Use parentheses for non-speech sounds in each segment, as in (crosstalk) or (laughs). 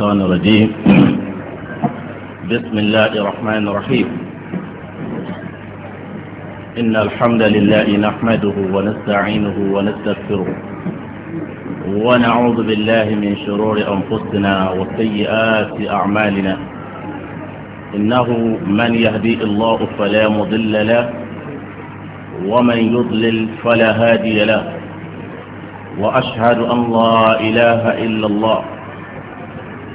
الشيطان الرجيم بسم الله الرحمن الرحيم إن الحمد لله نحمده ونستعينه ونستغفره ونعوذ بالله من شرور أنفسنا وسيئات أعمالنا إنه من يهدي الله فلا مضل له ومن يضلل فلا هادي له وأشهد أن لا إله إلا الله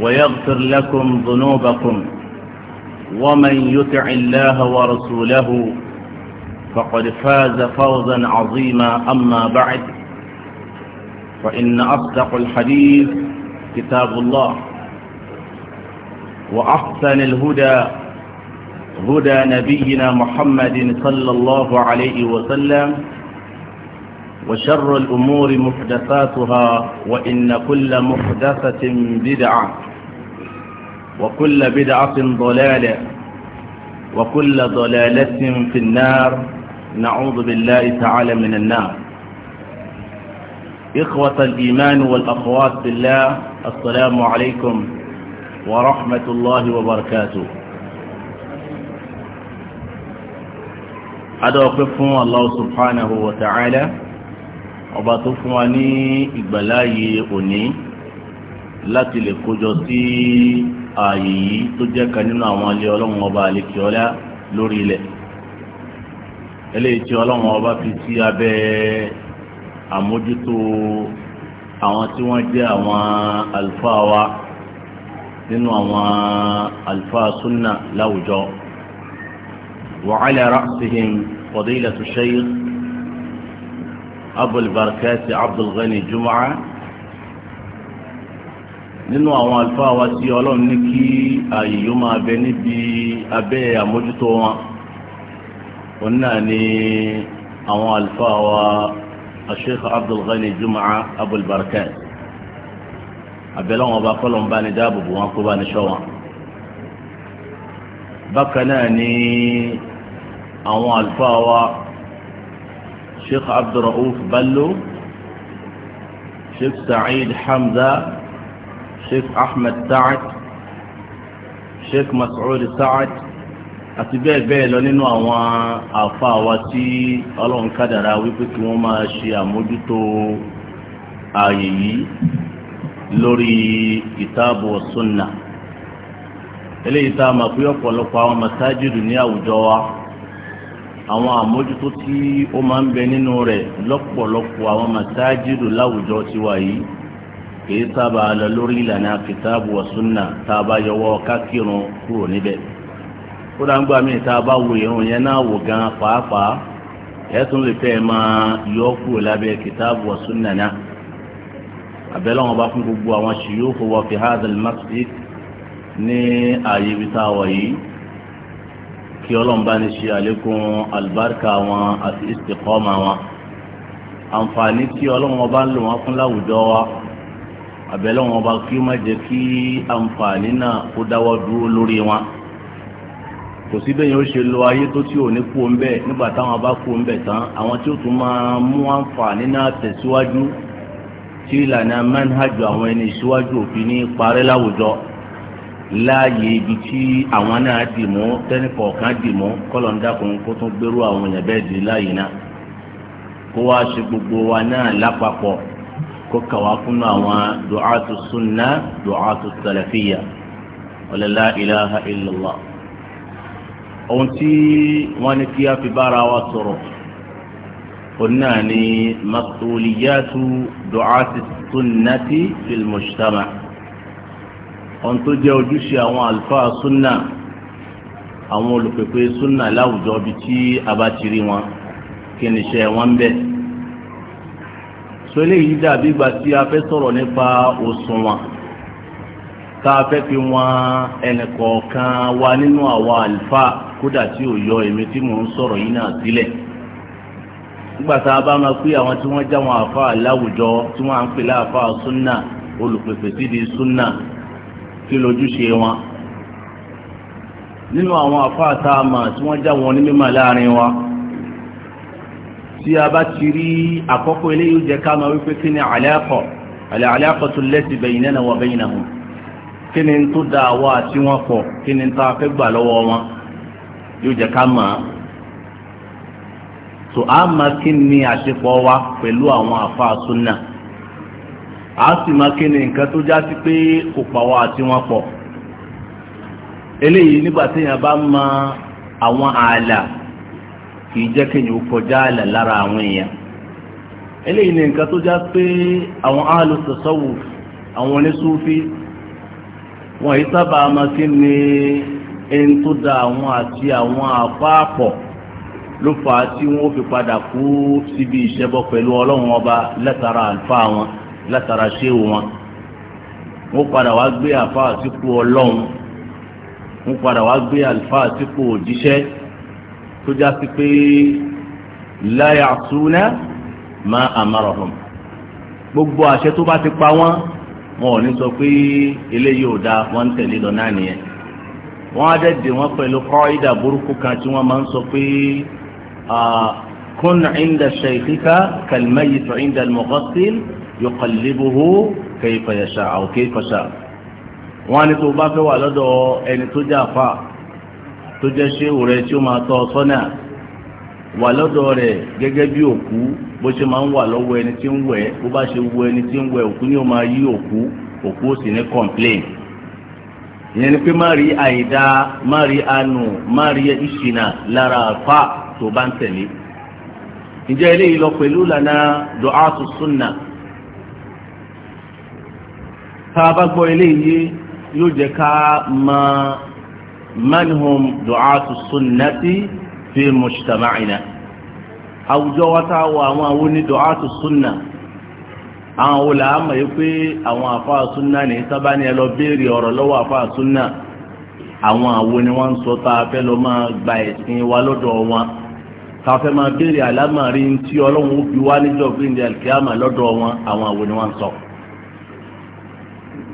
ويغفر لكم ذنوبكم ومن يطع الله ورسوله فقد فاز فوزا عظيما أما بعد فإن أصدق الحديث كتاب الله وأحسن الهدى هدى نبينا محمد صلى الله عليه وسلم وشر الأمور محدثاتها وإن كل محدثة بدعة وكل بدعة ضلالة وكل ضلالة في النار نعوذ بالله تعالى من النار إخوة الإيمان والأخوات بالله السلام عليكم ورحمة الله وبركاته هذا وقف الله سبحانه وتعالى ọba tó fún wa ní ìgbàláyé òní láti lè kójọ sí ààyè yìí tó jẹ́ kan nínú àwọn ilé ọlọ́run ọba àlekè ọlá lórí ilẹ̀ eléyìí tí ọlọ́run ọba fi sí abẹ́ àmójútó àwọn tí wọ́n jẹ́ àwọn àlùfáà wa nínú àwọn àlùfáà súnà láwùjọ wa ala ra'sihim fadilatu shaykh. Abul Barakati Abdul Ghani Jumaa nínú àwọn àlùfáà wa tí ọlọ́run ní kí ààyè yóò máa bẹ níbi abẹ́ àmójútó wọn òun náà ni àwọn àlùfáà wa Sheikh Abdul Ghani Jumaa Abul Barakati abẹ́lẹ́wọ̀n ọba kọ́lọ̀ ń bá ní dáàbò bò wọn kó bá ní sọ wọn bákan náà ni àwọn àlùfáà wa sheikh abdulrauf bello sheikh saeed hamza sheikh ahmed saad sheikh masoud saad àti bẹ́ẹ̀ bẹ́ẹ̀ lọ nínú àwọn àfa wa tí ọlọ́run kádàrá wípé kí wọ́n máa ṣe àmójútó ààyè yìí lórí ìtaàbù sunna eléyìí tá a mọ̀ pé ọ̀pọ̀lọpọ̀ àwọn masájìdù ní àwùjọ wa àwọn àmójútó tí ó máa ń bẹ nínú rẹ̀ lọ́pọ̀lọpọ̀ àwọn màsáájìdù láwùjọ tiwa yìí kìí sábà lọ lórí ìlànà kìtàbù wa sunna tá a bá yọwọ́ kákìrún kúrò níbẹ̀ ó dá ń gbà mí tá a bá wo ìrun yẹn náà wò gan pàápàá ẹ̀sùn lè fẹ́ máa yọ kúrò lábẹ́ kìtàbù wa sunna náà àbẹ́lẹ́wọ̀n bá fún gbogbo àwọn ṣìyókò wa fi hadha al-masjid ní ààyè ibi tá a wà yìí kí ọlọ́run bá ní ṣe àlékún àlùbáríkà wọn àti ìsìkọ́mà wọn àǹfààní tí ọlọ́run ọba ń lò wọ́n fún láwùjọ wa àbẹ̀lẹ̀ wọn ọba kí ó má jẹ́ kí àǹfààní náà kó dáwọ́ dúró lórí wọn kò sí bẹ́ẹ̀ yẹn ó ṣe lo ayé tó tí ò ní kú ń nígbà táwọn bá kú ń tán àwọn tí ó tún máa mú àǹfààní náà tẹ̀síwájú tí ìlànà manhajù àwọn ẹni ìṣíwájú òfin ní parẹ́ láwùjọ láàyè ibi tí àwọn náà dì mú tẹ́nìkọ̀ kan dì mú kọ́lọ̀ ń dákun kó tún gbérú àwọn èèyàn bẹ́ẹ̀ di láàyè náà kó wá ṣe gbogbo wa náà lápapọ̀ kó kàwá fún àwọn du'atu sunna du'atu salafiyya wala la ilaha illallah ohun tí wọ́n ní kí a fi bára wa sọ̀rọ̀ onáà ni masuliyatu du'ati sunnati fil mujtama' ohun tó jẹ́ ojúṣe àwọn àlùfáà súnà àwọn olùpèpè súnà láwùjọ bíi tí a bá ti rí wọn kí ni iṣẹ́ wọn ń bẹ. sọ eléyìí dàbí ìgbà tí a fẹ́ sọ̀rọ̀ nípa òṣùwọ̀n tá a fẹ́ fi wọn ẹnìkọ̀ọ̀kan wa nínú àwọn àlùfáà kódà tí ò yọ èmi tí mò ń sọ̀rọ̀ yìí náà sílẹ̀ nígbà tá a bá máa pé àwọn tí wọ́n já wọn àfa láwùjọ tí wọ́n à ń pè láàfa súnà olùpèpè sídìí súnà kí lójúṣe wọn nínú àwọn àfáàtà àmà tí wọ́n já wọn ní mímọ̀ láàrin wa tí a bá ti rí àkọ́kọ́ eléyìí jẹ́ ká máa wípé kí ni àlẹ́kọ̀ àlẹ́kọ̀ tó lẹ́sì baynana wa baynahum kí ni tó da àwa àti wọn pọ̀ kí ni tá a fẹ́ gbà lọ́wọ́ wọn yóò jẹ́ ká máa tó a máa kí ni àṣepọ̀ wa pẹ̀lú àwọn àfáà súnà. a sì máa kí ni nǹkan tó já sí pé kò pàwọ́ àti wọn pọ̀ eléyìí nígbà téèyàn bá mọ àwọn ààlà kì í jẹ́ kéèyàn ó kọjá ààlà lára àwọn èèyàn eléyìí ni nǹkan tó já pé àwọn ahlu tasawuf àwọn wọn yìí sábà máa kí ni ẹni tó da àwọn àti àwọn àfáàpọ̀ ló fà á tí fi padà kú síbi ìṣẹ́bọ pẹ̀lú ọlọ́run ọba àlùfáà wọn. látara ṣéwù wọn wọn padà wá gbé àfa àtìkù ọlọ́run wọn padà wá gbé àlùfáà àtìkù òjíṣẹ́ tó já sí pé la ya'suna ma amarahum gbogbo àṣẹ tó bá ti pa wọ́n wọn ò ní sọ pé eléyìí ò dáa wọ́n ń tẹ̀lé lọ náà nìyẹn wọ́n á dẹ̀ dè wọ́n pẹ̀lú kọ́ìdà burúkú kan tí wọ́n máa ń sọ pé ah, kun inda shaykhika kalmayit inda al-mughassil yuqallibuhu kayfa yasha aw kayfa sha wọ́n ní tó bá fẹ́ wà lọ́dọ̀ ẹni tó jẹ́ àfa tó jẹ́ ṣéwù rẹ̀ tí ó máa tọ́ sọ́nà wà lọ́dọ̀ rẹ̀ gẹ́gẹ́ bí òkú bó ṣe máa ń wà lọ́wọ́ ẹni tí ń wẹ̀ bó bá ṣe wọ ẹni tí ń wẹ̀ òkú ni ó máa yí òkú òkú ó sì ní complain ìyẹn ni pé má rí àìdá má rí anù má rí ìṣìnà lára àfa tó bá ń tẹ̀lé ǹjẹ́ eléyìí lọ pẹ̀lú lànà du'atu sunna tá a bá gbọ́ eléyìí yóò jẹ́ ká mọ manhum du'atu sunnati fi mujtama'ina àwùjọ wa tá a wọ àwọn àwọn oní du'atu sunna àwọn wò làá mọ̀ pé àwọn àfáà sunna ní sábà ní ẹ lọ béèrè ọ̀rọ̀ lọ́wọ́ àfáà sunna àwọn àwo ni wọ́n ń sọ tá a fẹ́ lọ máa gba ẹ̀sìn wa lọ́dọ̀ wọn tá a fẹ́ béèrè àlámọ̀rí tí ọlọ́run ó fi wá níjọ́ gbé ní alkiyama wọn àwọn àwo ni wọ́n sọ. So.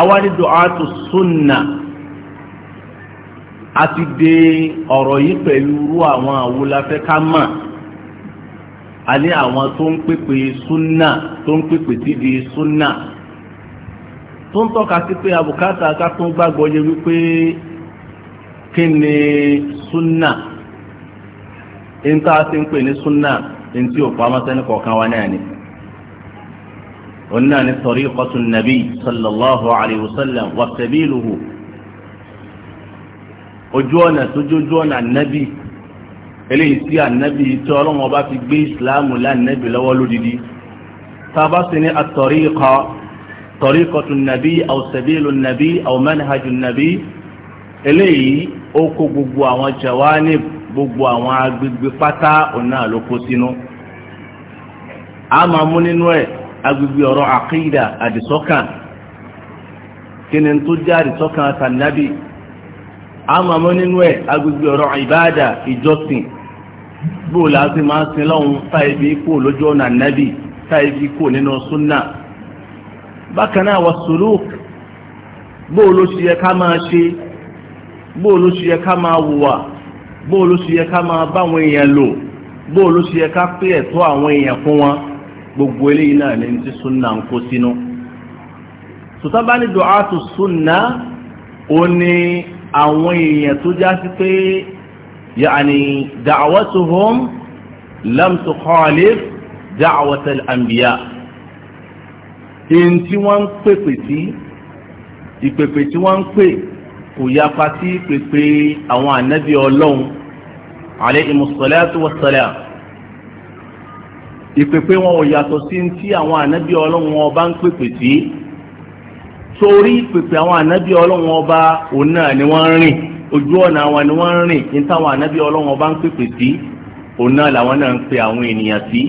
àwa ni du'atu sunna a ti de ọ̀rọ̀ yìí pẹ̀lú irú àwọn àwòláfẹ́ ká mọ̀ a ní àwọn tó ń pèpè sunna tó ń pèpè tí di sunna tó ń tọ́ka sí pé àbùkátà ká tó ń gbàgbọ́ yẹ wípé kí ni sunna ní tá a ti ń pè ní sunna ní tí ò pa amásẹ́ni kọ̀ọ̀kan wa náà ni. قلنا عن طريقة النبي صلى الله عليه وسلم وسبيله ojúọ̀nà tó jójúọ̀nà ànábì eléyìí tí ànábì tí ọlọ́run ọba fi gbé ìsìláàmù lánàbì lọ́wọ́ lódìdí tábà sí ní àtọ̀ríkọ tọ̀ríkọtù nàbí àwòsàbílù nàbí àwòmánihàjù nàbí eléyìí ó kó gbogbo àwọn jawani gbogbo àwọn agbègbè pátá ọ̀nà àlòkó sínú a máa mú nínú ẹ̀ agbègbè ọ̀rọ̀ àkídà àdìsọ́kàn kí ni tó jẹ́ àdìsọ́kàn tànàbì àmàmọ́ nínú ẹ̀ agbègbè ọ̀rọ̀ ìbáàdà ìjọsìn bó láti máa sin lọ́hun táìbí kò lójú ọ̀nà nàbì táìbí kò nínú súnà bákan náà wà sùlúk bó ló ṣe yẹ ká máa ṣe bó ló ṣe yẹ ká máa wùwà bó ló ṣe yẹ ká máa báwọn èèyàn lò bó ló ṣe yẹ ká pé ẹ̀tọ́ àwọn èèyàn fún wọn gbogbo eléyìí náà ní ti súnà ń kó sínú sùtọ́ bá ní du'atu súnà ó ní àwọn èèyàn tó já sí pé yàní da'watuhum lam tukhalif da'watal anbiya èyí tí wọ́n ń pèpè sí ìpèpè tí wọ́n ń pè kò yapa sí pèpè àwọn ànábì ọlọ́run alayhimus salatu wassalam ìpèpè wọn ò yàtọ̀ sí ti àwọn ànábì ọlọ́run ọba ń pèpè sí torí ìpèpè àwọn ànábì ọlọ́run ọba òun náà ni wọ́n ń rìn ojú ọ̀nà àwọn ni wọ́n ń rìn ní táwọn ànábì ọlọ́run ọba ń pèpè sí òun náà làwọn náà ń pe àwọn ènìyàn sí.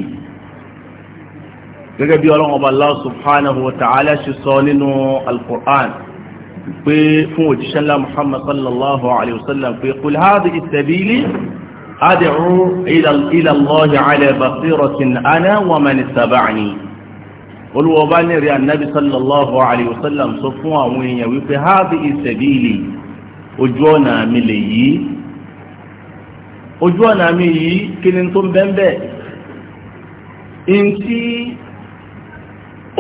gẹ́gẹ́ bí ọlọ́run ọba Allah subhanahu wa ta'ala ṣe sọ nínú al pé fún òjíṣẹ́ ńlá Muhammad sallallahu alayhi wa sallam pé qul hadhihi أدعو إلى الله على بصيرة أنا ومن اتبعني قلوا بانر النبي صلى الله عليه وسلم صفوا وين يوفي هذه سبيلي أجونا مليي أجونا مليي كننتم بمبه إنتي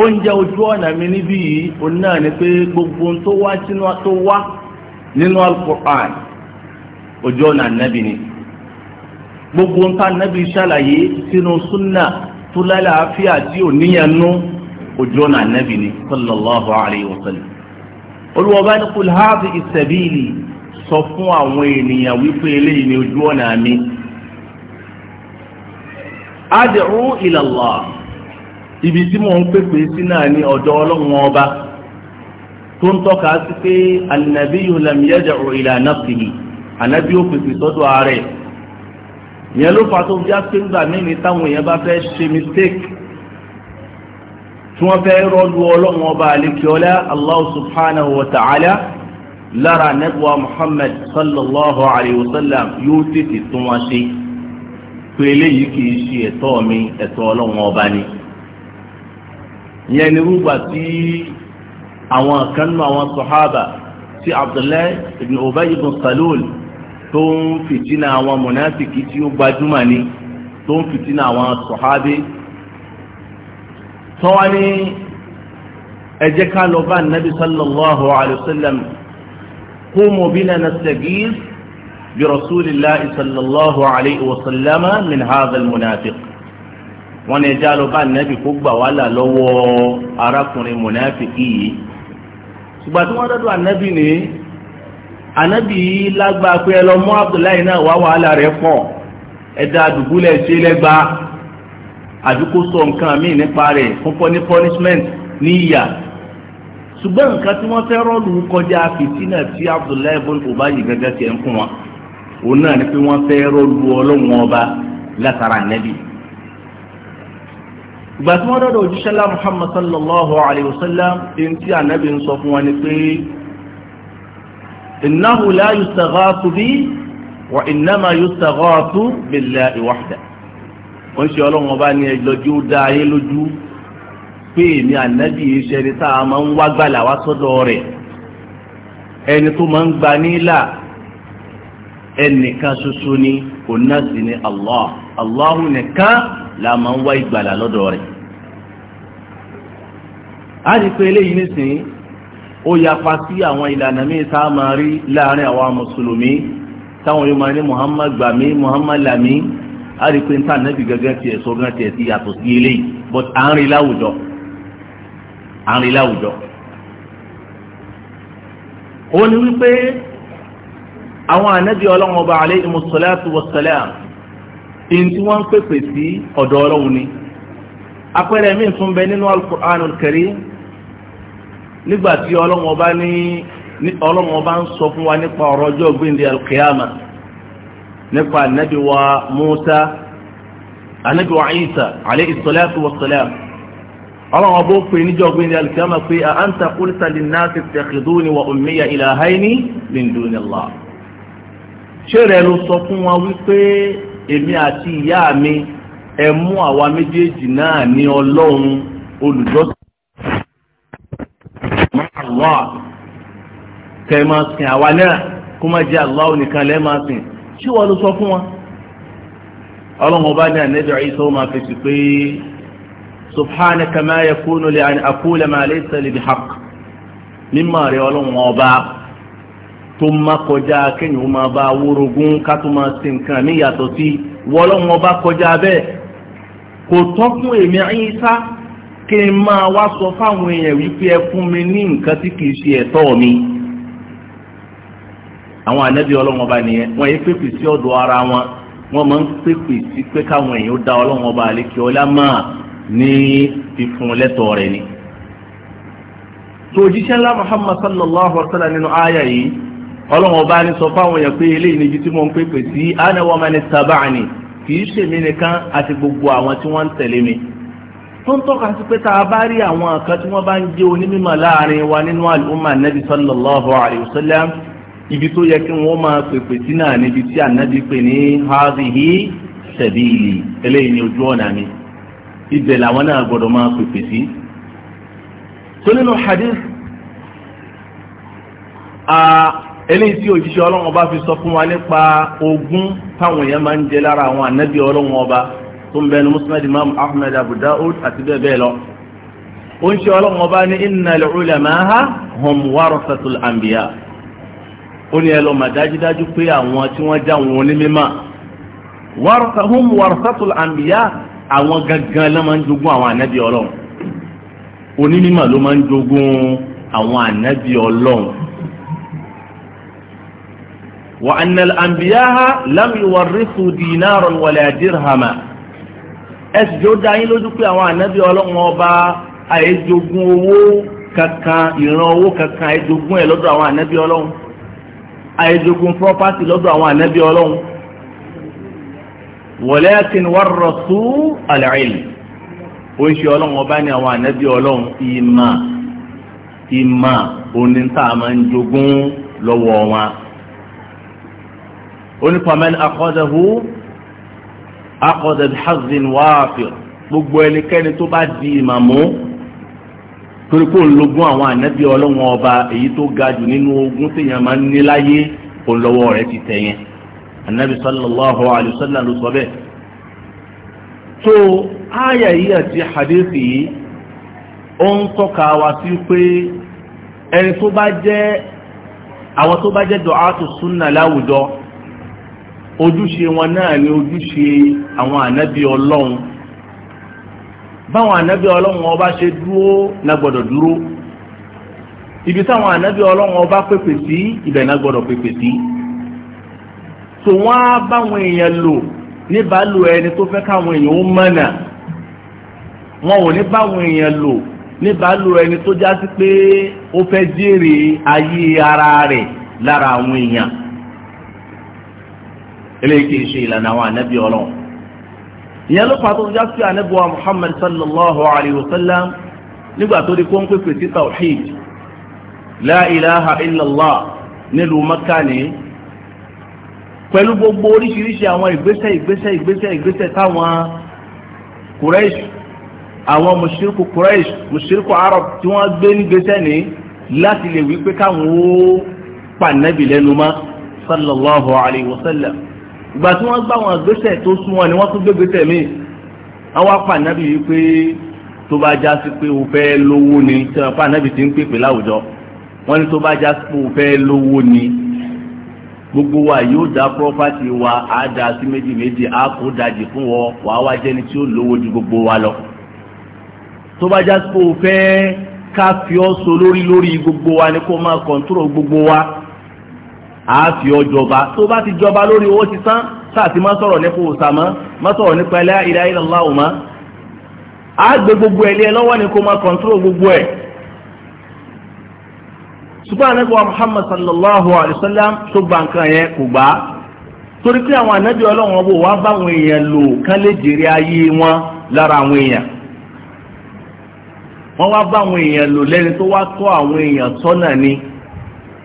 oúnjẹ ojú ọ̀nà mi níbí yìí òun náà ni pé gbogbo tó wá sínú tó wá nínú al ojú ọ̀nà nàbì ni gbogbo ń ta nẹ́bí ṣàlàyé sínú súnà tó lálàáfíà tí ò níyànú ojú ọ̀nà nẹ́bí ni sallallahu alayhi wa sallam. olùwọ́ba ní kul hadhihi sabili sọ fún àwọn ènìyàn wípé eléyìí ni ojú ọ̀nà mi. ad'u ila Allah ibi tí mò ń pèpè sí náà ní ọ̀dọ̀ ọlọ́run ọba tó ń tọ́ka sí pé an-nabiyyu lam yad'u ila nafsihi ànábì ó pèpè sọ́dọ̀ ààrẹ yẹn ló fa tó ń já pé ńgbà míì ní táwọn èèyàn bá fẹ́ ṣe mistake tí wọ́n fẹ́ rọ́lu ọlọ́run ọba àlekíọ́lá allah subhanahu wa ta'ala lára nẹ́gbà muhammad sallallahu alayhi wa sallam yóò tètè tún wá ṣe pé eléyìí kì í ṣe ẹ̀tọ́ mi ẹ̀tọ́ ọlọ́run ọba ni yẹn ni rúgbà tí àwọn kan àwọn sọ̀hábà tí abdullahi ibn ubayy ibn salul tó ń fìtínà àwọn mọ̀nàfìkì tí ó gbajúmọ̀ ni tó ń fìtínà àwọn sọ̀hábí tọ́wá ní ẹ jẹ́ ká lọ bá nàbí sallallahu alayhi wa sallam qumu bina nastaghiith bi rasulillahi sallallahu alayhi wa sallama min hadha almunafiq wọ́n ní ẹ já lọ bá nàbí kó gbà wá là lọ́wọ́ arákùnrin mọ̀nàfìkì yìí ṣùgbọ́n tí wọ́n dọ́dọ̀ ànábì nìyí anabi lágbà pé ẹ lọ mú abdullahi náà wá wàhálà rẹ̀ pọ̀ ẹdá àdùgbúlẹ̀ ṣe lẹ́gba àdúgbò sọ nǹkan míì nípa rẹ̀ fún ní punishment ní ìyà ṣùgbọ́n nǹkan tí wọ́n fẹ́ rọ́ọ̀lù kọjá fìtínà tí abdullahi bọ́n kò bá yìí gẹ́gẹ́ tiẹ̀ ń fún wọn òun náà ni pé wọ́n fẹ́ rọ́ọ̀lù ọlọ́run ọba látara nẹ́bí ìgbà dọ́dọ̀ òjíṣẹ́lá muhammad sallallahu alayhi wa sallam ẹni tí ànábì ń sọ fún wọn ni pé innahu la yustaghathu bi wa innama yustaghathu billahi wahda wọ́n ṣe ọlọ́run ọba ní ẹlọ́jú dá ayé lójú pé èmi ànábì iṣẹ́ ni tá a máa ń wá gbàlà wá sọ́dọ̀ rẹ̀ ẹni tó máa ń gba nílà ẹnìkan ṣoṣo ni òun náà sì ni Allah Allah nìkan la máa ń wá ìgbàlà lọ́dọ̀ rẹ̀. a rí i pé eléyìí nísìnyí ó yapa sí àwọn ìlànà míì tá a máa rí láàrin àwa mùsùlùmí táwọn yóò máa ní muhammad gbàmí muhammad lami á rí pé níta nẹ́bí gẹ́gẹ́ tiẹ̀ sọ gẹ́gẹ́ tiẹ̀ ti yàtọ̀ sí eléyìí but à ń rí láwùjọ à ń rí láwùjọ. ó ní wípé àwọn ànábì ọlọ́run ọba alayhi mussalatu wassalam èyí tí wọ́n ń pèpè sí ọ̀dọ̀ ọlọ́run ni apẹ̀rẹ̀ mi tún bẹ nínú al-Qur'anul nígbà tí ọlọ́wọ́n bá ní ọlọ́wọ́n bá ń sọ fún wa nípa ọ̀rọ̀ ọjọ́ gbìndé alkiyama nípa anabi wa Musa anabi wa Isa alayhi salatu wa salam ọlọ́wọ́n bó pè níjọ́ gbìndé alkiyama pé a anta qulta linnasi ittakhiduni wa ummiya ilahayni min dunillah ṣé rẹ ló sọ fún wa wípé èmi àti ìyá mi ẹ mú àwa méjèèjì náà ní ọlọ́run olùjọ́sìn. Allah kẹ́ ẹ máa sìn àwa náà kó má jẹ́ Allah nìkan lẹ́ẹ̀ máa sìn tí wọ́n ló sọ fún wa. ọlọ́run ọba ní ànẹ́bí Ìsá ó máa fèsì pé subhanaka ma yakunu li an aqula ma laysa li bihaqq mímọ̀ rẹ̀ ọlọ́run ọba tó má kọjá kéèyàn ó máa bá wórogún ká tó máa sìn nǹkan mí yàtọ̀ sí wọ́n ọba kọjá bẹ́ẹ̀ kò tọ́ èmi Ìsá kí n máa wá sọ fáwọn èèyàn wípé ẹ fún mi ní nǹkan tí ṣe ẹ̀tọ́ mi àwọn ànábì ọlọ́run ọba nìyẹn wọ́n yẹ pépè sí ọ̀dọ̀ ara wọn wọ́n máa ń pépè sí pé káwọn èèyàn ó dá ọlọ́run ọba àlékè ọlá ni. tó òjíṣẹ́ ńlá Muhammad sallallahu alaihi wa sallam nínú àyà yìí ọba sọ fáwọn èèyàn pé eléyìí níbi tí ana tó ń tọ́ka sí pé tá a bá rí àwọn kan tí wọ́n bá ń onímọ̀ wa nínú àlùmọ̀ sallallahu alayhi wa ibi tó yẹ kí wọ́n máa pèpè sí náà níbi tí ànábì pè ní hazihi sabili eléyìí ni ojú ọ̀nà mi ibẹ̀ làwọn náà gbọ́dọ̀ máa pèpè sí. tó nínú hadith eléyìí tí òjíṣẹ́ ọlọ́run ọba fi sọ fún wa nípa ogún táwọn èèyàn tó ń bẹnu musnad imam ahmed abu daud àti bẹ́ẹ̀ bẹ́ẹ̀ lọ ó ń ṣe ọlọ́run ọba ní innal ulamaha hum warasatul anbiya ó ní ẹlọ́mà dájúdájú pé àwọn tí wọ́n já wọn ní mímọ́ hum warasatul anbiya àwọn gangan ló máa ń jogún àwọn ànábì ọlọ́run onímọ̀ ló máa ń jogún àwọn ànábì ọlọ́run wa annal anbiyaha lam yuwarrisu dinaran wala dirhama ẹsì tó dá yín lójú pé àwọn ànábì ọlọ́run ọba àìjogún owó kankan ìran owó kankan àìjogún ẹ̀ lọ́dọ̀ àwọn ànábì ọlọ́run àìjogún property lọ́dọ̀ àwọn ànábì ọlọ́run walakin warrasu al-ilm oṣù ọlọ́run ọba ni àwọn ànábì ọlọ́run ìmà ìmà onítà máa ń jogún lọ́wọ́ wọn onípamẹ́ni akọ́dẹ̀hu. akọ̀dẹ̀ hazin wáàfíọ̀ gbogbo ẹnikẹ́ni tó bá di ìmàmú torí kó ń lógún àwọn ànábì ọlọ́wọ́n ọba èyí tó ga jù nínú ogún téèyàn máa ń ní láyé sallallahu alayhi wa sallam ló sọ bẹ́ẹ̀. tó áyà yìí àti hadithi yìí ó ń tọ́ka wa sí pé ẹni tó bá du'atu láwùjọ ojúṣe wọn náà ni ojúṣe àwọn ànábì ọlọ́run báwọn ànábì ọlọ́run ọba ṣe dúró la gbọ́dọ̀ dúró ibi táwọn ànábì ọlọ́run ọba pèpè sí ibẹ̀ náà gbọ́dọ̀ pèpè sí tò wọ́n á báwọn èèyàn lò ní bàálù ẹni tó fẹ́ káwọn èèyàn ó mọ̀nà wọn ò ní báwọn èèyàn lò ní bàálù ẹni tó já pé ó fẹ́ jèrè ayé ara rẹ̀ lára àwọn èèyàn eléyìí kì í ṣe ìlànà àwọn ànábì ọlọ́run ìyẹn ló pa tó ń já sí ànábì wa muhammad sallallahu alayhi wa sallam nígbà tó di kó ń pèpè sí tawhid la ilaha illallah nílùú makka ni pẹ̀lú gbogbo oríṣiríṣi àwọn ìgbésẹ̀ ìgbésẹ̀ ìgbésẹ̀ ìgbésẹ̀ táwọn kùrẹ́ṣì àwọn mùsírìkù kùrẹ́ṣì mùsírìkù arab tí wọ́n gbé nígbésẹ̀ ní láti lè wí pé káwọn ó pànẹ́bì lẹ́nu mọ́ sallallahu alayhi wa sallam ìgbà tí wọ́n gbá wọn gbèsè tó súnmọ́ ni wọ́n tún gbé gbèsè míì àwọn apá yìí pé tó bá já sí pé o fẹ́ lówó ni tí wọ́n apá ti ń pèpè láwùjọ wọ́n ní tó bá já sí pé o fẹ́ lówó ni gbogbo wa yóò dá pọ́pátì wa á dá sí méjì méjì á kó dajì fún wọ wàá wá jẹ́ni tí ó lówó ju gbogbo wa lọ tó bá já sí pé o fẹ́ ká fi ọ́ so lórí lórí gbogbo wa ni kó máa kọ̀ǹtúrò gbogbo wa. àáfi ọjọba tó bá ti jọba lórí owó ti tán sáàtì má sọ̀rọ̀ nípa òòsà mọ́ má sọ̀rọ̀ nípa la ilaha illallah mọ́ á gbé gbogbo ẹ̀ ẹ lọ́wọ́ ni kó máa kọ̀ǹtúrò gbogbo ẹ̀. ṣùgbọ́n ànábì wa Muhammad sallallahu alayhi wa sallam tó gba nǹkan yẹn kò gbà á torí pé àwọn ọlọ́run ọbọ̀ wá bá àwọn èèyàn lò kán lè jèrè ayé wọn lára àwọn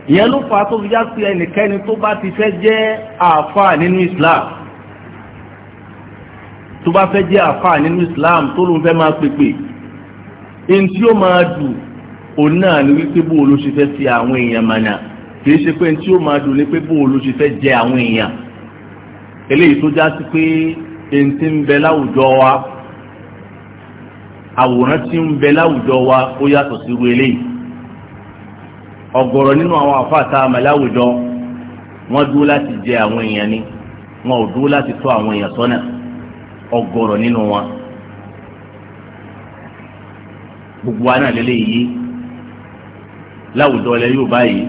ìyẹn ló fà á tó fi já sí ẹnikẹ́ni tó bá ti fẹ́ jẹ́ àáfàá nínú Islam tó bá fẹ́ jẹ́ àáfàá nínú Islam tó ló ń fẹ́ máa pèpè ẹni tí ó máa dùn òun náà ni wípé bó o ló ṣe fẹ́ ti àwọn èèyàn mọ̀nà kìí ṣe pé tí ó máa dùn ní pé bó o fẹ́ jẹ àwọn èèyàn eléyìí tó já sí pé èyí tí ń bẹ láwùjọ wa àwòrán tí ń bẹ láwùjọ wa ó yàtọ̀ sí irú eléyìí ọ̀gọ̀rọ̀ nínú àwọn àfáàtà àmàláwùjọ wọ́n dúró láti jẹ àwọn èèyàn ni wọn ò dúró láti tọ́ àwọn èèyàn sọ́nà ọ̀gọ̀rọ̀ nínú wọn. gbogbo wa náà lélẹ̀ yìí láwùjọ ilẹ̀ yóò báyìí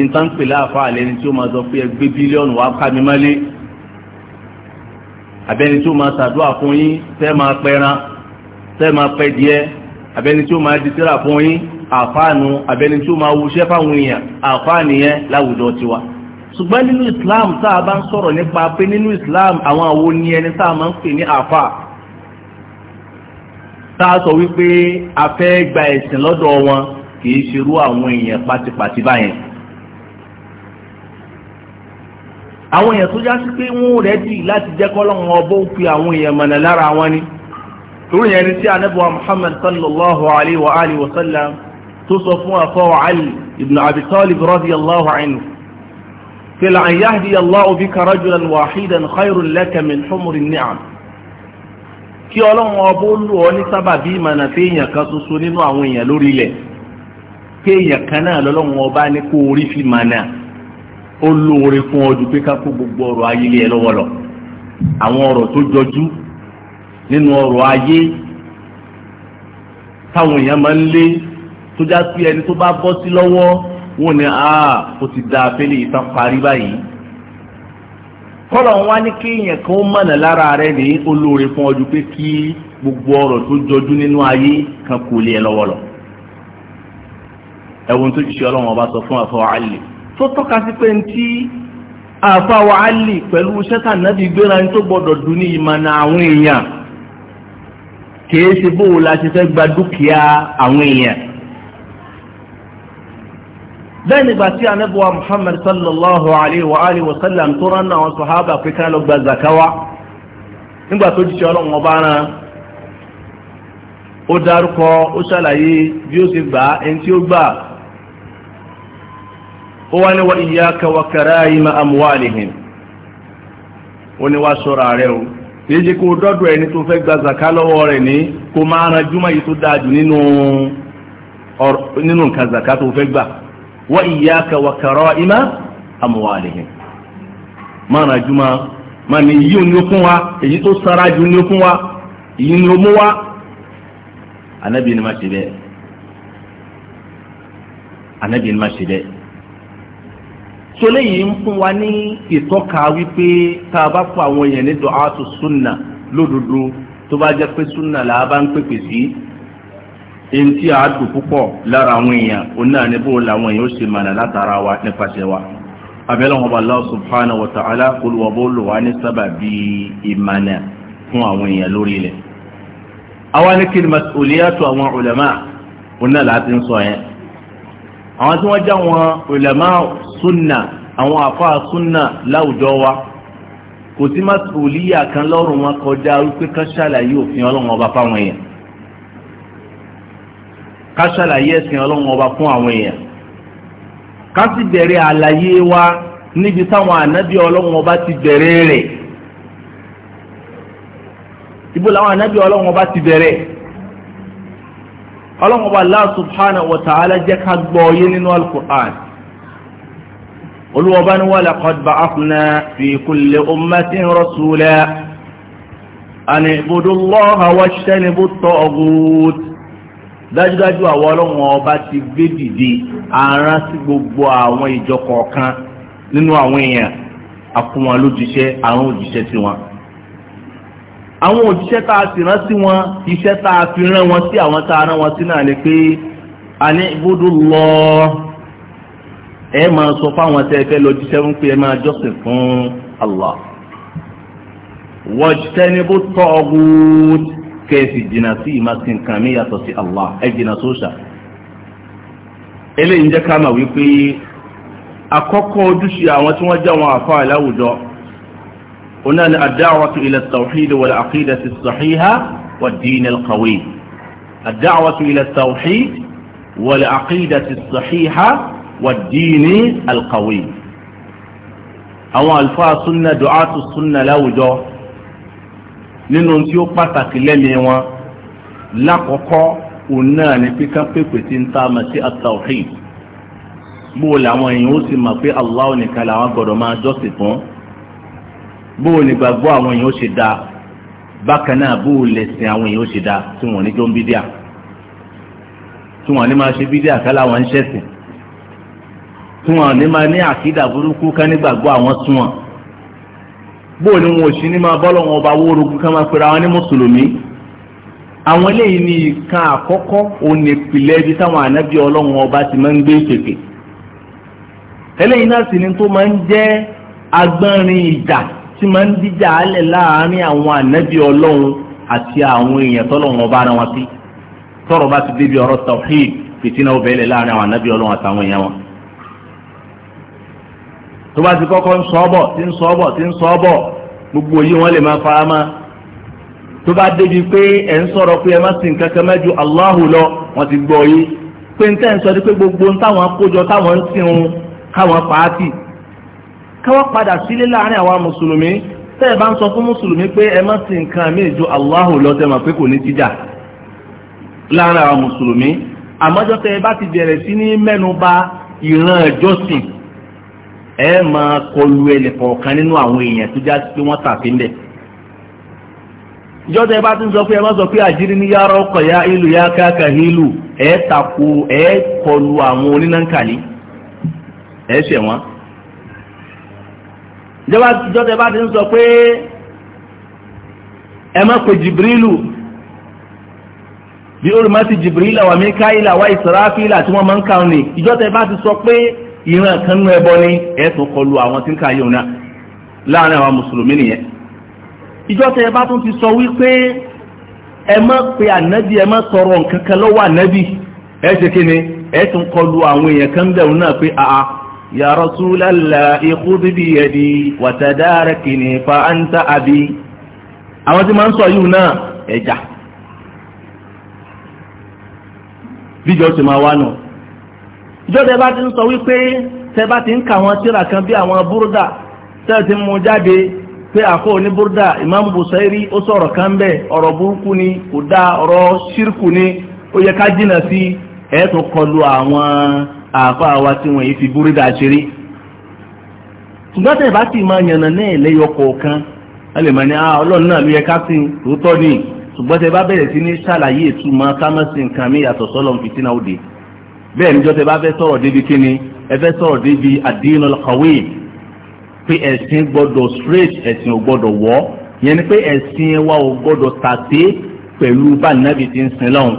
ìtànpè láàfà àlẹ́ni tí ó máa sọ pé ẹgbẹ́ bílíọ̀nù wa ká mi mọ́lé abẹ́ni tí ó máa ṣàdúrà fún yín tẹ́ máa pẹran tẹ́ máa pẹ́ díẹ̀ abẹ́ni tí ó máa di tírà fún yín. àfáànù abẹni tí ó máa wuṣẹ́ fáwọn èèyàn àfáànìyẹn láwùjọ tiwa ṣùgbọ́n nínú islam tá a bá ń sọ̀rọ̀ nípa pé nínú islam àwọn àwo ni ẹni ma a máa ń pè ní àfà a sọ wípé gba ẹ̀sìn lọ́dọ̀ wọn kì ṣerú àwọn èèyàn pátipàti báyẹn àwọn èèyàn tó já pé wọn ò rẹ́dì láti jẹ́ kọ́lọ́hún ọbọ̀ fi àwọn èèyàn ni torí tí muhammad sallallahu alayhi wa sallam tó sọ fún afọ́ Ali ibn Abi Talib radiyallahu anhu kìlà an yahdi Allahu bika rajulan wahidan khayrun laka min humri ni'am kí ọlọ́run ọbọ̀ lù ọ ní sábàbí ìmọ̀nà tí èèyàn kan ṣoṣo nínú àwọn èèyàn lórí ilẹ̀ kí èèyàn kan náà lọ́lọ́run ọba ní kó orí fi mọ̀nà ó lóore fún ọ pé ká kó gbogbo ọrọ̀ ayé lé ẹ lọ́wọ́ àwọn ọrọ̀ tó jọjú nínú ọrọ̀ ayé táwọn èèyàn máa ń lé tó já sí ẹni tó bá bọ́ sí lọ́wọ́ wọn ni ah ó ti da abẹ́lé ìtàn parí báyìí kọ́lọ̀ wá ní kí èèyàn kan mọ̀nà lára rẹ̀ ní olóore fún ọdún pé kí gbogbo ọ̀rọ̀ tó jọjú nínú ayé kan kò lè ẹ lọ́wọ́ lọ ẹ̀wọ̀n tó jíṣẹ́ ọlọ́run ọba sọ fún àfọwọ́ àlè tó tọ́ka sí pé ntí àfọwọ́ àlè pẹ̀lú sẹ́tà nábì gbéra ní tó gbọ́dọ̀ dùn ní ìmọ̀nà àwọn èèyàn kìí ṣe bóòlù àṣẹṣẹ́ gba dúkìá àwọn èèyàn lẹ́yìn ìgbà tí anábùwà muhammad sallallahu alayhi wa alihi wa sallam tó rán àwọn sahaba pé ká lọ gba zakawa nígbà tó jíṣẹ́ ọlọ́run ọba rán ó dárúkọ ó ṣàlàyé bí ó ti gbà á ẹni tí ó gbà ó wá ní wa iyyaka wa karayima amwalihim ó ní wá ṣọ́ra rẹ o kìí ṣe kó dọ́dọ̀ ẹni tó fẹ́ gba zaka lọ́wọ́ rẹ̀ ní kó máa ran júmọ̀ yìí tó dáa jù nínú nǹkan zaka tó fẹ́ gbà wa iyyaka wa kara'ima amwalihim máa ràn jùmọ̀ máa ní yíò ní okun wa èyí tó sara jù ní okun wa èyí ní o wa anabi ni má ṣe bẹ́ẹ̀ anabi ni má ṣe bẹ́ẹ̀ sọlẹ yìí ń fún wa ní ìtọ́ka wípé tá a bá fún àwọn èèyàn ní sunna lódodo tó bá jẹ́ pé sunna là á bá ń pèpè èyí tí a dùn púpọ̀ lára àwọn èèyàn òun náà ní bó làwọn èèyàn ó ṣe mànà látara wa nípasẹ̀ wa abẹ́lẹ́wọ̀n bá Allah subhanahu wa ta'ala olùwàbó lò wá ní sábàbí ìmànà fún àwọn èèyàn lórí ilẹ̀ àwa ní kí ni mas'uliyatu àwọn ulama òun láti ń sọ yẹn àwọn tí wọ́n já wọn ulama sunna àwọn àfa sunna láwùjọ wa kò sí mas'uliya kan lọ́rùn wọn kọjá wípé kan ṣàlàyé òfin ọlọ́run ọba fáwọn èèyàn ká ṣàlàyé ẹ̀sìn ọlọ́run ọba fún àwọn èèyàn ká sì bẹ̀rẹ̀ àlàyé wa níbi táwọn ànábì ọlọ́run ọba ti bẹ̀rẹ̀ rẹ̀ ibo làwọn ànábì ọlọ́run ọba ti bẹ̀rẹ̀ ọlọ́run ọba Allah subhanahu wa ta'ala jẹ́ ká gbọ́ ọ yé nínú al-Qur'an olúwọba ní wà laqad ba'athna fi kulli ummatin rasula an i'budu Allaha wajtanibu at-taghut. dájúdájú àwọn ọlọ́run ọba ti gbé dìde sí gbogbo àwọn ìjọ kọ̀ọ̀kan nínú àwọn èèyàn àfún wọn àwọn òjíṣẹ́ sí wọn àwọn òjíṣẹ́ tá a sì rán wọn iṣẹ́ tá a fi rán wọn sí àwọn tá a wọn sí náà ni pé ní ibùdó lọ ẹ sọ fáwọn ẹ lọ jíṣẹ́ fún pé ẹ máa jọ́sìn fún Allah wọ́n jíṣẹ́ ní bó tọ́ kẹ́ẹ̀sì jìnnà sí ìmásìnkàn mi yàtọ̀ sí Allah ẹ jìnnà sóṣà eléyìí ń jẹ́ ká mà wípé àkọ́kọ́ ojúṣe àwọn tí wọ́n jẹ́ àwọn àfáà láwùjọ onáà ni ad-da'watu ila at-tawhid wal-aqidati as-sahiha wad-din al-qawi ad-da'watu ila at-tawhid wal-aqidati àwọn àlùfáà súnà du'atu súnà láwùjọ nínú tí ó pàtàkì lẹ́mí wọn lákọ̀ọ́kọ́ òun náà ni píkán pèpè tí ń ta àmà sí at-tawhid làwọn èèyàn ó sì mọ̀ pé Allah nìkan làwọn gbọ́dọ̀ máa jọ́sìn fún bó o nígbàgbọ́ àwọn èèyàn ó ṣe dáa bákan náà bó o lẹ̀sìn àwọn èèyàn ó ṣe dáa tí wọ́n ní jọ ń bídíà tí wọ́n ní máa ṣe bídíà kálá wọn ń ṣẹ̀sìn tí wọ́n ní máa ní àkídà burúkú ká nígbàgbọ́ àwọn sunwọ̀n bóò ni wọn ò sí ní máa bọ́ lọ́wọ́ ọba owó orogun ká máa pera wọn ní mùsùlùmí àwọn eléyìí ní ìkan àkọ́kọ́ òun ìpìlẹ̀ ibi táwọn ànábì ọlọ́run ọba ti máa ń gbé ìpèpè eléyìí náà sì ni tó máa ń jẹ́ agbọ́nrin ìjà tí máa ń díjà alẹ̀ láàárín àwọn ànábì ọlọ́run àti àwọn èèyàn tọ́lọ́run ọba ara wọn sí tọ́rọ̀ bá ti débi ọ̀rọ̀ tawhid fìtínà obìnrin láàárín àwọn ànábì ọlọ́run àtàwọn èèyàn wọn tó bá ti kọ́kọ́ ń sọ ọ́ bọ̀ tí ń sọ ọ́ bọ̀ tí ń sọ ọ́ bọ̀ gbogbo yìí wọ́n lè máa fara mọ́ tó bá débi pé ẹ̀ ń sọ̀rọ̀ pé ẹ má sin kankan mẹ́jọ Allahu lọ wọ́n ti gbọ́ yìí pé ń tẹ́ ń sọ ní pé gbogbo táwọn akójọ táwọn ń sìn un káwọn pàátì káwọn padà sílé láàrin àwọn mùsùlùmí tẹ́ ẹ bá ń sọ fún mùsùlùmí pé ẹ má sin nǹkan míì ju Allahu lọ tẹ́ mọ̀ pé kò ní jíjà láàrin àwọn mùsùlùmí àmọ́jọ́ tẹ́ ẹ bá ti bẹ̀rẹ̀ sí ní mẹ́nu bà ìran ìjọsìn ẹ ma kọlu ẹnì kọ̀ọ̀kan nínú àwọn èèyàn tó já sí pé wọ́n tàfin bẹ̀. ìjọba ẹ bá ti ń sọ pé ẹ má sọ pé àjírí ní yàrá ọkọ̀ ya ìlú ya káàkà ìlú ẹ tako ẹ kọlu àwọn onínàkàlí ẹ ṣẹ̀ wọ́n. ìjọba ẹ bá ti ń sọ pé ẹ má pe Jibrilu bí si Jibrila wa Mikaila wa Israfila tí wọ́n máa ń kàwọn ní ẹ bá ti sọ pé. ìran kan nú ẹbọ ní ẹ̀tọ́ kọlu àwọn tí ń ka yóò náà láàrin àwọn mùsùlùmí nìyẹn ìjọ tẹ ẹ bá tún ti sọ wípé ẹ má pe ànábì ẹ má sọ̀rọ̀ nǹkan kan lọ́wọ́ ànábì ẹ ṣe kí ni ẹ tún kọlu àwọn èèyàn kan bẹ̀rù náà pé àá ya Rasulallah ikhudh biyadi wa tadarakini fa anta abi àwọn tí máa ń sọ yìí náà ẹ̀jà bíjọ́ ti máa wá náà ìjọba bá ti ń sọ wípé tẹ bá ti ń kà wọn tíra kan bí àwọn búrúdà tẹ́ ti mú jáde pé àkó ní búrúdà ìmáàmù Busairi ó sọ̀rọ̀ kan bẹ́ẹ̀ ọ̀rọ̀ burúkú ni kò dá ọ̀rọ̀ ṣírkù ni ó yẹ ká jìnà sí ẹ̀ tó kọlu àwọn àfa wa tí wọ́n yìí fi búrúdà ṣeré ṣùgbọ́n tẹ̀ bá ti máa yànnà náà lẹ́yọ kọ̀ọ̀kan ẹ lè máa ní ah ọlọ́run náà ló yẹ ká sìn lóòótọ́ ni ṣùgbọ́n tẹ̀ bá bẹ̀rẹ̀ sí ní ṣàlàyé ìtumọ̀ kámẹ́sìn kan mi yàtọ̀ sọ́lọ́m fìtínà òde bẹ́ẹ̀ níjọ́ tẹ bá fẹ́ sọ̀rọ̀ débi kíni ẹ fẹ́ sọ̀rọ̀ débi àdínul qawim pé ẹ̀sìn gbọ́dọ̀ straight ẹ̀sìn ò gbọ́dọ̀ wọ́ yẹn ni pé ẹ̀sìn wa ò gbọ́dọ̀ tàté pẹ̀lú bá nàbì ti ń sin lọ́hùn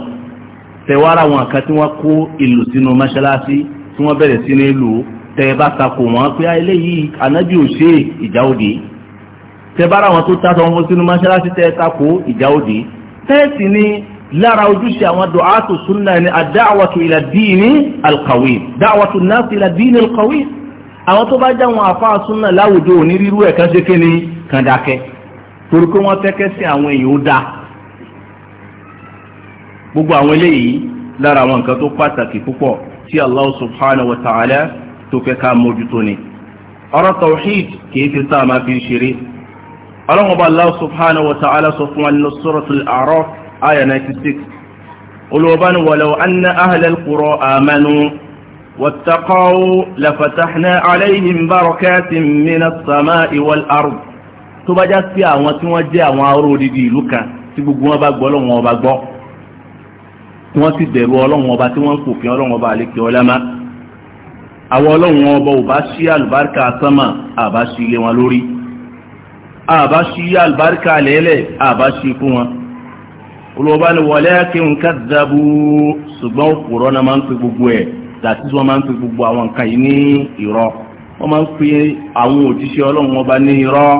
tẹ̀wára wọn kan tí wọ́n kó ìlú sínú mọ́ṣáláṣí tí wọ́n bẹ̀rẹ̀ sí ní ìlú tẹ̀ bá takò wọ́n pé ah, eléyìí ànábì ò ṣe ìjà òde tẹ̀ bára wọn tó tàtọ̀ lára ojúṣe àwọn dùhátù súnà ni àdáwàtù ilà díìní alkàwé dáwàtù náà ilà díìní alkàwé àwọn tó bá jáwọn àfáà súnà láwùjọ òní rírú ẹ̀ kan ṣe kí ni kàdákẹ́ torí pé wọ́n tẹ́kẹ́ sí àwọn èèyàn ó dáa gbogbo àwọn eléyìí lára àwọn nǹkan tó pàtàkì púpọ̀ tí Allah subhanahu wa ta'ala tó fẹ́ ká mójútó ni ọ̀rọ̀ tawhid kìí fi sáà máa fi ṣeré ọlọ́run ọba Allah subhanahu wa ta'ala sọ fún wa nínú suratul A'raf aya 96 olùwọ́bá ni walaw anna ahlal qura amanu wattaqaw lafatahna alayhim barakatin minas samai wal ard tó bá já sí àwọn tí wọ́n jẹ́ àwọn aró odidi ìlú kan tí gbogbo wọn bá gbọ́ ọlọ́wọ́n ọba gbọ́ wọ́n sì bẹ̀rù ọlọ́wọ́n ọba tí wọ́n ń pòfin ọlọ́wọ́n ọba àlekè ọlẹ́mà àwọn ọlọ́wọ́n ọba ò bá ṣí àlùbáríkà sánmà àbá ṣí ilé wọn lórí àbá ṣí àlùbáríkà lẹ́lẹ̀ àbá ṣí fún wọn olùwọ́ba ni walakin kadzabu ṣùgbọ́n òkúrọ́ náà máa ń pe gbogbo ẹ̀ dàtí wọ́n máa ń pe gbogbo àwọn nǹkan yìí ní irọ́ wọ́n máa ń pe àwọn òjíṣẹ́ ọlọ́run ọba ní irọ́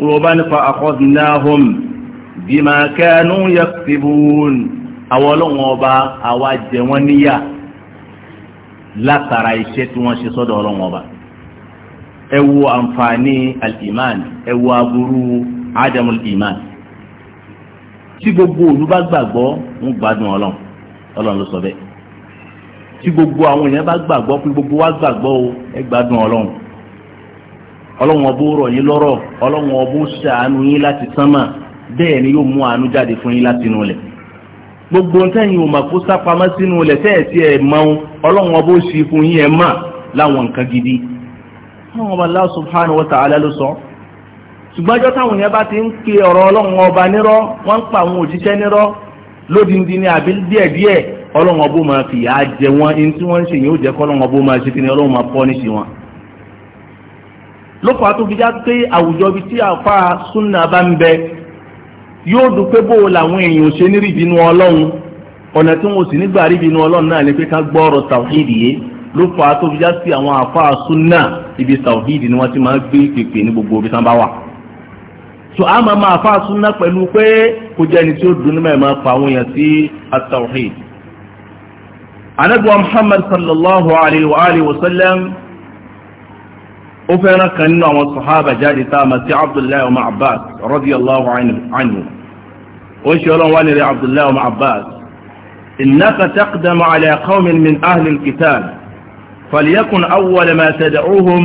olùwọ́ba ni fa akhadnahum bima kanu yaktibun àwọn ọlọ́run ọba àwa jẹ wọ́n níyà látara iṣẹ́ tí wọ́n ṣe sọ́dọ̀ ọlọ́run ọba ẹ wo àǹfààní al ẹ wo aburú adamul iman tí gbogbo òlu bá gbàgbọ́ ń gbádùn ọlọ́run ọlọ́run ló sọ bẹ́ẹ̀ tí gbogbo àwọn èèyàn bá gbàgbọ́ pé gbogbo wa gbàgbọ́ o ẹ gbádùn ọlọ́run ọlọ́run ọbó rọ̀ yín lọ́rọ̀ ọlọ́run ọbó ṣàánú yín láti sánmà bẹ́ẹ̀ ni yóò mú àánú jáde fún yín láti inú ilẹ̀ gbogbo ntẹ́yìn ò mà kó sápamọ́ sínú ilẹ̀ tẹ́ẹ̀tì ẹ̀ mọ́ ọlọ́run ọbó ṣe fún yín ẹ̀ mà láwọn nǹkan gidi. ọlọ́run ọba Allah subhanahu wa ta'ala ló sọ ọ́ ṣùgbọ́n ọjọ́ táwọn yẹn bá ti ń pe ọ̀rọ̀ ọlọ́run ọba nírọ́ wọ́n ń pa àwọn òjíṣẹ́ nírọ́ lódindi ni àbí díẹ̀díẹ̀ ọlọ́run ọbó máa fi ìyà jẹ wọn ẹni tí wọ́n ń ṣe yìí ó jẹ́ kọ́ ọlọ́run ọbó máa ṣe kíni ọlọ́run máa pọ́ níṣẹ́ wọn. lókọ̀ àtúnfijá pé àwùjọ ibi tí àfa súnà bá ń bẹ yóò dúpẹ́ bó o làwọn èèyàn ṣe ní rìbínú ọlọ́run ọ̀nà tí wọn ò sì nígbà rìbínú ọlọ́run náà ni pé ká gbọ́ ọ̀rọ̀ tàwíìdì yìí ló fà á tó àwọn àfa súnà ibi tàwíìdì ni wọ́n ti máa ń gbé pèpè ní gbogbo ibi tí wọ́n bá wà so a máa máa fa súnná pẹ̀lú pé kò jẹ́ ẹni tí ó dùn ní mẹ́ẹ̀ máa pa àwọn èèyàn sí at-tawhid anabuwa muhammad sallallahu alayhi wa alihi wa sallam ó fẹ́ràn kan nínú àwọn sàhábà jáde tá a máa sí abdullahi ọmọ abbas radiyallahu anhu ó ṣe ọlọ́run wá ní rẹ̀ abdullahi ọmọ abbas innaka taqdamu ala qawmin min ahli al-kitab falyakun awwala ma tad'uhum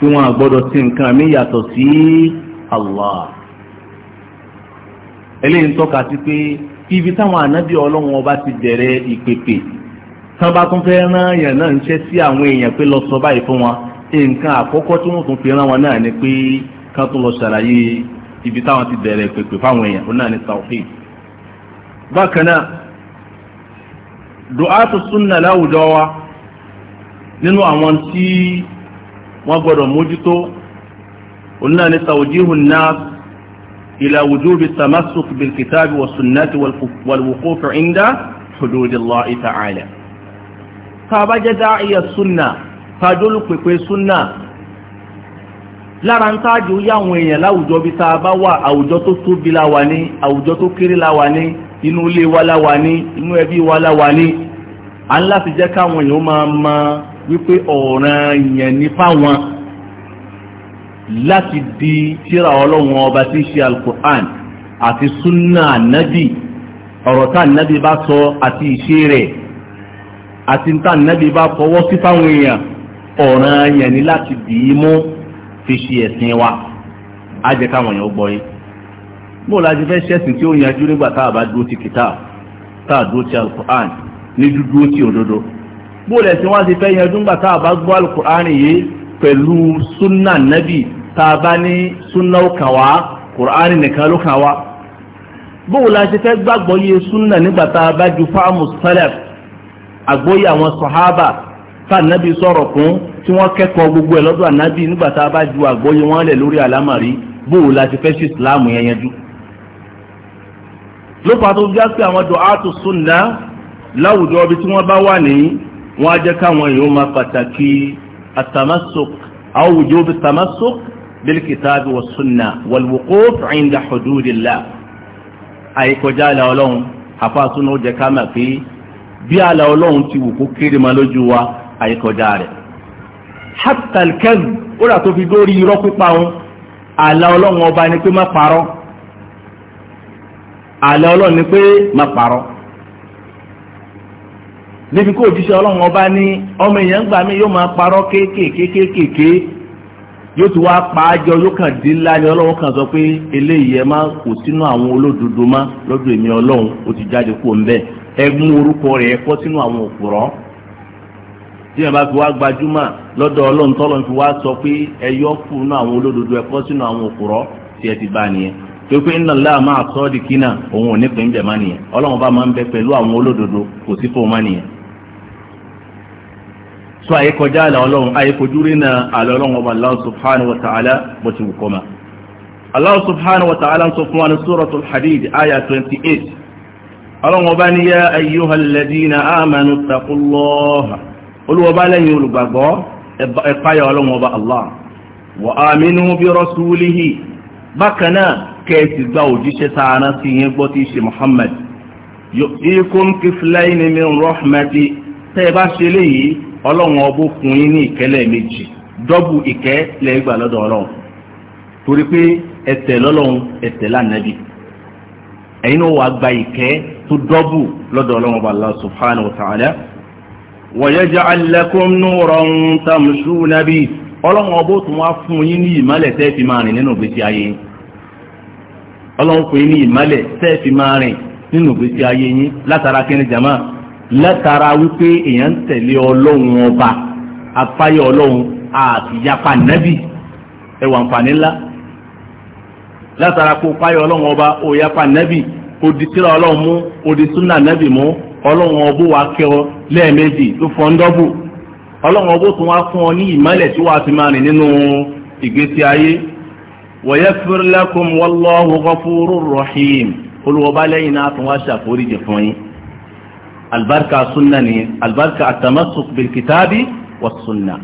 tí wọn àgbọ́dọ̀ tí nǹkan mi yàtọ̀ sí Allah eléyìí ń tọ́ka sí pé ibi táwọn ànábì ọlọ́run ọba ti bẹ̀rẹ̀ ìpèpè tán bá tún fẹ́ rán èèyàn náà ń sí àwọn èèyàn pé lọ sọ báyìí fún wọn fi rán wọn náà ni pé ibi táwọn ti bẹ̀rẹ̀ ìpèpè fáwọn èèyàn náà ní tawhid bákan náà láwùjọ wa nínú tí. wọ́n gbọ́dọ̀ mójútó onáà ní tàwùjíhù náà ila wujubi tamasuk bil kitabi wa sunnati wal wuquf inda hududillahi ta'ala tá bá jẹ́ da'iya sunna tá dolu pepe sunna lára ń táàjò yá àwọn èèyàn láwùjọ bí tá a bá wà àwùjọ tó tóbi la wà ní àwùjọ tó inú ilé wa la ní inú ẹbí wa la ní à ń láti jẹ́ káwọn èèyàn máa máa wípé ọ̀ràn yẹn ní fáwọn láti di tírà ọlọ́run ọba tí ń ṣe alukur'an àti sunna anabi ọ̀rọ̀ tá anabi bá sọ àti ìṣe rẹ̀ àti tá anabi bá fọwọ́ sí fáwọn èèyàn ọ̀ràn yẹn ní láti dì í mú fi ṣe ẹ̀sìn wa á jẹ́ káwọn èèyàn gbọ́ yìí bó la ti fẹ́ ṣẹ̀sìn tí ó yanjú nígbà tá a bá dúró ti kìtà tá a dúró ti alukur'an ní dúdúró ti òdodo bóòlẹ̀ tí wọ́n ti fẹ́ yanjú ńgbà tá a bá gbọ́ alukur'ani yìí pẹ̀lú sunna nabi tá bá ní sunna kan wá kur'ani nìkan ló kan wá bóòlù la ṣe fẹ́ gbàgbọ́ yé sunna nígbà tá a bá ju fáàmù salaf àgbóyè àwọn sọ̀hábà tá a nabi sọ̀rọ̀ kún tí wọ́n kẹ́kọ̀ọ́ gbogbo ẹ̀ lọ́dọ̀ ànábì nígbà tá a bá ju àgbóyè wọn lẹ̀ lórí àlámàrí bóòlù la ṣe fẹ́ ṣe ìsìláàmù yẹn láwùjọ ibi tí wọ́n bá wà nìyí wọ́n á jẹ́ káwọn èèyàn máa pàtàkì atamasuk àwùjọ bí tamasuk bilkitaabi wa sunna walwuquf inda hududillah àìkọjá àlà ọlọ́run àfàsúnú jẹ́ ká mà pé bí àlà ọlọ́run ti wù kó kéré ma lójú wa àìkọjá rẹ̀ hatta al-kadhib ó rà tó níbi kó òjíṣẹ́ ọlọ́run ọba ní ọmọ èèyàn gbà mí yóò máa parọ́ kéékèèkéékèèké yóò ti wá pa ájọ yóò kàn dín ńlá ni ọlọ́run kan sọ pé eléyìí ẹ má kò sínú àwọn olódodo má lọ́dọ̀ èmi ọlọ́run ó ti jáde kó ń bẹ̀ ẹ mú orúkọ rẹ̀ kọ́ sínú àwọn òpùrọ́ tí ẹ bá fi wá gbajúmọ̀ lọ́dọ̀ ọlọ́run fi wá sọ pé ẹ yọ fún àwọn olódodo ẹ kọ́ sínú àwọn òpùrọ́ tí ẹ ti bá nìyẹn ńlá ńlá bẹ pẹ̀lú àwọn so ayé kọjá àlà ọlọ́run ayé kojú rí na àlà ọlọ́run ọba Allah subhanahu wa ta'ala bó ti wùkọ́ ma Allah subhanahu wa ta'ala sọ fún wa ní suratul hadid aya 28 ọlọ́run ọba ní yá ayyuhal ladina amanu taqullaha olùwọba lẹ́yìn olùgbàgbọ́ ẹ̀páyà ọlọ́run ọba Allah wa aminu bi rasulihi bákan náà kẹ́ẹ̀sì gba òjíṣẹ́ sáárá sí yẹn gbọ́ tí ṣe Muhammad yu'tikum kiflayn min rahmati tẹ́ ẹ bá ṣe léyìí ọlọ́run ọbó fún yín ní ìkẹlẹ̀ méjì dọ́bù ìkẹ́ lẹ́gbà lọ́dọ̀ ọlọ́run torí pé ẹ̀tẹ̀ lọ́lọ́run ẹ̀tẹ̀ lánàbí ẹ̀yin náà wà gba ìkẹ́ tó dọ́bù lọ́dọ̀ ọlọ́run ọba Allah wa ọlọ́run wá fún yín ní ìmọ́lẹ̀ tẹ́ fi máa rìn nínú ayé ọlọ́run fún yín ní tẹ́ fi máa rìn nínú ayé yín látara látara wípé èyàn tẹ̀lé ọlọ́run ọba apáyọ ọlọ́run àti yapa nẹ́bì ẹwà àǹfààní ńlá látara kó páyọ ọlọ́run ọba ó yapa nẹ́bì ó di ọlọ́run mú ó nẹ́bì mú ọlọ́run ọbó wa ọ lẹ́ẹ̀mejì tó fọ́n ọlọ́run ọbó tó wá ọ ní ìmọ́lẹ̀ tí wàá fi máa rìn nínú ìgbésí ayé olùwọ́ba albarka sunna ni albarka atamasuk bil kitabi wa sunna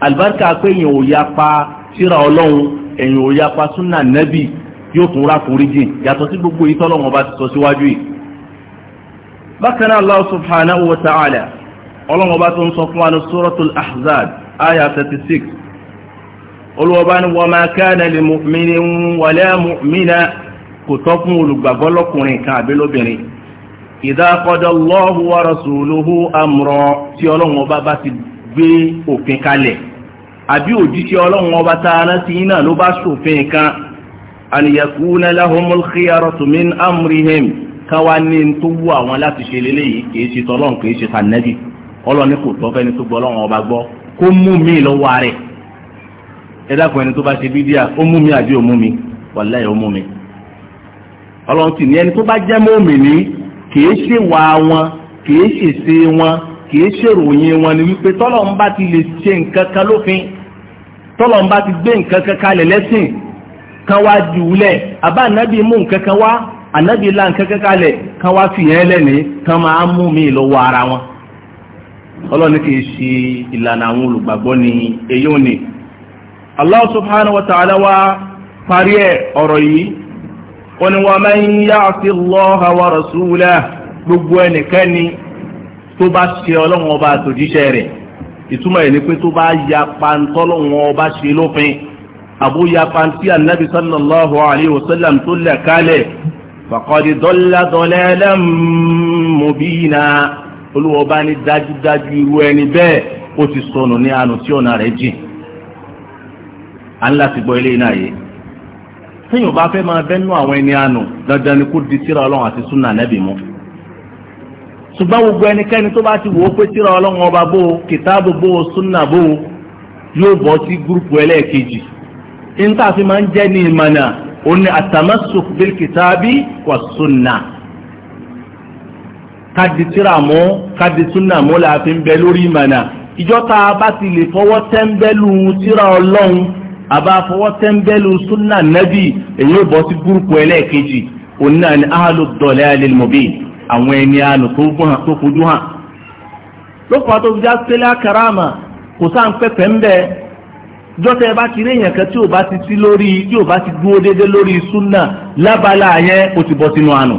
albarka pé èyàn ò yapa síra ọlọ́run èyàn ò yapa sunna nabi yóò tún ra kúrí jìn yàtọ̀ sí gbogbo yìí tọ́lọ́run ọba ti sọ síwájú yìí bákan náà allah subhanahu wa ta'ala ọlọ́run ọba tó sọ fún wa ní suratul ahzab aya 36 olùwọ́ba ni wa ma kana li mu'minin wala mu'mina kò tọ́ fún olùgbàgbọ́ lọ́kùnrin kan àbí lóbìnrin ìdá qada Allahu wa rasuluhu amra tí ọlọ́run ọba bá ti gbé òfin kalẹ̀ àbí òjíṣẹ́ ọlọ́run ọba tá a rántí náà ló bá ṣòfin kan an yakuna lahumul khiyaratu min amrihim káwa ní tó wú àwọn láti ṣe léléyìí kìí ṣe tọ́lọ́n kìí ṣe tànẹ́bì ọlọ́ni kò tọ́ fẹ́ni tó gbọ́ ọlọ́run ọba gbọ́ kó mú mi lọ́wọ́ rẹ̀ ẹ dákun ẹni tó bá ṣe bídíà kìí ṣe wà wọn kìí ṣe ṣe wọn kìí ṣe ròyìn wọn ni wípé tọ́lọ́run bá ti lè ṣe nǹkan kan lófin tọ́lọ́run bá ti gbé nǹkan kan kalẹ̀ lẹ́sìn kan wá jùúlẹ̀ àbá ànábì mú nǹkan kan wá ànábì la nǹkan kan kalẹ̀ kan wá fìyẹn lẹ́ni kan máa mú mi lọ́wọ́ ara wọn ọlọ́ni kìí ṣe ìlànà àwọn olùgbàgbọ́ ni èyí ò ní ta subhanahu wa ta'ala wa parí ẹ̀ ọ̀rọ̀ yìí wọ́n ni wọ́n máa ń yá àti lọ́ha wa rasúlá gbogbo ẹnikẹ́ni tó bá ṣe ọlọ́run ọba àtòjíṣẹ́ rẹ̀ ìtumọ̀ ẹ̀ ni pé tó bá ya pantọ́lọ́run ọba ṣe lófin àbó ya pantí ànábì sallallahu alayhi wa sallam tó lẹ̀ kálẹ̀ fàkọ́dí dọ́là dọ́lẹ́lẹ́ mọ̀bínà olúwọba ní dájúdájú irú ẹni bẹ́ẹ̀ ó ti sọnù ní àná tí ọ̀nà rẹ̀ jìn. à ń láti gbọ́ ilé náà yìí tíyìn bá fẹ́ máa bẹ́nu àwọn ẹni àánú dandan ni kó di tírà ọlọ́run àti súnà nẹ́bì mú ṣùgbọ́n gbogbo ẹnikẹ́ni tó bá ti wò ó pé tírà ọlọ́run ọba bó o kìtáàbù bó o súnà bó o yóò bọ́ sí gúrùpù ẹlẹ́ẹ̀kejì níta fi máa ń jẹ́ ní ìmọ̀nà òní àtàmásùk bil kìtáàbì wà súnà kádi tírà mú kádi súnà mú la fi ń bẹ lórí ìmọ̀nà ìjọ tá bá ti lè fọwọ́ tẹ́ńbẹ́lú tírà ọlọ́run àbáfọwọ́ tẹ́ńbẹ́lú súnà nábì èyí ò bọ́ sí gúrùpù ẹlẹ́ẹ̀kejì òun náà ni áhàlù dọ̀lẹ́ alẹ́lmọ̀bí àwọn ẹni àánú tó fojú hàn lókùnrin tó já pélé àkàràmà kò sáà ń pẹ́pẹ́ ń bẹ́ jọ́tẹ̀ bá ti rí èèyàn kan tí ò bá ti sí lórí tí ò bá ti dúró déédéé lórí súnà lábala yẹn ó ti bọ́ sínú àánú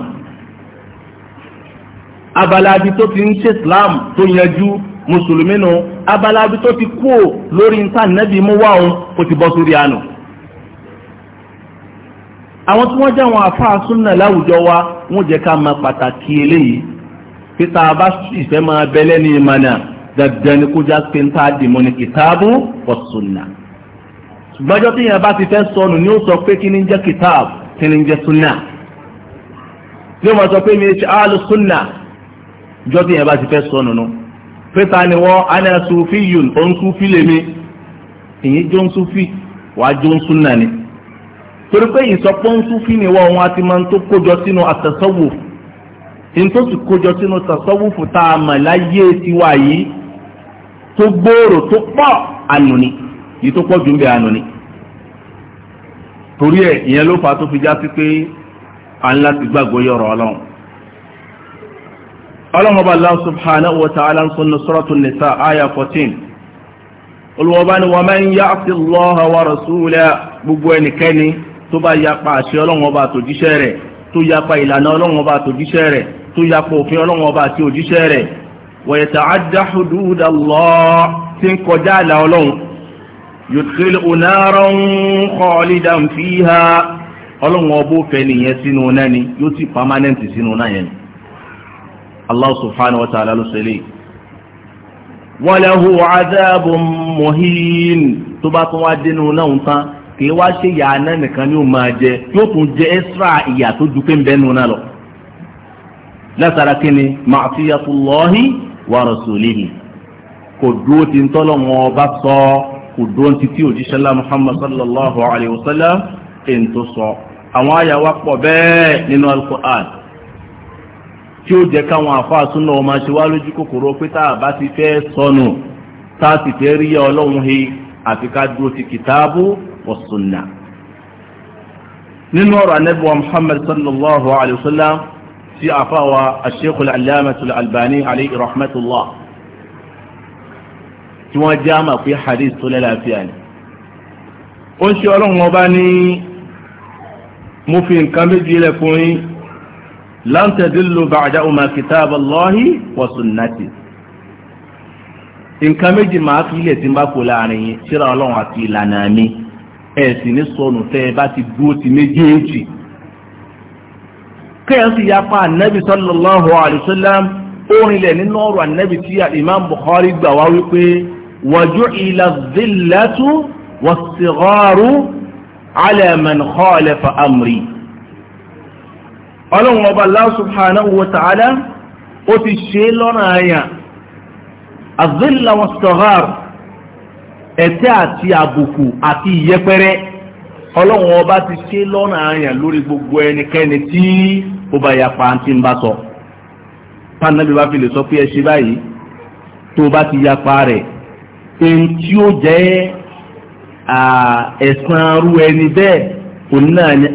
abala ibi tó ti ń ṣe Islam tó yanjú mùsùlùmí nu abala bí tó ti kú ò lórí nta nẹ́bí mú wá òun kò ti bọ́ sórí àná. àwọn tí wọ́n jẹ́ àwọn àfáà súnà láwùjọ wa wọ́n jẹ́ ká máa pàtàkì eléyìí peter abas ìfẹ́ máa bẹ lẹ́ni ìmọ̀nà dandan ni kó já pé ń tá a dìmọ̀ ní kìtáàbù wọ́n súnà. ṣùgbọ́n tí yẹn bá ti fẹ́ sọnù ni ó sọ pé kí ni ń jẹ́ kìtáàbù kí ni ń jẹ́ súnà yóò máa sọ pé mi ṣe áàlù súnà ìjọ tí yẹn bá ti fẹ́ sọnù nù. No pété ni wọ́n ana sufi yun ó ń sufi lèmi ìyẹn jó ń sufi wàá jó ń sunna ni torí pé ìsọpọ̀ ń sufi ni wọ́n wọn àti máa ń tó kójọ sínú àtẹ̀sọ́wò tó sì kójọ sínú tasawufu tá a mọ̀ láyé tiwa yìí tó gbòòrò tó pọ̀ ànúni yìí tó pọ̀ jù ń bẹ ànúni torí ẹ̀ ìyẹn ló fà á tó fi já sí pé à ń láti gbàgbọ́ yọ̀rọ̀ ọlọ́run ọlọ́mọba Allah subhanahu wa ta'ala ń sunna suratul nisa aya 14 olùwọ́ba ni wa man ya'si Allaha wa rasulahu gbogbo ẹnikẹ́ni tó bá yapa àṣẹ ọlọ́mọba àtòjíṣẹ́ rẹ̀ tó yapa ìlànà ọlọ́mọba àtòjíṣẹ́ rẹ̀ tó yapa òfin ọlọ́mọba àti òjíṣẹ́ rẹ̀ wa yata'adda hudud Allah tí ń kọjá àlà ọlọ́run yudkhilhu naran khalidan fiha ọlọ́mọba ó nìyẹn sínú náà ni yóò ti permanent sínú náà yẹn ni. Allah subhanahu wa ta'ala ló ṣe lè walahu adhabun muhin tó bá tún wá dénú náà ń tán kì í wá ṣe ìyá náà nìkan ni ó máa jẹ yóò tún jẹ ẹ́sra ìyà tó ju pé ń bẹ́nu náà lọ látara kíni ma'siyatullahi wa rasulihi kò dúró ti ń tọ́lọ̀ wọn ọba sọ kò dúró ti tí òjíṣẹ́ lá Muhammad sallallahu alayhi wa sallam èyí tó sọ àwọn àyà pọ̀ bẹ́ẹ̀ nínú al-Qur'an tí ó jẹ́ káwọn àfáà súnà ọmọ ṣe wá lójú kòkòrò pé tá a bá ti fẹ́ sọnù tá a sì fẹ́ rí ọlọ́run he àfi ká dúró ti kìtáàbù wa sunna. nínú ọ̀rọ̀ anábìwá muhammad sallallahu alayhi wa sallam ti àfáà ash-shaykh al-allamah al-albani alayhi rahmatullah tí wọ́n já mà pé hadith tó lálàáfíà ni. ó ń ṣe ọlọ́run ọba ní mo fi nǹkan méjì lẹ́kùnrin lan tadillu ba'dahuma kitab Allahi wa sunnati nǹkan méjì máa fi ilẹ̀ tí ń bá kó láàrin yín síra ọlọ́run àti ìlànà mi ẹ̀ sì ní sọnù tẹ́ ẹ bá ti dúró ti méjèèjì kéèyàn sì yapa ànábì sallallahu alayhi wa sallam orin lẹ̀ nínú ọ̀rọ̀ ànábì tí imam Bukhari gbà wá wípé wàjú ìlà zillatu wàsíghàrú ala man amri. ọlọ́run ọba ha wa ta'ala ó ti ṣe lọ́nà àyà azilla ẹ̀tẹ́ àti àbùkù àti ìyẹpẹrẹ ọlọ́run ọba ti ṣe lọ́nà àyà lórí gbogbo ẹnikẹ́ni tí ó bá yapa àti ń bá sọ bá fi lè sọ pé ẹ ṣe báyìí tó bá ti yapa rẹ̀ tí ó jẹ́ arú ẹni bẹ́ẹ̀ òun náà ni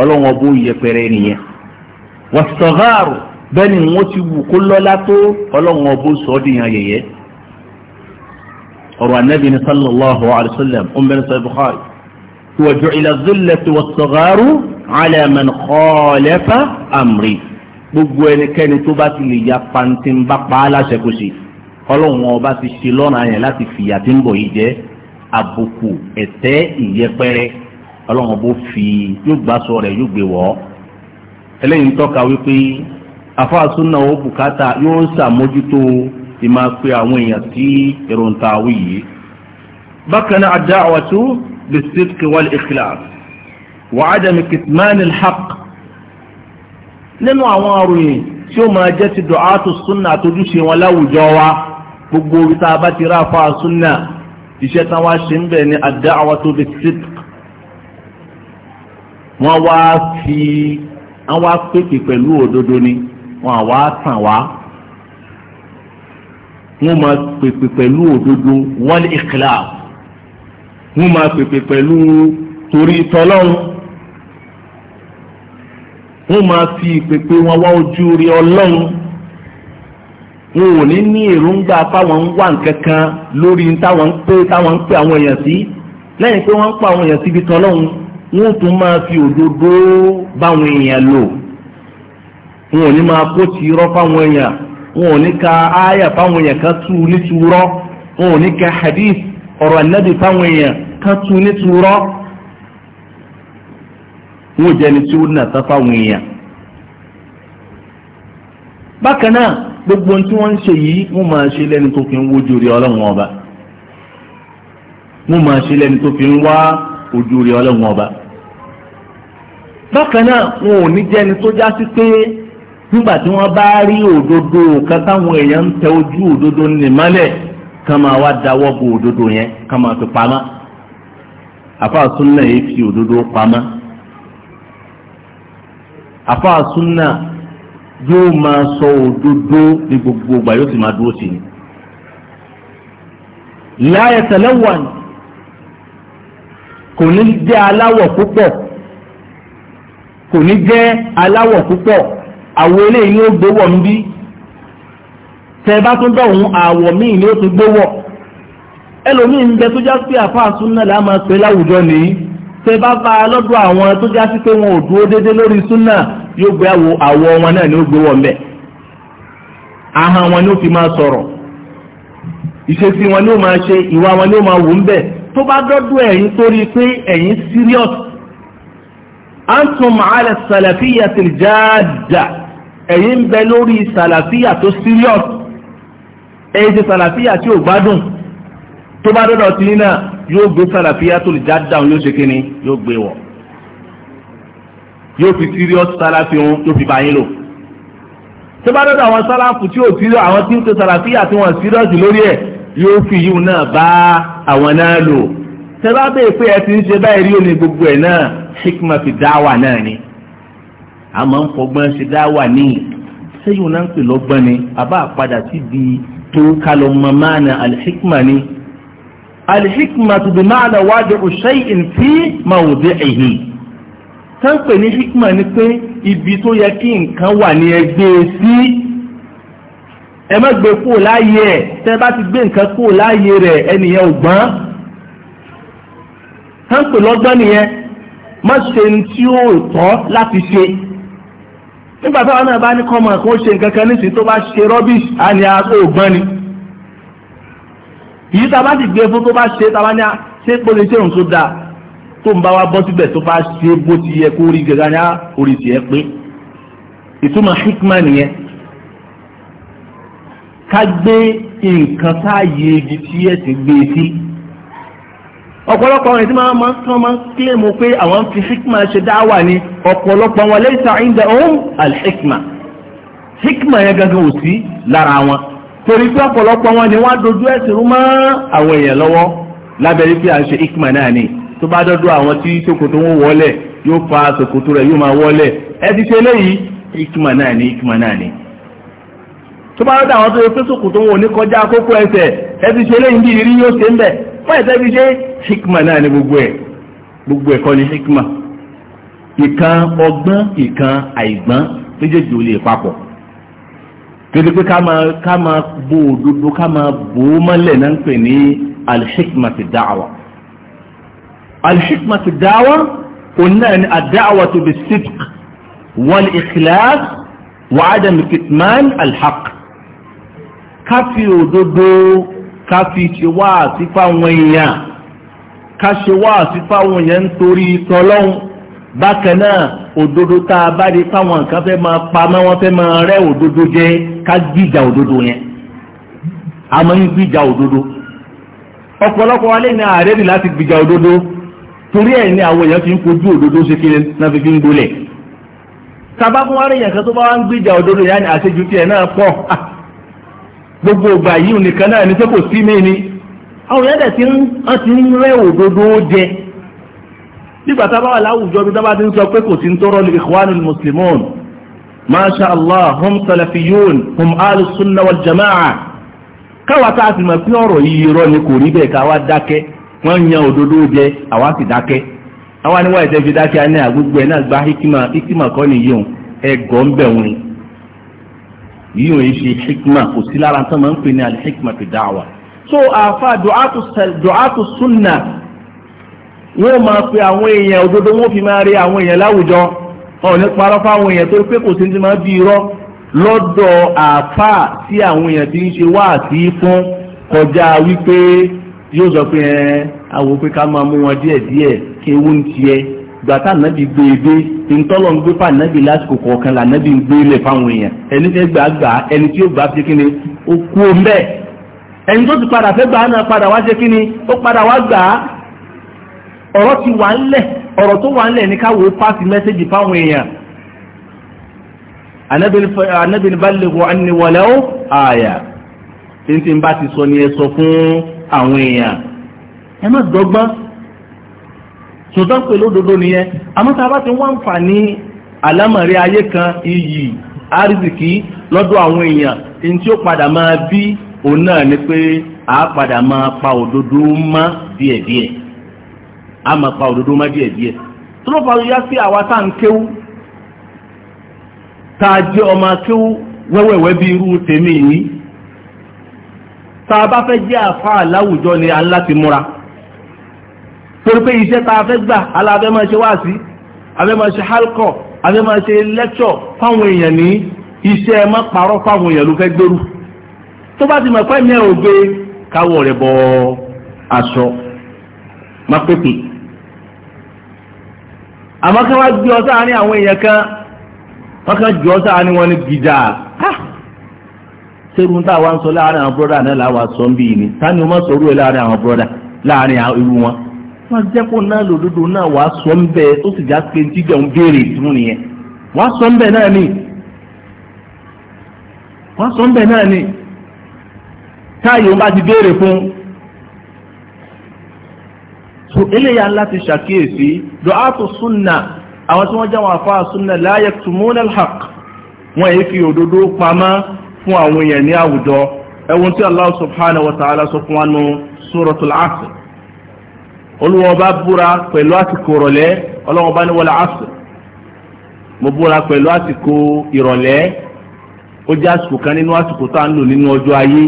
ọlọ́run ọbọ̀ yẹpẹrẹ nìyẹn wàsítọ̀gáàrò bẹ́ẹ̀ ni wọ́n ti wù kó lọ́lá tó ọlọ́run ọbọ̀ sọ́ọ́dìyàn yẹ̀yẹ́ ọ̀rọ̀ anábì ní sallallahu alayhi wa sallam ọmọbìnrin sọ bukhari wa ju'ila dhillatu was-sagharu ala man khalafa amri gbogbo ẹnikẹ́ni tó bá ti lè ya pàǹtí ń bá pa á láṣẹ kó ṣe ọlọ́run ọba ti ṣe lọ́nà yẹn láti fìyà ọlọ́run bó fi yóò gbà sọ rẹ̀ yóò gbé wọ́ eléyìí ń tọ́ka wípé afáàsúnà ó bùkátà yóò ṣàmójútó ìmọ̀ pé àwọn èèyàn sí èròǹta àwí yìí bákan náà ad-da'watu bis-sidq ikhlas wa 'adam kitman al-haqq nínú àwọn àròyìn tí ó máa jẹ́ ti du'atu súnà àtọ́júṣe wọn láwùjọ wa gbogbo ibi tá a bá ti rá afáàsúnà iṣẹ́ táwa ṣe ń bẹ̀ ní ad-da'watu bis-sidq wọ́n wá fi wọ́n wá pèpè pẹ̀lú òdodo ni wọ́n á wá tàn wá wọ́n máa pèpè pẹ̀lú òdodo wal ikhlas wọ́n máa pèpè pẹ̀lú torí tọ́lọ́run wọ́n máa fi ìpèpè wọn wá ojú rí ọlọ́run wọn ò ní ní èròǹgbà táwọn ń wà nǹkankan lórí táwọn ń pè táwọn ń pè àwọn èèyàn sí lẹ́yìn pé wọ́n ń pa àwọn èèyàn síbi tọ́lọ́run. wọ́n tún máa fi òdodo báwọn èèyàn lò wọn ò ní máa kó ti irọ́ fáwọn èèyàn wọn ò ní ka ááyà fáwọn èèyàn ká tú ní wọn ò ka hadith ọ̀rọ̀ ànábì fáwọn èèyàn ká tú ní wọn ò tí ó nà gbogbo tí wọ́n ń ṣe yìí wọ́n máa ṣe lẹ́ni tó fi ń ọba bákan náà wọn ò ní jẹ́ni tó já sí pé nígbà tí wọ́n bá rí òdodo kan táwọn èèyàn ń tẹ ojú òdodo nìmọ́lẹ̀ kán máa wá dáwọ́ bo òdodo yẹn kán máa fi pamọ́ àfáà yìí fi òdodo pamọ́ àfáà yóò máa sọ òdodo ní gbogbo ìgbà yóò sì máa dúró sí ni láyẹ̀tẹ̀lẹ́wọ̀n kò ní jẹ́ aláwọ̀ púpọ̀. kò ní jẹ́ aláwọ̀ púpọ̀ àwọ̀ eléyìí ni ó gbówọ̀ ń bí tẹ́ bá tún dọ̀hún àwọ̀ míì ni ó tún gbówọ̀ ẹlòmíì ń bẹ tó já sí àfáà súnà là máa pè láwùjọ nìyí tẹ́ bá bá a lọ́dọ̀ àwọn tó já sí pé wọn ò dúró déédé lórí súnà yóò gbé àwọ̀ àwọ̀ wọn ni ó gbówọ̀ ń bẹ̀ ahọ́n wọn ni ó fi máa sọ̀rọ̀ ìṣesí wọn ni ó máa ṣe ìwà wọn ni ó máa wù ń bẹ̀ tó bá dọ́dọ̀ serious antum ala salafiya til jaada ẹ̀yin ń bẹ lórí salafiya tó serious èyí ti salafiya tí ò gbádùn tó bá dọ́dọ̀ tí nínà yóò gbé salafiya tó lè jaada òun yóò ṣe kíni yóò gbé wọ̀ yóò fi serious salafi òun yóò fi bá yín lò tó bá dọ́dọ̀ àwọn salafu tí ò serious àwọn tí ń ṣe salafiya tí wọ́n serious lórí ẹ̀ yóò fi yíwù náà bá àwọn náà lò tẹ́lá bẹ́ẹ̀ pé ẹ ti ń ṣe báyìí rí òní gbogbo ẹ̀ náà hikma fi dáwà náà ni a máa ń fọgbọ́n ṣe dáwà ní sẹ́yìn náà ń pè lọ́gbọ́n ni àbá àpadà sí di tó kálọ̀ mọ́mánà alhikma ni alhikma tó bí máa lọ wájú shay'in fi mawdi'ihi táǹpè ní hikma ni pé ibi tó yẹ kí nǹkan wà ní ẹgbẹ́ sí ẹ má gbé kúrò láàyè ẹ̀ tẹ́ bá ti gbé nǹkan kúrò láàyè rẹ̀ ẹnìyẹn ò gbọ́n táǹpè lọ́gbọ́n nìyẹn má ṣe ní tí ó tọ́ láti ṣe nígbà táwọn náà bá ní kọ́mọ̀ kó ṣe nǹkan kan nísìnyí tó bá ṣe rubbish á ní aago ògbọ́n ni yìí tá a bá sì gbé fún tó bá ṣe tá a bá ní ṣe pé lè ṣe òun tó dáa tó ń bá wa bọ́ síbẹ̀ tó bá ṣe bó ti yẹ kó rí gẹ́gẹ́ ní orí tiẹ̀ pé ìtumọ̀ hikman nìyẹn ká gbé nǹkan táàyè ibi tí ẹ̀sìn gbé sí ọ̀pọ̀lọpọ̀ àwọn ìdímọ̀ máa ń tán máa ń kílèmù pé àwọn fi hikma ṣe dáwà ni ọ̀pọ̀lọpọ̀ wọn laysa indahum al-hikma hikma yẹn gangan ò sí lára wọn torí pé ọ̀pọ̀lọpọ̀ wọn ni wọ́n dojú ẹ̀sìn rú mọ́ àwọn èèyàn lọ́wọ́ lábẹ́rẹ́ pé à ń ṣe hikma náà ni tó bá dọ́dọ̀ àwọn tí ṣòkòtò wọn wọlẹ̀ yóò fa ṣòkòtò rẹ̀ yóò máa wọlẹ̀ ẹ ti ṣe eléyìí hikma náà ni hikma náà ni tó bá rọ́dà àwọn tó yẹ pẹ́sùkù tó wọ́n ní kọjá kókó ẹsẹ̀ ẹbí ṣe lẹ́yìn bí ìrí yóò ṣe ń bẹ̀ fún ẹ̀sẹ̀ bí ṣe hikma náà ni gbogbo ẹ̀ gbogbo ẹ̀kọ́ ni hikma ìkan ọgbọ́n ìkan àìgbọ́n méjèèjì ò lè papọ̀ kéde pé ká máa ká máa òdodo ká máa bò mọ́lẹ̀ náà ń pè ní alhikma ti dáwà alhikma ti dáwà òun náà ni ká fi òdodo ká fi ṣe wá àti fáwọn èèyàn ká ṣe wá àti fáwọn èèyàn nítorí tọlọ́hún bákan náà òdodo tá a bá di fáwọn nǹkan fẹ́ máa wọn fẹ́ máa rẹ́ òdodo jẹ ká gbìjà òdodo yẹn a máa ń gbìjà òdodo ọ̀pọ̀lọpọ̀ alẹ́ ní ààrẹ nì láti gbìjà òdodo torí ẹ̀ ní àwọn èèyàn fi ń kojú òdodo ṣe kiri náà fi fi ń gbolẹ̀ fún wa rí yẹn kan (laughs) gbogbo ọgbà yìí nìkan náà ní pé kò sí mí ni àwọn èèyàn dẹ̀ ti ń rẹ́ òdodo jẹ nígbà tá a bá wà láwùjọ bí dábàá ti ń sọ pé kò sí ń tọrọ ní ikhwanul muslimun masha allah hum salafiyun hum ahlus sunna wal jama'a káwa tá a sì mọ̀ pé ọ̀rọ̀ yìí irọ́ ni kò rí bẹ́ẹ̀ káwa dákẹ́ wọ́n yan òdodo jẹ àwa sì dákẹ́ àwa ni wọ́n ẹ̀jẹ̀ fi dákẹ́ ní àgbogbo ẹ̀ náà gba hikima hikima kọ́ nìyí ẹ̀gọ́ ń bẹ̀ wọn yíyan yìí ṣe hikma kò sí lára tán máa ń pè ní alhikma fi da'wa so àfa du'atu sunna wọ́n máa pe àwọn èèyàn òdodo wọ́n fi máa rí àwọn èèyàn láwùjọ ọ̀ ní parọ́ fáwọn èèyàn torí pé kò sí ti máa bí irọ́ lọ́dọ̀ àfa tí àwọn èèyàn ti ń ṣe wáàsí fún kọjá wípé yóò sọ pé ẹ àwọn pé ká máa mú wọn díẹ̀díẹ̀ kí ewu ń tiẹ̀ gbàtà nàbì gbèédé e ntọ́lọ̀ ń gbé fà nàbì lásìkò kọ̀ọ̀kan là nàbì ń gbé lẹ̀ fáwọn èèyàn ẹni fẹ́ gbà gbà ẹni tí ó gbà fi kíni ó kú o mbẹ́ ẹni tó ti padà fẹ́ gbà náà padà wá ṣe kíni ó padà wá gbà á ọ̀rọ̀ ti wà ńlẹ̀ ọ̀rọ̀ tó wà ńlẹ̀ ní káwọ́ pàṣẹ mẹ́sẹ́jì fáwọn èèyàn anabi ni balẹ̀kọ̀ ẹni wọlé ó àyà tí n ti bá ti sọ ni ẹ sọ fún àwọn èèyàn ẹ má dọ́gbọ́n sọ̀tọ́ pè ni nìyẹn àmọ́ta bá ti ń fà ní àlámọ̀rí ayé kan iyì àrísìkí lọ́dọ̀ àwọn èèyàn in tí ó padà máa bí òun náà ni pé a padà máa pa òdodo mọ́ díẹ̀díẹ̀ a máa pa òdodo mọ́ díẹ̀díẹ̀ tó ló fàá yá sí àwa tá à ń kéwú tá a jẹ́ ọmọ kéwú wẹ́wẹ́wẹ́ bí irú ni torí pé iṣẹ́ tá a fẹ́ gbà aláfẹ́ máa ṣe wáàsí afẹ́ máa ṣe hálkọ̀ afẹ́ máa ṣe lẹ́kṣọ̀ fáwọn èèyàn ní iṣẹ́ má parọ́ fáwọn èèyàn ló fẹ́ gbèrú tó bá ti mọ̀ pẹ́ mi ẹ̀ ò gbé káwọ̀ rẹ̀ bọ aṣọ má pépè àmọ́ kí wọ́n gbé ọ sáàárín àwọn èèyàn kan wọ́n kàn jù ọ sáàárín wọn ní gidà sẹ́gun tá a wá ń sọ láàárín àwọn bọ́dà náà làwọn sọ ń bí yìí ni wọ́n sọ orú ẹ̀ láàárín àwọn bọ́dà láàárín irú wọn. máa jẹ́ kó náà lòdodo náà wàá sọ ń bẹ tó sì já pé béèrè fún nìyẹn wàá sọ ń bẹ náà ni wàá sọ ń bẹ náà ni táyì bá ti béèrè fún so eléyà láti ṣàkíyèsí du'atu sunna àwọn tí wọ́n jẹ́ wọn àfáà sunna la yaktumuna al-haq wọ́n èyí fi òdodo pamọ́ fún àwọn èèyàn ní àwùjọ Allah subhanahu wa ta'ala sọ fún wa olùwọ́n bá búra pẹ̀lú àsìkò ìrọ̀lẹ́ ọlọ́wọ́n bá ní wọlé asr mo búra pẹ̀lú àsìkò ìrọ̀lẹ́ ó jẹ́ àsìkò kan nínú àsìkò tá à ń lò nínú ọjọ́ ayé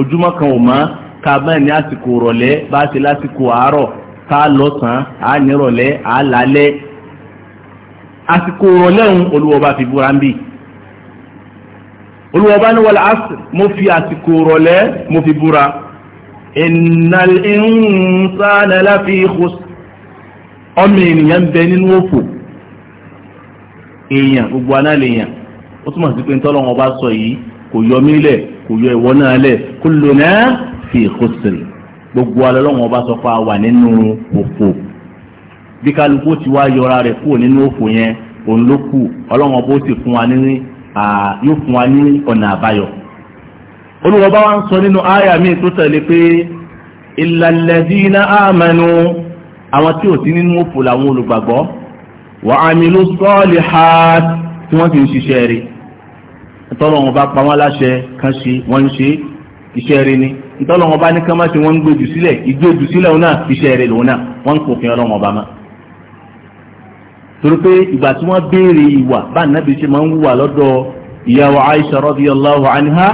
ojúmọ́ kan ò mọ́ ká báyìí ní àsìkò ìrọ̀lẹ́ bá a ṣe lásìkò àárọ̀ ká lọ́sàn-án á nírọ̀lẹ́ á lálẹ́ àsìkò ìrọ̀lẹ́ òun olùwọ́n bá fi búra ń bì olùwọ́n bá ní wọlé asr mo fi àsìkò ìrọ̀lẹ́ innal insana lafi khus ọmọ ènìyàn ń bẹ nínú òfò èèyàn gbogbo aná lè yàn ó túmọ̀ sí pé ntọ́lọ́ wọn bá sọ yìí kò yọ mí lẹ̀ kò yọ ìwọ náà lẹ̀ kulluna fi khusr gbogbo alọ́lọ́ bá sọ pé a wà nínú òfò bí kálukú ti wá yọra rẹ̀ kúrò nínú òfò yẹn òun ló kù ọlọ́wọ́n bó ti fún wa ní ọ̀nà àbáyọ olùwọ́bá wa ń sọ nínú àyà míì tó tẹ̀lé pé ìlàlẹ́dínà àmẹ́nu àwọn tí ò sí nínú òfò làwọn olùgbàgbọ́ wà á mi ló sọ́ọ̀lì ha tí wọ́n ti ń ṣiṣẹ́ rí ntọ́lọ́wọ́n bá pa wọ́n láṣẹ kan ṣe wọ́n ń ṣe iṣẹ́ rí ni ntọ́lọ́wọ́n bá ní kán má ṣe wọ́n ń gbójú sílẹ̀ ìgbójú sílẹ̀ òun náà iṣẹ́ rí lòun náà wọ́n ń kò ọlọ́wọ́n bá má torí pé ìgbà tí wọ́n béèrè ìwà bá ṣe máa ń wùwà lọ́dọ̀ ìyàwó Aisha radiyallahu anha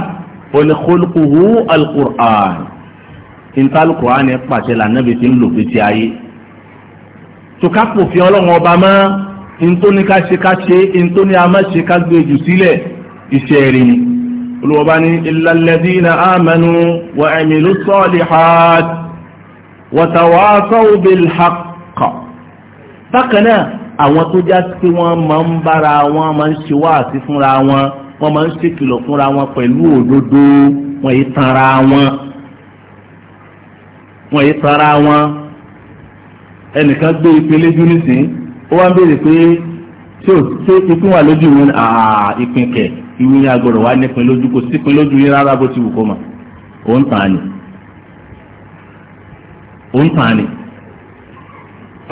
olùkọ́lùkùhù alukur'an ìntàlùkur'an ẹ̀ pàṣẹ lànàbì tí ń lò fi ti ayé tòkápò fi ọlọ́run ọba mọ́ ìntóní ká ṣe ká ṣe ìntóní a má ṣe ká gbé jù ni olùwọ́ba ní ìlàlẹ́dínà àmẹ́nu wà ẹ̀mìlú sọ́ọ̀lì hàt wọ̀tàwà sọ́ọ̀bìl bákan náà àwọn tó já wọn máa ń bára wọn máa ń ṣe wáàsí fúnra wọn wọ́n máa ń ṣèkìlọ̀ fúnra wọn pẹ̀lú òdodo wọ́n yìí tanra wọn wọ́n yìí tanra wọn ẹnìkan gbé ipe lójú nísìnyí ó wá ń béèrè pé ṣé ìpín wà lójú ìwé ìpín kẹ̀ ìwé yẹn agbọ̀dọ̀ wá nípin lójú kò sípin lójú yín rárá bó ti wù kó mà ó ń tàn ni ó ń tàn ni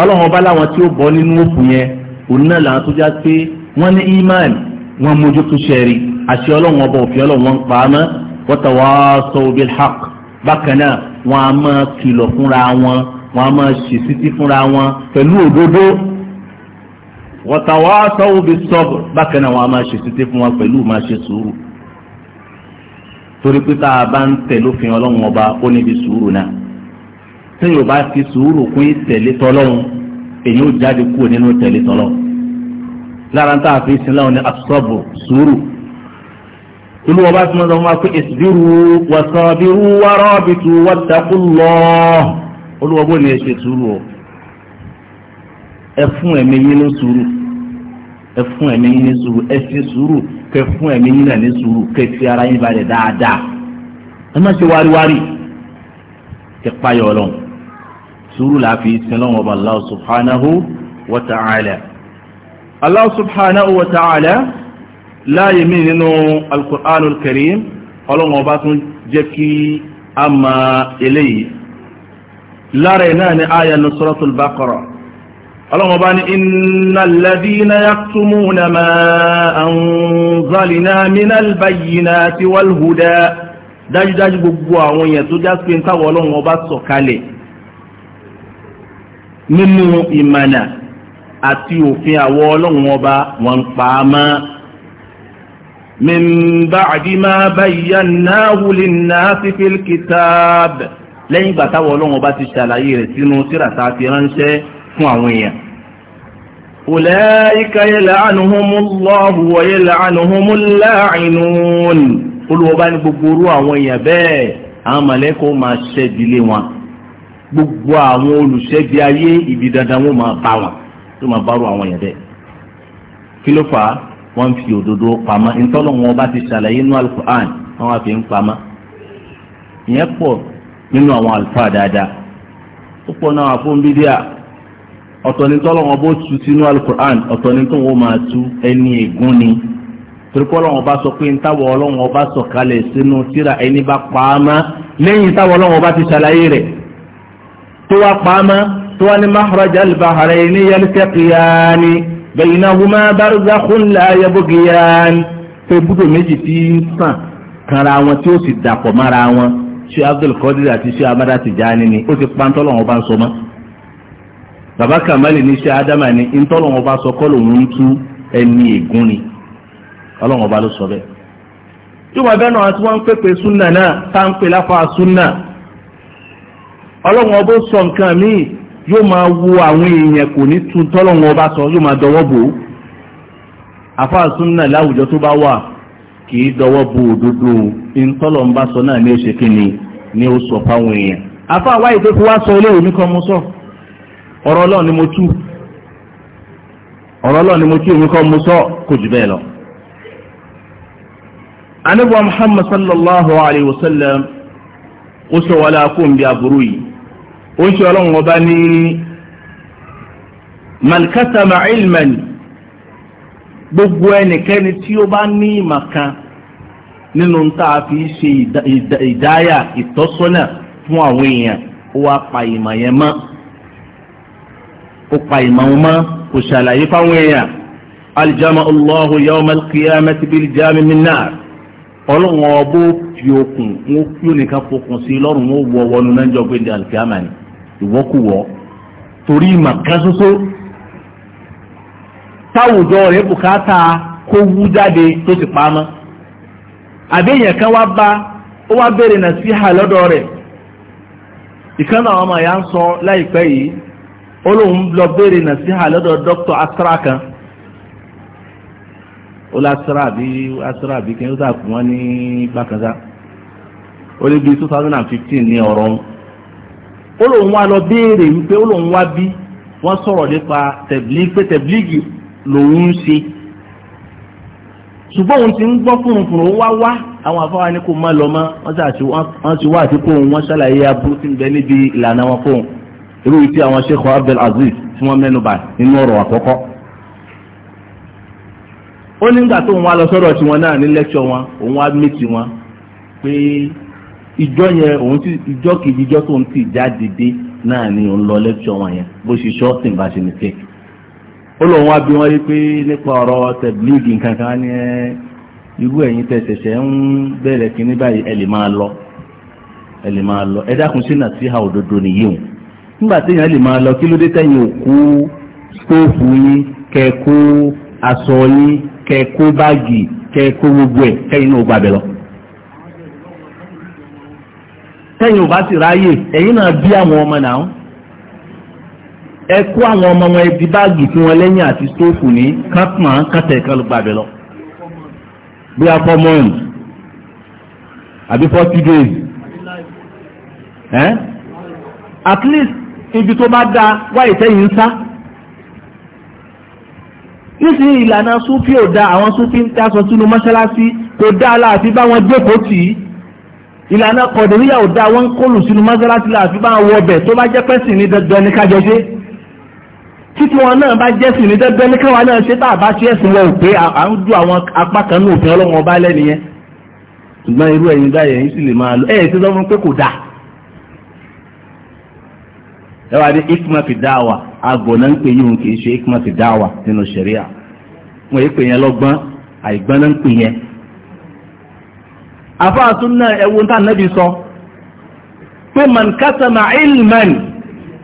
ọlọ́run ọba láwọn tí ó bọ́ nínú òkú yẹn òun náà làwọn tó já pé wọ́n ní ímánì wọ́n mójútó sẹ́ẹ̀rì àti ọlọ́run ọba òfin ọlọ́run wọn pa á mọ́ wọ́n tẹ̀ wá sọ bil haqq bákan náà wọ́n á máa kìlọ̀ fúnra wọn wọ́n á máa ṣèṣítí fúnra wọn pẹ̀lú òdodo wọ́n wá sọ bis sabr bákan wọ́n á máa ṣèṣítí fún wọn pẹ̀lú máa ṣe sùúrù torí pé bá ń tẹ̀ lófin ọlọ́run ọba ó níbi sùúrù náà tí yorùbá fi sùúrù kún ìtẹ̀lé èyí ó jáde kúrò nínú ìtẹ̀lé lára ń tààfin sin láwọn ní asọ́bù sùúrù olú ọba tí wọ́n sọ fún wa pé ìsìdírù wàsàbírù wárọ́bìtù wàtàkùlọ́ olú ọba ò ní ẹ̀ṣẹ̀ sùúrù o ẹ fún ẹ̀mí yín ní sùúrù ẹ fún ẹ̀mí yín ní sùúrù ẹ ṣe sùúrù kẹ fún ẹ̀mí yín ní sùúrù kẹ fi ara yín balẹ̀ dáadáa ẹ má ṣe wáríwárí kẹ payọ̀ ọlọ́run sùúrù làá fi sin lọ́wọ́ ọba Allah subhanahu wa ta'ala. Allah subhanahu wa ta'ala láyé mí nínú al-Qur'anul Karim ọlọ́wọ́n bá tún jẹ́ kí a ma eléyìí lára náà ni aya ní suratul Baqarah ọlọ́wọ́n bá ní innal ladhina yaktumuna ma anzalna minal bayyinati wal huda dájúdájú gbogbo àwọn èèyàn tó já táwọn ọlọ́wọ́n bá sọ̀kalẹ̀ nínú ìmànà àti òfin àwọ ọlọ́run ọba wọn ń pa á mọ́. min ba'di ma bayyanahu linnasi fil kitab lẹ́yìn ìgbà táwọn ọlọ́run ọba ti ṣàlàyé rẹ̀ sínú tíràtà ti ránṣẹ́ fún àwọn èèyàn. ulaika yal'anuhumullahu wa yal'anuhumul la'inun olùwọ́ba ní gbogbo orú àwọn èèyàn bẹ́ẹ̀ àwọn mọ̀lẹ́kọ̀ọ́ máa ṣẹ́bi lé wọn gbogbo àwọn olùṣẹ́bi ayé ibi dandan wọn máa bá wọn tó máa bá rò àwọn èèyàn bẹ́ẹ̀ kí ló fà á wọ́n fi òdodo pamọ́ ntọ́lọ́ wọn bá ti ṣàlàyé inú alukur'an wọ́n wá fi ń pamọ́ ìyẹn pọ̀ nínú àwọn àlùfáà dáadáa ó pọ̀ náà fún bídíà ọ̀tọ̀ ni tọ́lọ́ wọn bó tu sínú alukur'an ọ̀tọ̀ ni tó wọn máa tu ẹni ègún ni torípọ́ ọlọ́wọ́n bá sọ pé ntàwọ̀ ọlọ́wọ́n bá sọ kalẹ̀ sínú tíra ẹni bá pa lẹ́yìn ntàwọ̀ ọlọ́wọ́n bá ti ṣàlàyé rẹ̀ tó wá pa توان مخرج البحرين يلتقيان بينهما برزخ لا يبغيان fẹ́bùdó méjì tí ń sàn kanra wọn tí ó sì dàpọ̀ mára wọn ṣé Abdul Qadir àti ṣé Amada Tijani ni ó ti pa ntọ́lọ́wọ́n bá ń sọ mọ́ bàbá Kamali ní ṣé Adama ni ntọ́lọ́wọ́n bá sọ kọ́lọ̀ ń tú ẹni ègún ni ọlọ́wọ́n bá ló sọ bẹ́ẹ̀. yíwọ bẹ́ẹ̀ náà tí wọ́n ń pèpè súnà náà tá ń pè láfa súnà ọlọ́wọ́n bó sọ nǹkan míì yóò máa wo àwọn èèyàn kò ní tún tọ́lọ́wọ́n ọba sọ yóò máa dọwọ́ bò ó àfáà súnà láwùjọ tó bá wà kì í dọwọ́ bò òdodo ìtọ́lọ̀ ń bá sọ náà ní oṣù kìíní ni ó sọ fáwọn èèyàn àfáà wáyé tó fi wá sọ ilé òní kan sọ ọ̀rọ̀ ọlọ́run ni mo tú ọ̀rọ̀ ọlọ́run ni mo tú kan mo sọ kò jù bẹ́ẹ̀ lọ. alayhi wa sallam ó sọ wàlá kó ó ń ṣe ọlọ́run ọba ní malkasama ilman gbogbo ẹnikẹ́ni tí ó bá ní ìmọ̀ kan nínú tá a fi ṣe ìdáyà ìtọ́sọ́nà fún àwọn èèyàn ó wá pa ìmọ̀ yẹn mọ́ ó pa ìmọ̀ wọn mọ́ kò ṣàlàyé fáwọn èèyàn aljama allahu yawma alqiyamati bil jami min nar ọlọ́run ọbọ̀ fi okùn wọn kú nìkan fokùn sí lọ́rùn wọn wọ wọnú náà jọ pé di alkiyama ni. ìwọ́kùwọ́ torí ìmọ̀ kan ṣoṣo táwùjọ rẹ̀ bukata kó wú jáde tó ti pamọ́ àbí kan wá bá ó wá béèrè nàṣíhà lọ́dọ̀ rẹ̀ ìkan ọmọ ya ń sọ láìpẹ́ yìí ó lóun lọ béèrè ha lọ́dọ̀ dr asra kan ó asra àbí asra àbí kí n ó dà fún wọn ní bákan sá ó lé bíi ní ọ̀rọ̀ ó lóun wá lọ béèrè wípé ó lóun wá bí wọ́n sọ̀rọ̀ nípa tẹ̀blíg pé tẹ̀blígì lòun ń ṣe ṣùgbọ́n òun ti ń gbọ́ fúnfún ó wá wá àwọn afáwa ní kó má lọ mọ́ wọ́n ṣàṣì wọ́n ti wá àti kóun wọ́n ṣàlàyé aburú tí ń bẹ níbi ìlànà wọn fóun irú tí àwọn Sheikh Abdul Aziz tí wọ́n mẹ́nu bà nínú ọ̀rọ̀ àkọ́kọ́ ó nígbà tóun wá lọ sọ́dọ̀ tiwọn náà ní lẹ́kṣọ̀ wọn òun wá mí tiwọn pé ìjọ yẹn òun ti ìjọ kejì ìjọ tó ń tì jáde dé náà ni òun lọ lẹ́kṣọ̀ wọn yẹn bó ṣe ṣọ́ sì ń bá ṣe ní fẹ́ẹ̀kì. ó lóun wá bí wọ́n rí pé nípa ọ̀rọ̀ tẹ̀blíìgì nǹkan kan ní ẹ́ irú ẹ̀yin tẹ́ ṣẹ̀ṣẹ̀ ń bẹ̀rẹ̀ kínní báyìí ẹ lè máa lọ ẹ lè máa lọ ẹ dákun sí náà sí ha òdodo nìyí o nígbà téèyàn lè máa lọ kí ló dé tẹ́yìn òkú stóòfù yín kẹ́ẹ̀kú aṣọ yín kẹ́ẹ̀kú báàgì kẹ́ẹ̀kú gbogbo ẹ̀ kẹ́yìn náà gbàbẹ̀ lọ. tẹ́yìn ò sì ráyè ẹ̀yin náà bí àwọn ọmọ náà ẹ kó àwọn ọmọ wọn ẹbí báàgì tí wọn lẹ́yìn àti stóòfù ní kápọ̀n kàtẹ́ kan ló lọ bí a fọ́ mọ́ọ̀nù àbí days at least ibi tó bá dáa wáyé tẹ́yìn ń sá ìlànà súnfì ò da àwọn súnfì ń tẹ́ aṣọ sínú ìlànà kọ̀dìríyà ò da wọn kọlù sínú mọ́sálásí láàfi bá wọ ọbẹ̀ tó bá jẹ́ pẹ́sìn ní dandan ní kájọ ṣe títí wọn náà bá jẹ́ sìn ní dandan ní káwa náà ṣe tá a bá ṣe ẹ̀sìn wọn ò pé à ń du àwọn apá kan ní òfin ọlọ́wọ́n ọba lẹ́nu yẹn ṣùgbọ́n irú ẹ̀yin dá yẹn sì lè máa lọ ẹ̀yẹ tí wọ́n fún pé kò dáa ẹ wá dé ikma fi dá wa àgọ̀ náà ń pè yín kì í ṣe ikma fi dá wa nínú ṣẹ̀ríà wọ́n yìí pè yẹn lọ́gbọ́n àìgbọ́n náà ń pè yẹn àfáàsún náà ẹwọ́n tán náà bí sọ pé man kásàmà ilman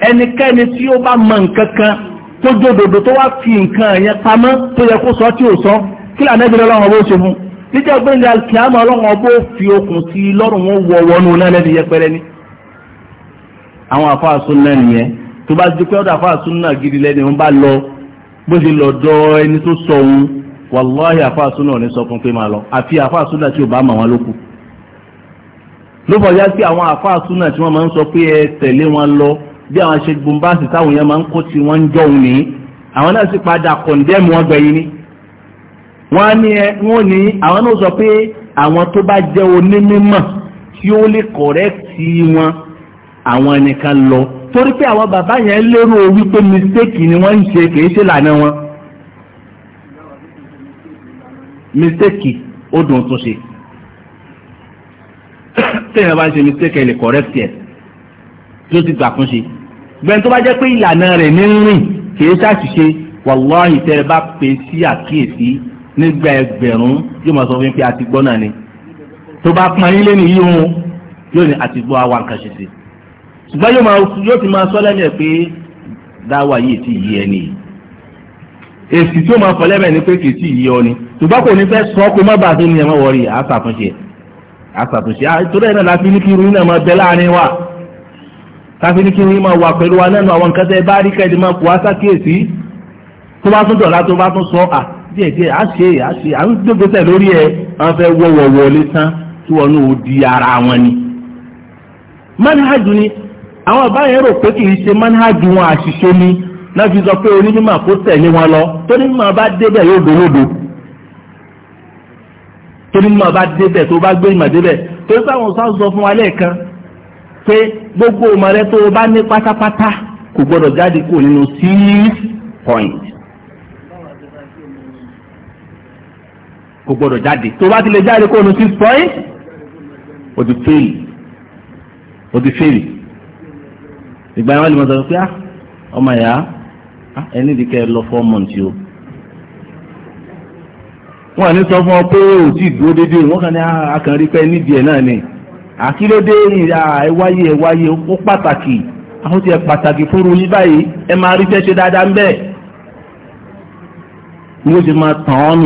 ẹnikẹ́ni tí ó bá mọ̀ nǹkankan tó jódodo tó wá fi nǹkan yẹn pamọ́ tó yẹ kó sọ tí ò sọ kí lànàbí lọ́wọ́ bó ṣe fún níjẹ́ gbẹ́ngà kìámà ọlọ́wọ́ lọ́rùn wọn ni àwọn àfáàsún náà nìyẹn tó bá gidi lẹ́ni wọn bá lọ bó ṣe lọ dọ ẹni tó sọ òun wàláhì àfáàsún náà ní sọ fún pé máa lọ àfi àfáàsún tí ò bá mọ̀ wọn lókùn ló fọ yá sí àwọn àfáà súnà tí wọ́n máa ń sọ pé ẹ tẹ̀lé wọn lọ bí àwọn ṣe gbòǹbáàsì táwọn yẹn máa ń kó tí wọ́n ń jọ òun ní àwọn náà sì padà kọ̀ǹdẹ́mù wọn gbẹ̀yìn ni wọ́n á ní ẹ wọ́n ní àwọn náà sọ pé àwọn tó bá jẹ́ onímọ̀ tí ó lè kọ̀rẹ́ẹ̀tì wọn àwọn nìkan lọ torí pé àwọn bàbá yẹn lérò wípé mistake ni wọ́n ń ṣe kì ṣe lànà wọn mistake ó dùn tún ṣe téèyàn bá ń ṣe mistake ẹ̀ lè correct ẹ̀ tó ti gbà kún ṣe gbẹ̀n tó bá jẹ́ pé ìlànà rẹ̀ ní rìn kì í ṣàṣìṣe wàláhì tẹ́ ẹ bá pè sí àkíyèsí nígbà ẹgbẹ̀rún yóò máa sọ fún pé a ti gbọ́ náà ni tó bá pọn yín lẹ́nu yìí òun yóò ní àti gbọ́ àwa nǹkan ṣe sí ṣùgbọ́n yóò ti máa sọ lẹ́nu ẹ̀ pé dáwà yìí ti yí ẹni yìí èsì tí ó máa fọ lẹ́mẹ̀ ni pé kì í sì yí ọ ni ṣùgbọ́n kò ní fẹ́ sọ kó má bàa tó ní ẹ̀ mọ́ wọ́ọ̀rì àá ṣàtúnṣe ẹ̀ àṣàtúnṣe àtúrẹ́ ah, náà láti ní kí irun máa wa káfí ní kí irun wà pẹ̀lú wa nínú àwọn nǹkan tẹ́ bá rí kẹ́ẹ̀dì máa kó wá sákèésí tó bá tún dọ̀la tó bá tún sọ à díẹ̀ díẹ̀ á ṣe à ṣe à ń gbégbésẹ̀ lórí ẹ̀ wọ́n fẹ́ wọ́wọ́ tán tí di ara wọn ni. manhajù ni àwọn àbáyẹn rò pé kì í ṣe manhajù wọn àṣìṣe ni náà fi sọ pé onímọ̀ torí mímọ̀ bá débẹ̀ tó bá gbé ìmọ̀ débẹ̀ torí báwọn sáà sọ fún wa lẹ́ẹ̀kan pé gbogbo ìmọ̀ rẹ tó o bá ní pátápátá kò gbọdọ̀ jáde kúrò nínú six point kò gbọdọ̀ jáde tó bá ti lè jáde kúrò nínú six point o ti fail o ti fail ìgbà yẹn wọ́n lè mọ̀ sọ pé ah, ọmọ ìyá ah, ẹni ìdíkẹ́ lọ four months o wọ́n ní sọ fún ọ pé ò tí dúró dédé wọ́n kàn ní akànrí ah, pẹ́ nídìí ẹ̀ náà ni àkílódé ah, ẹwáyé ẹwáyé ó pàtàkì àwọn ti ẹ pàtàkì fúru yín báyìí ẹ máa rí fẹ́ ṣe dáadáa ń bẹ́ẹ̀ ni ó ti máa tàn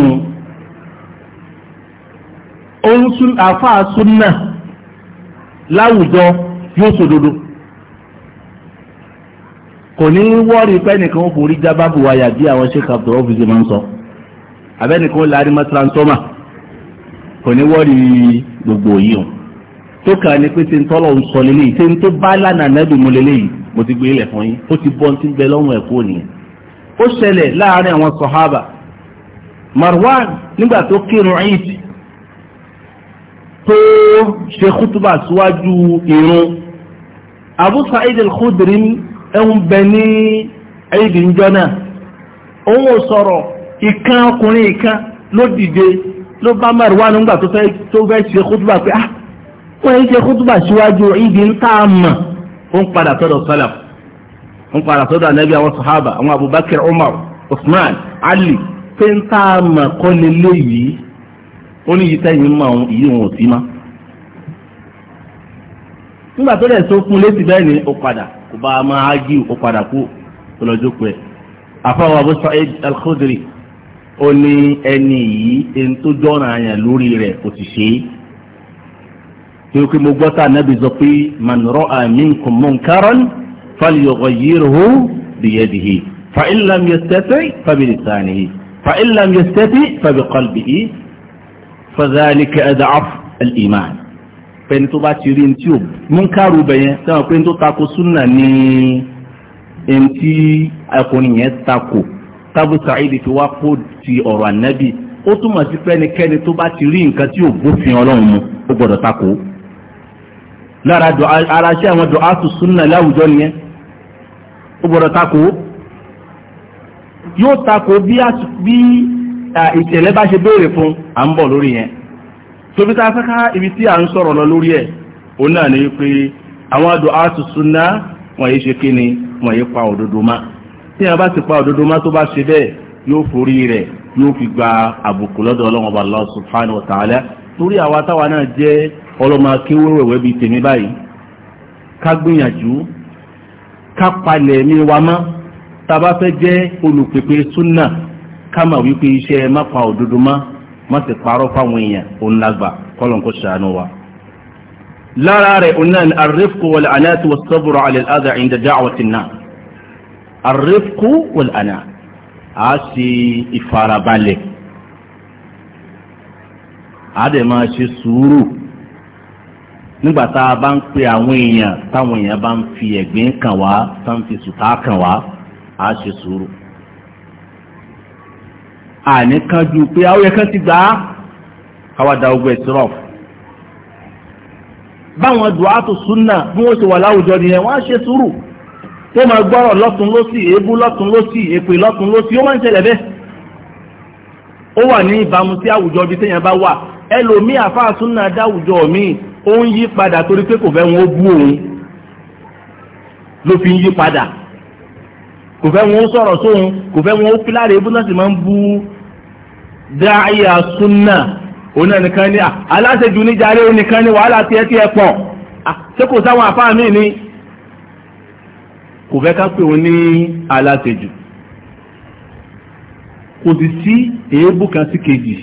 ọ́ nù ohun àfáà súnà láwùjọ yóò sòdodo kò ní wọ́ọ̀rì pẹ́ nìkan ó forí jábàbù wáyà bí àwọn ṣe kàbdọ̀ ọ́fíìsì máa ń sọ. So abẹ́nìkan láàrin mọ́ transformer kò ní wọ́ọ̀rì gbogbo yìí o tó kàn ní pé tí ń tọ́lọ̀ ń sọ lélẹ́yìí tí ń tó bá lánàá nẹ́bí mu lélẹ́yìí mo ti gbé ilẹ̀ fún yín ó ti bọ́ ti ń bẹ lọ́rùn ẹ̀kọ́ nìyẹn ó ṣẹlẹ̀ láàrin àwọn sọ̀hábà Marwan nígbà tó kírun eid tó ṣe kútùbà síwájú irun Abu Sa'id al-Khudri ń bẹ ní eid ń jọ náà òun ò sọ̀rọ̀ ìkan ọkùnrin ìkan ló dìde ló bá Marwan nígbà tó fẹ́ ṣe kútùbà pé ah wọ́n yìí ṣe kútùbà síwájú ìdí ń tà mọ̀ ó ń padà sọ́dọ̀ sálàf ó ń padà sọ́dọ̀ Abubakar Umar Usman Ali pé ń tà mọ̀ kọ́ ni yìí ó ní yìí tẹ́yìn mọ̀ ìyí wọn ò sí mọ́ nígbà tó dẹ̀ létí bẹ́ẹ̀ ni ó padà kò a máa ó ní ẹni yìí ẹni tó jọ́ràn àyàn lórí rẹ̀ kò sì ṣe é tí ó pé mo gbọ́ tá ànábì sọ pé man ra'a minkum munkaran falyughayyirhu biyadihi fa in lam yastati' fabilisanihi fa in lam yastati' fabiqalbihi fa dhalika ad'af al-iman pẹ̀lú tó bá ti rí ní tí ò múnkàrú bẹ̀yẹn sẹ́wọ̀n pé ní tó tako súnà ní ẹni tí ọkùnrin yẹn tako. tábù sàìdì fi wá kó ti ọ̀rọ̀ ànábì ó túmọ̀ sí fẹ́nikẹ́ni tó bá ti rí nǹkan tí ò bófin ọlọ́run mu ó gbọ́dọ̀ takò lára ara ṣé àwọn dùn áàtù súnà láwùjọ nìyẹn ó gbọ́dọ̀ tako yóò tako bí ìṣẹ̀lẹ̀ bá ṣe béèrè fún à ń bọ̀ lórí yẹn tóbi tá a fẹ́ ká ibi tí à ń sọ̀rọ̀ lọ lórí ẹ̀ òun náà ni pé àwọn dùn áàtù súnà wọ̀nyí ṣe kí ni wọ̀nyí pa òdodo máa. tí a bá ti pa òdodo má tó bá ṣe bẹ́ẹ̀ yóò forí rẹ̀ yóò fi gba àbùkù lọ́dọ̀ ọlọ́run ọba Allah subhanahu wa ta'ala torí àwa táwa náà jẹ́ ọlọ́mọ akéwéwẹ̀wẹ́ bíi tèmi báyìí ká gbìyànjú ká palẹ̀ mi wa mọ́ tá a bá fẹ́ jẹ́ olùpèpè súnà ká mà wípé iṣẹ́ má pa òdodo má má sì parọ́ fáwọn èèyàn òun lágbà kọ́lọ́nkó ṣàánú wa lára rẹ̀ onáà ni àrífkò àrífkú wọ̀lànà a ṣe ìfarabalẹ̀ a dẹ̀ máa ṣe sùúrù nígbà tá a bá ń pe àwọn èèyàn táwọn èèyàn bá ń fi ẹ̀gbìn kàn wá tá ń fi sùtá kàn wá a ṣe sùúrù àníkanjú pé àwọn ẹ̀kan ti gbà á káwá da ogun ẹ̀sìrọ̀fù báwọn dùn á tó súnà bí wọ́n ṣe wà láwùjọ nìyẹn wọ́n á ṣe sùúrù tó máa gbọ́rọ̀ lọ́tún lọ́sì èébú lọ́tún lọ́sì èpè lọ́tún lọ́sì ó máa ń ṣẹlẹ̀ bẹ́ẹ̀ ó wà ní ìbámu sí àwùjọ ibi téèyàn bá wà ẹlòmíì àfáàsùn náà dáwùjọ míì ó ń yí padà torí pé kò fẹ́ wọn ó bú òun ló fi ń yí padà kò fẹ́ wọn ó sọ̀rọ̀ sóhun kò fẹ́ wọn ó fi láre ebú náà sì máa ń bú dáàyà súnà òun náà nìkan ní à aláṣejù níjàre nìkan ní wàhálà tiẹ̀ pọ̀ ṣé kò sáwọn àfáà míì ni. kò fẹ́ ká pè wọ́n ní alátejù kò sì sí èébú kan sí kejì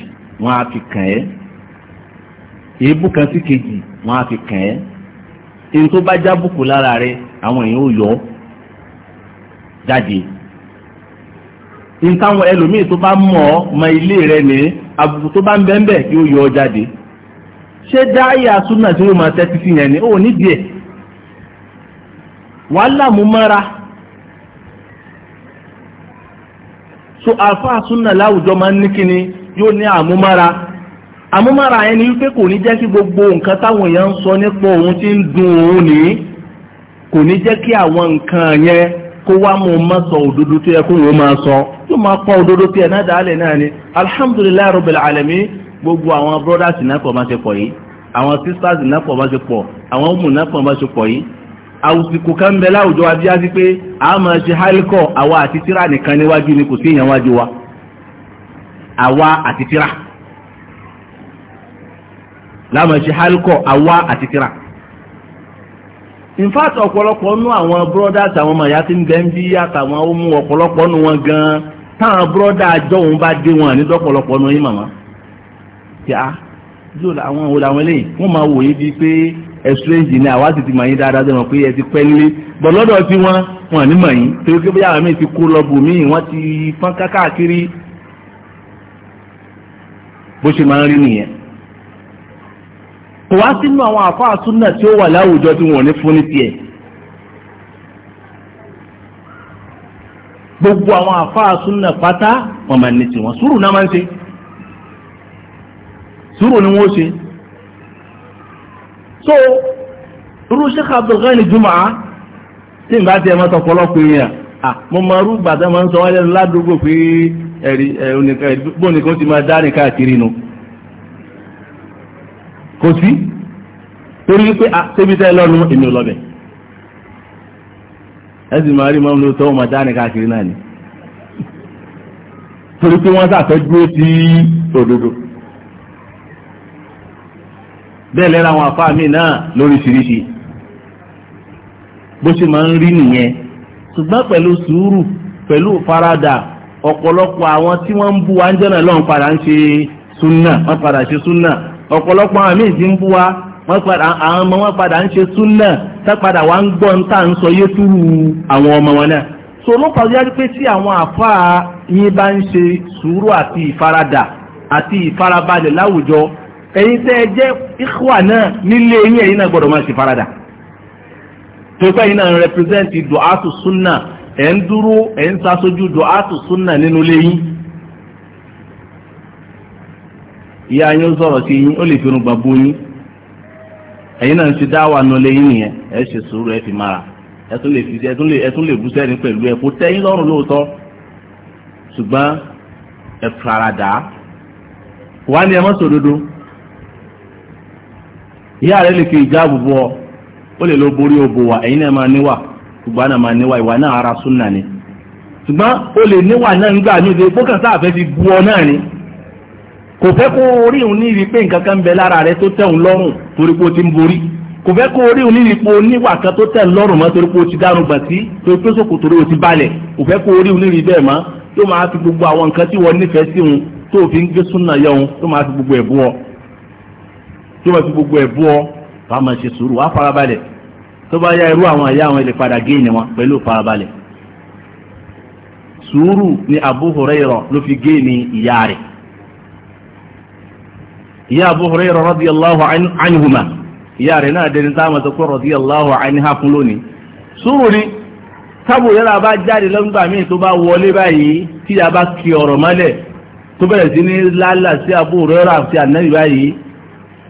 wọ́n á fi kàn ẹ́ èébú kan sí kejì wọ́n á fi kàn ẹ́ èyí tó bá jábùkù lára rẹ àwọn èèyàn ò yọ jáde ntáwọn ẹlòmíì tó bá mọ̀ ọ́ mọ ilé rẹ ní àbùkù tó bá ń bẹ́ńbẹ́ yóò yọ ọ jáde ṣé dáhìá súnà tí yóò máa tẹ́tí sí yẹn ni ó ní ẹ̀. wàhálà mú mọ́ra so àfáà súnà láwùjọ máa ń ní kíni yóò ní àmúmára àmúmára yẹn ni wípé kò ní jẹ́ kí gbogbo nǹkan táwọn èèyàn ń sọ nípa òun tí ń dun òun ní kò ní jẹ́ kí àwọn nǹkan yẹn kó wá mú un má sọ òdodo tó yẹ kó wọ́n máa sọ yóò máa pọ́n òdodo tó yẹ náà dáálẹ̀ náà ni alhamdulilayi rabbil alamin gbogbo àwọn brothers náà pọ̀ máa ṣe pọ̀ yìí àwọn sisters náà pọ̀ máa ṣe pọ̀ àwọn ọmọ náà pọ̀ máa ṣe pọ̀ yìí àwùsìkò kan ń bẹ láwùjọ wa bí a sí pé a máa ṣe hálíkọ̀ àwa àti tíra nìkan níwájú ni kò sí èèyàn wájú wa àwa àti tíra láàmà ṣe hálíkọ̀ àwa àti tíra in fact ọ̀pọ̀lọpọ̀ nú àwọn brothers àwọn ọmọ ìyá tí ń bẹ ń bí àtàwọn ó mú ọ̀pọ̀lọpọ̀ nú wọn gan-an táwọn brothers àjọ òun bá dé wọn ànídọ́pọ̀lọpọ̀ nú yín màmá tí a yóò àwọn òun làwọn eléyìí wọ́n máa wòye bíi pé ẹ̀sùrẹ́ǹjì ni àwa sì ti mọ̀ yín dáadáa tó mọ̀ pé ẹ ti pẹ́ nílé bọ̀ lọ́dọ̀ tí wọ́n wọn ní mọ̀ yín torí pé bóyá àwọn míì ti kó lọ bù míì wọ́n ti fọ́n káàkiri bó ṣe máa ń rí nìyẹn. kò wá sínú àwọn àfáà súnà tí ó wà láwùjọ tí wọn ò ní fún ní tiẹ̀. gbogbo àwọn àfáà súnà pátá wọn máa ní tiwọn sùúrù náà máa ń ṣe sùúrù ni wọn ó ṣe so irú Sheikh Abdulghani Juma tí n bá tiẹ̀ máa tọ̀pọ̀lọpọ̀ èèyàn mo máa rú gbàtà máa ń sọ wáyé ládùúgbò pé ẹ̀rí bó nìkan ti máa dárìn káàkiri nu kò sí torí wípé ṣébi tẹ́ lọ́nu èmi ò ẹ sì máa rí máa ń lo tọ́wọ́ máa dárìn káàkiri náà ni torí pé wọ́n sàtọ́jú ó ti òdodo bẹ́ẹ̀ lẹ́ra àwọn àfáà mi náà lóríṣiríṣi bó ṣe máa ń rí nìyẹn ṣùgbọ́n pẹ̀lú sùúrù pẹ̀lú faradà ọ̀pọ̀lọpọ̀ àwọn tí wọ́n ń bú wa ń jẹ́nà lọ́n padà ń ṣe súnà wọ́n padà ṣe súnà ọ̀pọ̀lọpọ̀ àwọn míì ti ń bú wa wọ́n padà àwọn ọmọ wọn padà ń ṣe súnà tá padà wá ń gbọ́ ń tà ń sọ yé túrú àwọn ọmọ wọn náà so ọlọ́pàá yára pé tí àwọn àfáà yín bá ń ṣe sùúrù àti ìfaradà àti ìfarabalẹ̀ láwùjọ ẹ̀yin tẹ́ ẹ jẹ́ ikhwa náà nílé yín ẹ̀yin náà gbọ́dọ̀ máa ṣe farada tó pé ẹ̀yin náà ń represent du'atu sunna ẹ̀ ń dúró ẹ̀ ń sasojú du'atu sunna nínú ilé yín ìyá yín ó sọ̀rọ̀ sí yín ó lè fi irungba bú yín ẹ̀yin náà ń ṣe dáwà nù lé yín nìyẹn ẹ̀ ṣe sùúrù ẹ̀ fi mára ẹ̀ lè fi ẹ̀ lè bú sẹ́ni pẹ̀lú ẹ̀ kó tẹ́yìn lọ́rùn lóòótọ́ ṣùgbọ́n ẹ̀ farada wà ní ẹ̀ mọ́ sòdodo. ìyá rẹ lè fi ìjáàbù bọ ó lè lọ borí òbò wa ẹ̀yin náà máa níwà ṣùgbọ́n náà máa níwà ìwà náà ara súnà ni ṣùgbọ́n ó lè níwà náà ń gbà ní ìdè sáà fẹ́ fi bu ọ náà ni kò fẹ́ kó orí òun ní nǹkan kan bẹ lára rẹ tó tẹ̀hún lọ́rùn o ti ń borí kò fẹ́ kó orí òun ní ibi pé kan tó tẹ̀ lọ́rùn mọ́ torí ti dárun gbà sí torí pé torí o ti tí wọ́n fi gbogbo ẹ̀ bú ọ wàá máa ṣe sùúrù wàá farabalẹ̀ tó bá yá irú àwọn ẹ̀yà àwọn ilé padà géènì wọn pẹ̀lú farabalẹ̀ sùúrù ni Abu Hurairah ló fi géènì ìyá rẹ̀ ìyá Abu Hurairah radiyallahu anhuma ìyá rẹ̀ náà dẹni táwọn tó kọ́ radiyallahu anha fún lónìí sùúrù ni tábù yàrá bá jáde lọ́gbà míì tó bá wọlé báyìí tí a bá kí ọ̀rọ̀ mọ́lẹ̀ tó bẹ̀rẹ̀ sí ní lálà sí Abu àti ànábì báyìí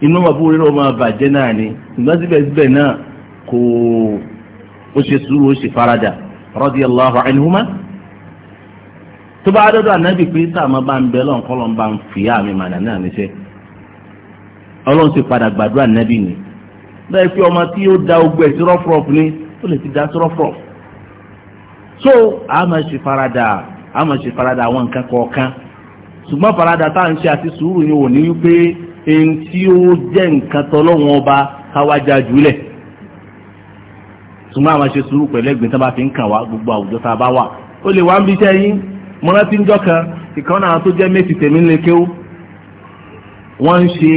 inú àbúrò rẹ̀ máa bàjẹ́ náà ni ṣùgbọ́n síbẹ̀síbẹ̀ náà kò ó ṣe sùúrù ó ṣe faradà radiyallahu anhuma tó bá dọ́dọ̀ ànábì pé sáàmà bá ń bẹ lọ́nkọ́lọ́ ban bá ń fi àmì màdà náà níṣẹ́ ọlọ́run sì padà gbàdúrà ànábì ni bẹ́ẹ̀ pé ọmọ tí ó da ogbó ẹ̀ sí ni ó lè ti da sí so àmà ṣe farada. àmà ṣe faradà àwọn nǹkan kọ̀ọ̀kan ṣùgbọ́n faradà táà ń ṣe àti sùúrù wò ní wípé èyí tí ó jẹ́ nǹkan tọ́lọ́wọ́n ọba káwájà jùlẹ̀ súnmọ́ àwọn ṣe sùúrù pẹ̀lú ẹ̀gbìn tó bá fi ń kàn wá gbogbo àwùjọ tá a bá wà ó lè wá ń bí iṣẹ́ yín mo rántí ń jọ́ kan ìkan náà tó jẹ́ méjì tèmi ń kéwú wọ́n ń ṣe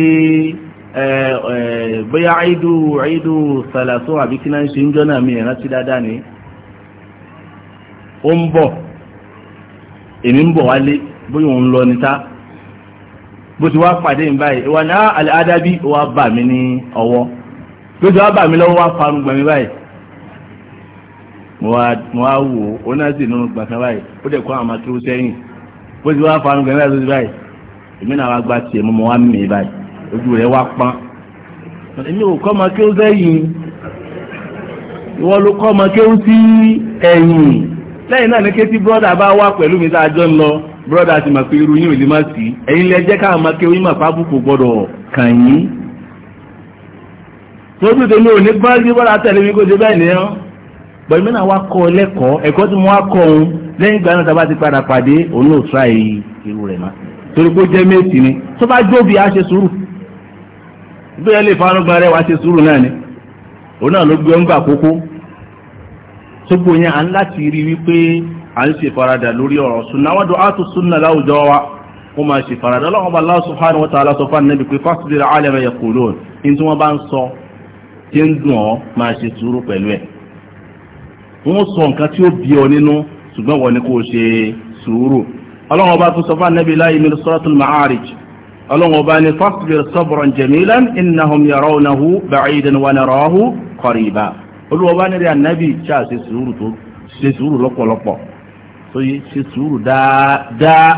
bóyá àìdù àìdù sàlàsó àbí kí náà ń ṣe ń jọ́ náà mi ìrántí dáadáa ni ó ń bọ̀ èmi ń bọ̀ wálé bóyá òun lọ níta bó ti wá pàdé mi báyìí ìwà náà àlàáda bí ó wá bà mí ní ọwọ́ bó ti wá bà mí lọ́wọ́ wá farun gbà mí báyìí mo wá wò ó náà sì nínú gbà kan báyìí ó dẹ̀ kó àwọn akéwò sẹ́yìn bó ti wá farun gbà mí báyìí báyìí èmi náà wá gba tiẹ̀ mo mọ̀ wá mí báyìí ojú rẹ̀ wá pọ́n èmi ò kọ́ ọmọ akéwò sẹ́yìn ìwọ ló kọ́ ọmọ akéwò sí ẹ̀yìn lẹ́yìn náà ní kétí brọ́dà bá wá pẹ̀lú mi tá jọ ń lọ brọ́dà ti ma pé irú yín ò lè má sí ẹ̀yìn lẹ jẹ́ káwọn máa kéwọ́n mọ̀ pábùkù gbọ́dọ̀ kàn yín. tóbi tèmi ò gbọ́n sí bọ́dà tẹ̀lé mi kó ṣe bẹ́ẹ̀ bọ̀dé wá kọ́ ẹ̀kọ́ ti padà pàdé òun sọ àyè irú rẹ̀ náà torí pé ó jẹ́ ni tó bá ṣe à ń ṣèfaradà lórí ọ̀rọ̀ sunna wọ́n dùn áàtù sunna láwùjọ wa wọ́n máa ṣèfaradà ọlọ́run bá Allah subhanahu wa ta'ala sọ fún ànábì pé fasbir ala ma yaqulun ní tí wọ́n bá ń sọ tí ń dùn ọ́ máa ṣe sùúrù pẹ̀lú ẹ̀ wọ́n sọ nǹkan tí ó bí ọ nínú ṣùgbọ́n wọ́n ní kó ṣe sùúrù ọlọ́run bá tún sọ fún ànábì láyé ní fasbir tó yé ṣe sùúrù dáadáa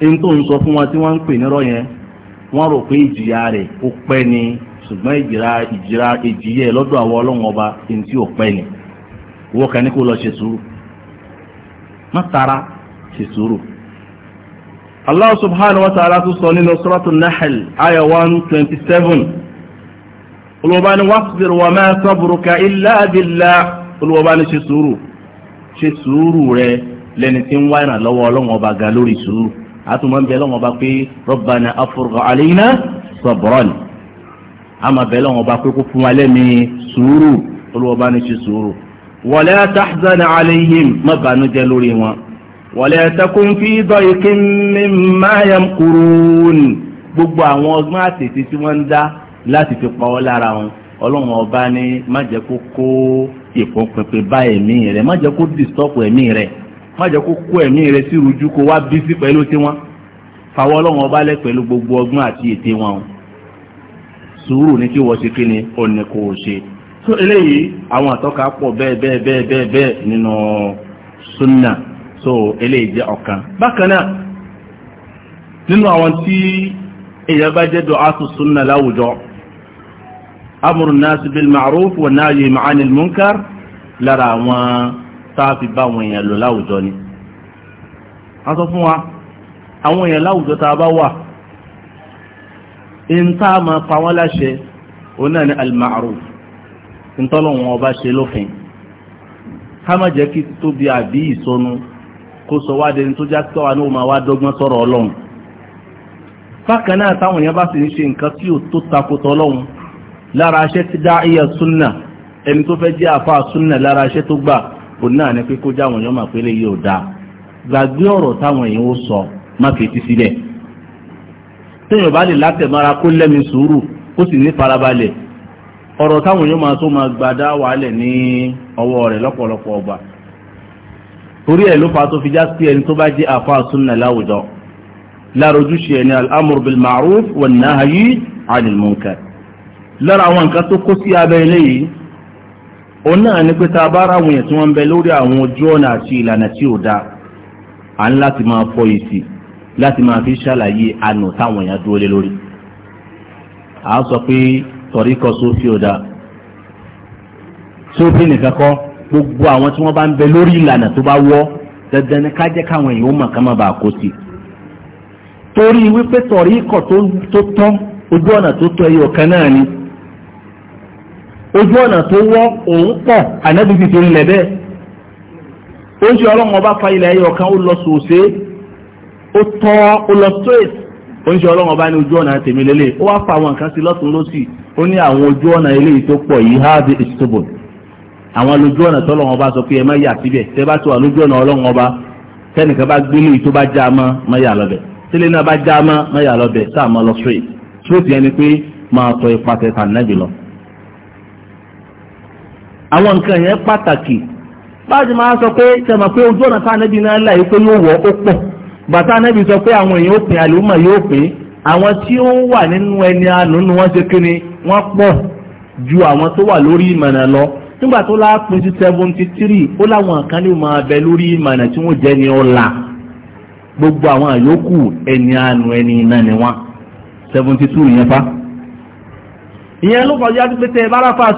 ẹni tó ń sọ fún wọn tí wọ́n ń pè nírọ̀ yẹn wọ́n rò pé ìjìyà rẹ̀ ó pẹ́ ni ṣùgbọ́n ìjìra ìjìra ìjìyà ẹ̀ lọ́dọ̀ àwọn ọlọ́run ọba ẹni tí ò pẹ́ ni owó kan ní kó lọ ṣe sùúrù má tara ṣe sùúrù. Allah subhanahu wa ta'ala tún sọ nínú suratul Nahl aya one twenty seven olùwọ́bá ni wasbir ṣe sùúrù rẹ lẹni tí ń wá ìrànlọ́wọ́ ọlọ́run ọba ga lórí sùúrù àtúmọ̀ ń bẹ lọ́wọ́ ọba pé rabbana afurgh alayna sabran àmà bẹ lọ́wọ́ ọba pé kó fún wa lẹ́mi sùúrù olúwọba ní ṣe sùúrù wala tahzan alayhim má bànújẹ́ lórí wọn wala takun fi dayqin mimma yamkurun gbogbo àwọn ọgbọ́n àtètè tí wọ́n ń dá láti fi pa ọ́ lára wọn ọlọ́run ọba ní má jẹ́ kó kó ìfọpẹpẹ bá ẹ̀mí rẹ̀ má jẹ́ kó dìstọ́pù ẹ̀mí rẹ̀ má jẹ́ kó kó ẹ̀mí rẹ̀ sí rújú kó wá bí sí pẹ̀lú tiwọn fàwọn ọlọ́run ọba lẹ̀ pẹ̀lú gbogbo ọgbọ́n àti ète wọn o sùúrù ní kí wọ́n ṣe kí ni ó ní ṣe tó eléyìí àwọn àtọ́ka pọ̀ bẹ́ẹ̀ bẹ́ẹ̀ bẹ́ẹ̀ bẹ́ẹ̀ bẹ́ẹ̀ nínú sunna so eléyìí jẹ́ ọ̀kan bákan náà nínú àwọn tí èèyàn bá jẹ́ dọ̀ á tún láwùjọ amúrù náàsì bil ma'ruf wà náà yìí ma'anil munkar lára àwọn táàfi bá àwọn èèyàn lò láwùjọ ni a sọ fún wa àwọn èèyàn láwùjọ tá a bá wà in tá a máa pa wọ́n láṣẹ òun náà ni al ma'ruf ń tọ́lọ̀ wọn ọba ṣe lófin ká má jẹ́ kí tóbi àbí ìsọnù kó sọ wá dẹni tó já sí wa ní o máa wá dọ́gbọ́n sọ̀rọ̀ ọlọ́run bákan táwọn èèyàn bá sì ń ṣe nǹkan tí ò tó takotọ ọlọ́run lára aṣẹ́ ti dá iyà súnà ẹni tó fẹ́ jẹ́ àfa súnà lára aṣẹ́ tó gbà òun náà ni pé kó já àwọn èèyàn máa pélé yìí ò dáa gbàgbé ọ̀rọ̀ táwọn èèyàn ó sọ má fetí sílẹ̀ téèyàn bá lè látẹ̀mára kó lẹ́mi sùúrù kó sì ní farabalẹ̀ ọ̀rọ̀ táwọn èèyàn máa tó máa gbà dá wàhálẹ̀ ní ọwọ́ rẹ̀ lọ́pọ̀lọpọ̀ ọgbà torí ẹ̀ ló fa tó fi já sí ẹni tó bá jẹ́ àfa súnà láwùjọ lára ẹni al-amru bil ma'ruf wan nahyi 'anil munkar lára àwọn nǹkan tó kó sí abẹ́ ilé yìí o náà ni pé tá bá tí wọ́n ń bẹ lórí àwọn ojú ọ̀nà àti ìlànà tí ò ń fọ isi láti máa fi ṣàlàyé àánú táwọn èèyàn dúró lé lórí sọ pé tọ̀rí kọ sófin ò da sófin nìkan kọ́ gbogbo àwọn tí wọ́n bá ń bẹ lórí ìlànà tó bá wọ́ dandan ká jẹ́ káwọn èèyàn ó mọ̀ ká má bàa kó sí torí wípé tọ̀rí tó ojú ọ̀nà tó wọ́ òun pọ̀ ànábì fi torí lẹ̀ bẹ́ẹ̀ ó ṣe ọlọ́run ọba fa ilẹ̀ ẹyọ kan ó lọ sòṣe ó tọ́ ó lọ straight ó ń ṣe ọlọ́run ọba ní ojú ọ̀nà tèmi lélẹ̀ ó wá fa àwọn nǹkan sí lọ́tún lọ́sì ó ní àwọn ojú ọ̀nà eléyìí tó pọ̀ yìí háàbì ìṣòbò àwọn lójú ọ̀nà tọ́lọ́run ọba sọ pé ẹ ti wà lójú ọ̀nà ọlọ́run ọba tẹ́nìkan bá tó bá já a mọ́ má yà lọ́bẹ̀ tílé náà bá já mọ́ má yà sáà mọ́ lọ straight straight yẹn ni pé máa ipa tẹ̀ náà àwọn nǹkan yẹn pàtàkì báyìí máa sọ pé sẹ́mọ̀ pé ojú ọ̀nà tánẹ́bí náà láì pé yóò wọ́ ó pọ̀ bàtà nẹ́bí sọ pé àwọn èèyàn ó àlùmọ̀ yóò àwọn tí ó wà nínú ẹni ni wọ́n pọ̀ ju àwọn tó wà lórí ìmọ̀nà lọ nígbà tó lápin sí seventy three ó láwọn kan ní máa bẹ lórí ìmọ̀nà tí wọ́n gbogbo àwọn àyókù ẹni seventy two fa ìyẹn ló kọjá tẹ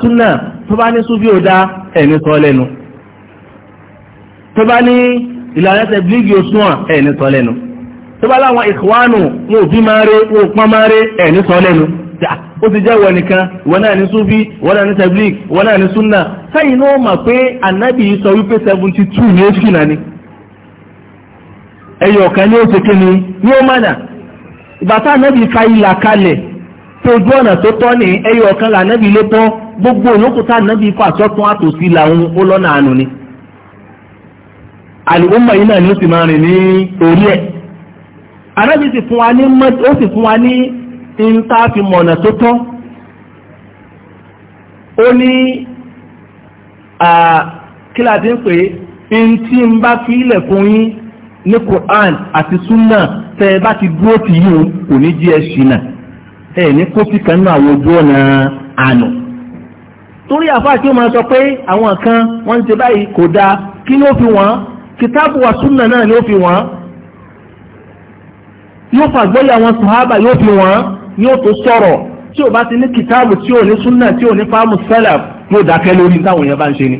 súnà tó bá ní súfí ò dá ẹ̀ní sọ lẹ́nu tó bá ní ìlànà tẹ̀blígì òṣùwọ̀n ẹ̀ní sọ lẹ́nu tó bá láwọn ìkwánù wọn ò bí máa rí wọn ò pọ́n máa rí ẹ̀ní sọ lẹ́nu ó ti jẹ́ ìwọ nìkan ìwọ náà ní súfí ìwọ náà ní tẹ̀blígì ìwọ náà ní súnà seventy two ni ẹyọ kan ní oṣù kìíní ní ó mọ̀nà ìbátá ànábì ka ìlà kalẹ̀ tó ojú ọ̀nà tó tọ́ ní ẹyọ kan là gbogbo olókùtà nàbí ikọ̀ àtọ́tún àtòsí làwọn ó lọ́nà àánú ni àlùkùnmọ̀ yìí náà ni ó sì máa rìn ní orí ẹ̀ anábì sì fún wa ní ó sì fún wa ní ntàfimọ̀nà tó tọ́ ó ní kíláàsì ń pè é ntí ń bá fi ilẹ̀ yín ní Quran àti sunna tẹ́ ẹ bá ti dúró tì yín kò ní jí ẹ ṣìnà ẹ ní kó sí kan náà àwọn ojú ọ̀nà àná torí àfáà tí ó máa sọ pé àwọn kan wọ́n ń ṣe báyìí kò dáa kí ló fi wọ́n kìtáàbù wa súnà náà ni ó fi wọ́n yóò fàgbọ́yà àwọn sàhábà yóò fi wọ́n yóò tó sọ̀rọ̀ tí ò bá ti ní kìtáàbù tí ò ní súnà tí ò ní fáàmù sálàf yóò dákẹ́ lórí táwọn èèyàn bá ń ṣe ni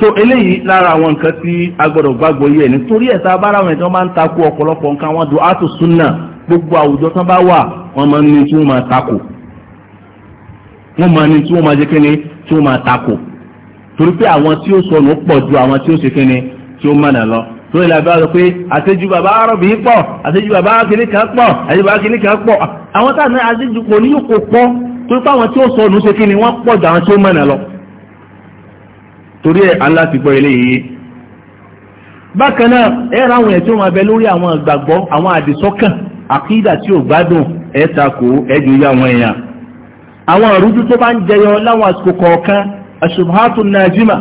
so eléyìí lára àwọn nǹkan tí a gbọ́dọ̀ gbàgbọ́ yẹ nítorí ẹ̀sà abára wọn tí wọ́n bá ń takò ọ̀pọ̀lọpọ̀ nǹkan wọn dùn áàtò súnà gbogbo wọ́n máa ní tí wọ́n máa jẹ́ kíni tí wọ́n máa takò torí pé àwọn tí ó sọnù pọ̀ ju àwọn tí ó ṣe kíni tí ó mọ̀nà lọ torí la bá rọ pé àtẹ́jú bàbá arọ́bì pọ̀ àtẹ́jú bàbá kìíní kan pọ̀ àtẹ́jú bàbá kìíní kan pọ̀ àwọn táwọn àtẹ́jú kò ní yóò kó pọ̀ torí pé àwọn tí ó sọnù ṣe kíni wọ́n pọ̀ ju àwọn tí ó mọ̀nà lọ torí ẹ̀ Allah ti gbọ́ eléyìí bákan náà ẹ̀rọ àwọn ẹ̀ tí ó máa bẹ lórí àwọn ìgbàgbọ́ àwọn àdìsọ́kàn àkídà tí ò gbádùn ẹ̀ takò ẹ̀dùn yá àwọn èèyàn àwọn àrújú tó bá ń jẹyọ láwọn àsìkò kọ̀ọ̀kan asubhatu najima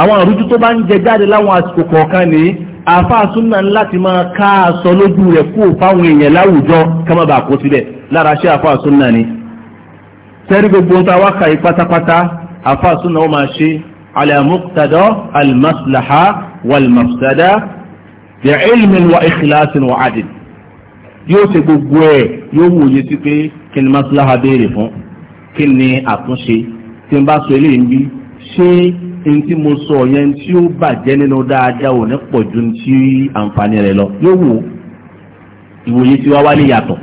àwọn àrújú tó bá ń jẹ jáde láwọn àsìkò kọ̀ọ̀kan nìyí àáfàá súnà ńlá ti máa ká aṣọ lójú rẹ̀ kú fáwọn èèyàn láwùjọ kọ́mọ́ bá kó síbẹ̀ lára ṣé àáfàá súnà ni. sẹ́rí gbogbo ta wá kàyí pátápátá àáfàá súnà ó máa ṣe ala muqtada almaslaha walmafsada bi kí ni àtúnṣe tí n bá sọ eléyìí ń bí ṣé n tí mo sọ yẹn tí ó bàjẹ́ nínú dáadáa ò ní pọ̀ ju ti àǹfààní rẹ̀ lọ yóò wò ìwòye tí wá wá lè yàtọ̀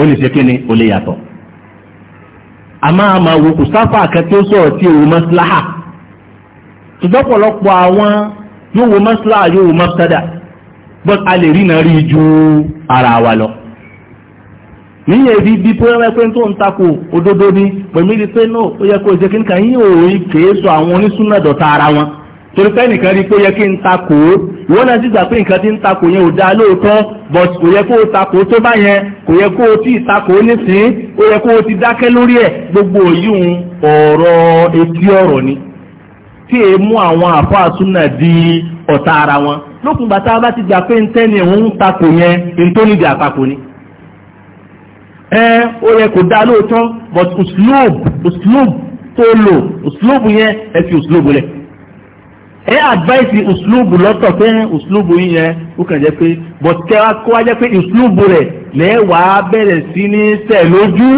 ó lè ṣe kí ni ó lè yàtọ̀ àmọ́ àmọ́ wo kò sáfà kan ó sọ̀rọ̀ tí òun mọ́síláhà ṣùgbọ́n pọ̀lọpọ̀ àwọn yóò wo mọ́síláhà yóò wo mọ́síládà bọ́t a lè rí náà rí ju ara wa lọ níyẹn ibi bí tó yẹ pé tó ń takò òdodo ni pẹ̀lú ibi pé náà ó yẹ kó ṣe kí n kà yín òòrùn kèé sọ àwọn onísúnà dọ̀tá ara wọn torí pé nìkan rí pé ó yẹ kí n takò ó ìwọ náà sì gbà pé nǹkan tí ń takò yẹn ò dáa lóòótọ́ but kò yẹ kó o takò tó bá yẹn kò yẹ kó o tí ì takò nísìnyí ó yẹ kó o ti dákẹ́ lórí ẹ̀ gbogbo yìí ọ̀rọ̀ etí ọ̀rọ̀ ni tí èé mú àwọn àfọ́ di ọ̀tá ara wọn lókùnbàtà bá ti gbà pé ń tẹ́ni òun takò yẹn ń tó nídìí àpapọ̀ ni. ẹ ó yẹ kò dá lóòótọ́ but uslob uslob tó lò uslob yẹn ẹ fi uslob lẹ̀ ẹ advice uslob lọ́tọ̀ pé uslob yìí yẹn ó kàn jẹ́ pé but kẹ́ wá kó wá jẹ́ pé uslob rẹ̀ lẹ́wàá bẹ̀rẹ̀ sí ní sẹ̀ lójú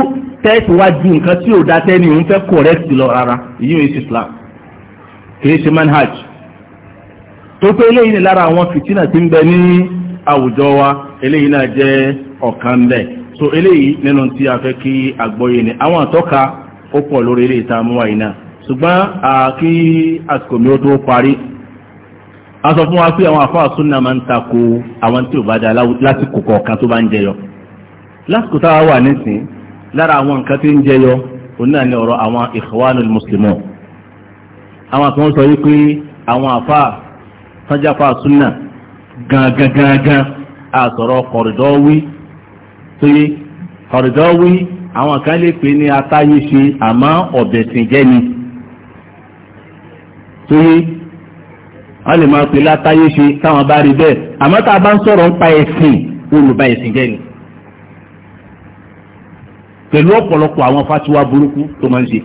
tẹ́ẹ̀tì wá ju nǹkan tí ò dá tẹ́ni òun fẹ́ correct lọ rárá èyí ò Islam kìí ṣe manhaj tó pé eléyìí ni lára àwọn fìtínà tí ń bẹ ní àwùjọ wa eléyìí náà jẹ́ ọ̀kan bẹ́ẹ̀. so eléyìí nínú tí a fẹ́ kí àgbọ́yé ni àwọn àtọ́ka ó pọ̀ lórí ilé ìta mú àyínà ṣùgbọ́n àkí àsìkò mi ó tó parí a sọ fún wa pé àwọn àfáà súnà máa ń tako àwọn tí ò bá da lásìkò kọ̀ọ̀kan tó bá ń jẹyọ lásìkò táwa wà nísìn lára àwọn nǹkan tí ń jẹyọ òun náà ọ̀rọ̀ àwọn ikhwanul muslimun àwọn kan sọ wípé àwọn àfáà sanjáfáà súnà gangan gangan àsọ̀rọ̀ kọ̀rìdọ́wí pé ọ̀rọ̀dọ́wí àwọn kan lè pè ní atáyé ṣe àmọ́ ọ̀bẹ̀sìn jẹ́ ni pé wọ́n lè máa pè látáyé ṣe táwọn bá rí bẹ́ẹ̀ àmọ́ tá a bá ń sọ̀rọ̀ nípa ẹ̀sìn olùbá ẹ̀sìn jẹ́ ni pẹ̀lú ọ̀pọ̀lọpọ̀ àwọn fatiwa burúkú tó máa ń ṣe.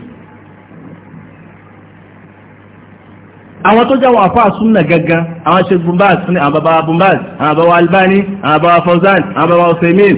àwọn tó jáwọ́ àfáà súnmọ̀ gangan àwọn ṣe bumbaz àwọn baba bumbaz àwọn baba albani àwọn baba fawzan àwọn baba osemin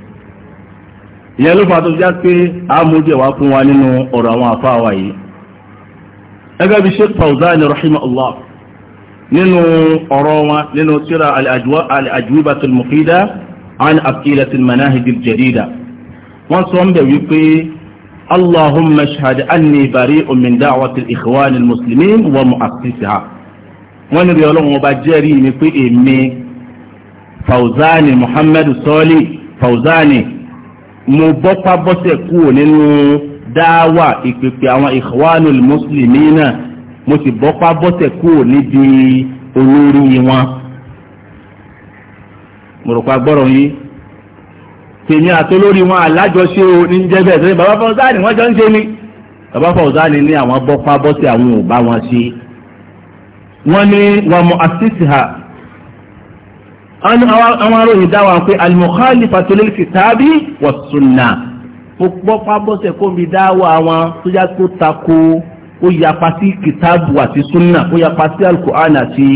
ìyẹn ló fà tó já pé àmójẹ wá fún wa nínú ọ̀rọ̀ àwọn àfáà wa yìí ẹgbẹ́ bí Sheikh Fawzan rahimahullah nínú ọ̀rọ̀ wọn nínú síra al-ajwibatul mufida an aqilatil manahijil jadida wọ́n sọ ń bẹ̀ wípé allahumma shahad anni bari'un min da'watil ikhwanil muslimin wa mu'assisiha wọ́n ní bí ọlọ́run ọba jẹ́rìí ni pé èmi Fawzani Muhammadu Sọ́lì Fawzani mo bọ́pá bọ́sẹ̀ kúrò nínú dáwà ìpèpè àwọn ikhwanul muslimina mo sì bọ́pá bọ́sẹ̀ kúrò níbi olórí wọn. mo rò pa gbọ́rọ̀ yìí tèmi àtolórí wọn alájọṣe o ní jẹ́ sẹ́yìn bàbá Fawzani wọ́n jọ ń ṣe ni bàbá Fawzani ní àwọn bọ́pá bọ́sẹ̀ àwọn ò bá wọn ṣe. wọ́n ní wọn mọ àṣìṣe ha àwọn aróyìn dáwà pé al-mukhalifatu lil kitabi was sunnah mo gbọ́ fábọ́sẹ̀ kó mi dáwà wọn tó yá tó tako ó yapa sí kìtàbù àti sunnah ó yapa sí al-Qur'an àti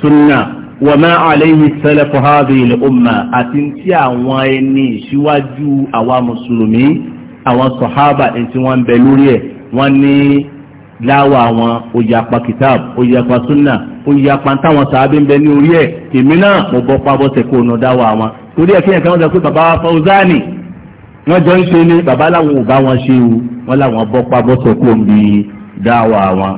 sunnah wa ma alayhi salafu hadhihi al-umma àti tí àwọn ẹni ìṣíwájú àwa mùsùlùmí àwọn sọ̀hábà ẹni tí wọ́n ń bẹ lórí ẹ̀ wọ́n ní láwọ àwọn oyapa kitab oyapa sunna oyapa táwọn sàábí ń bẹ ní orí ẹ̀ èmi náà mo bọ́ pábọ́sẹ̀ kó nu dáwọ àwọn torí ẹ̀ kéèyàn kan wọ́n sọ pé bàbá Fawzani wọ́n jọ ń ṣe ni bàbá làwọn ò bá wọn ṣe o wọ́n làwọn bọ́ pábọ́sẹ̀ kó ń bi dáwọ àwọn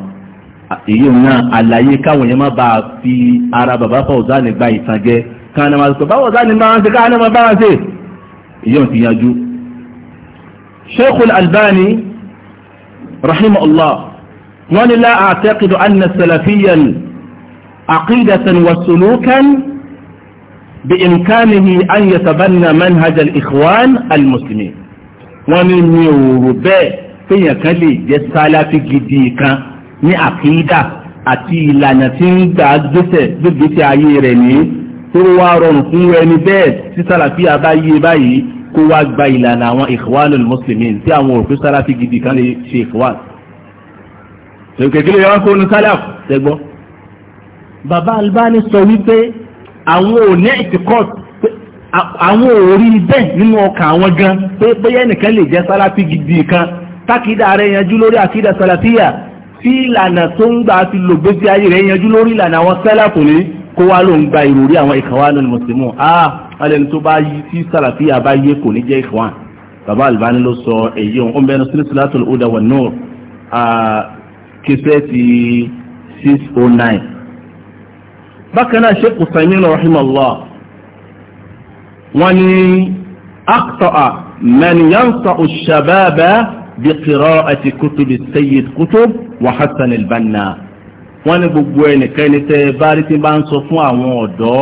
èyí náà àlàyé káwọn yẹn má bàa fi ara bàbá Fawzani gba ìtànjẹ káwọn náà máa sọ wọ́n ní la a'taqidu anna salafiyyan aqidatan wa sulukan bi'imkanihi an yatabanna manhaj al-ikhwan al-muslimin wọ́n ní mi ò rò bẹ́ẹ̀ péyàn kan lè jẹ́ sálàfí gidi kan ní àkídà àti ìlànà tí ń gbà gbégbèsè ayé rẹ̀ ní tó wá rọrùn fún ẹni bẹ́ẹ̀ tí sálàfí àbáyé báyìí kó wá gba ìlànà àwọn ikhwanul muslimin tí àwọn òfin sálàfí gidi kan lè ṣe ikhwan ìkèkèlè wọn kó nu sálàfù tẹgbọ́ bàbá Albani sọ wípé àwọn ò ní ìtìkọ́t àwọn ò rí bẹ́ẹ̀ nínú ọkàn àwọn gan pé bóyá ẹnìkan lè jẹ́ sálàfì gidi kan tákìdá rẹ̀ yanjú lórí àkìdá sálàfíyà tí ìlànà tó ń gbà ti lò gbé sí ayé rẹ̀ yanjú lórí ìlànà àwọn sálàfù ni kó wá ló ń gba ìròrí àwọn ìkàwánù mùsùlùmù ah alẹ́ni tó bá yí tí sálàfíyà bá yé kò ní jẹ́ ìkàwán bàbá Albani ló sọ èyí òun ó mẹ́nu sílẹ̀ sílẹ̀ àtọ̀lù ó wà náà kẹsẹ́ẹ̀tì six oh nine bákan náà sheikh usaimin rahimahullah wọ́n ní akta'a man yansa'u shababa bi qira'ati kutubi sayyid kutub wa hasan al-banna wọ́n ní gbogbo ẹnikẹ́ni tẹ́ bá rí tí bá ń sọ fún àwọn ọ̀dọ́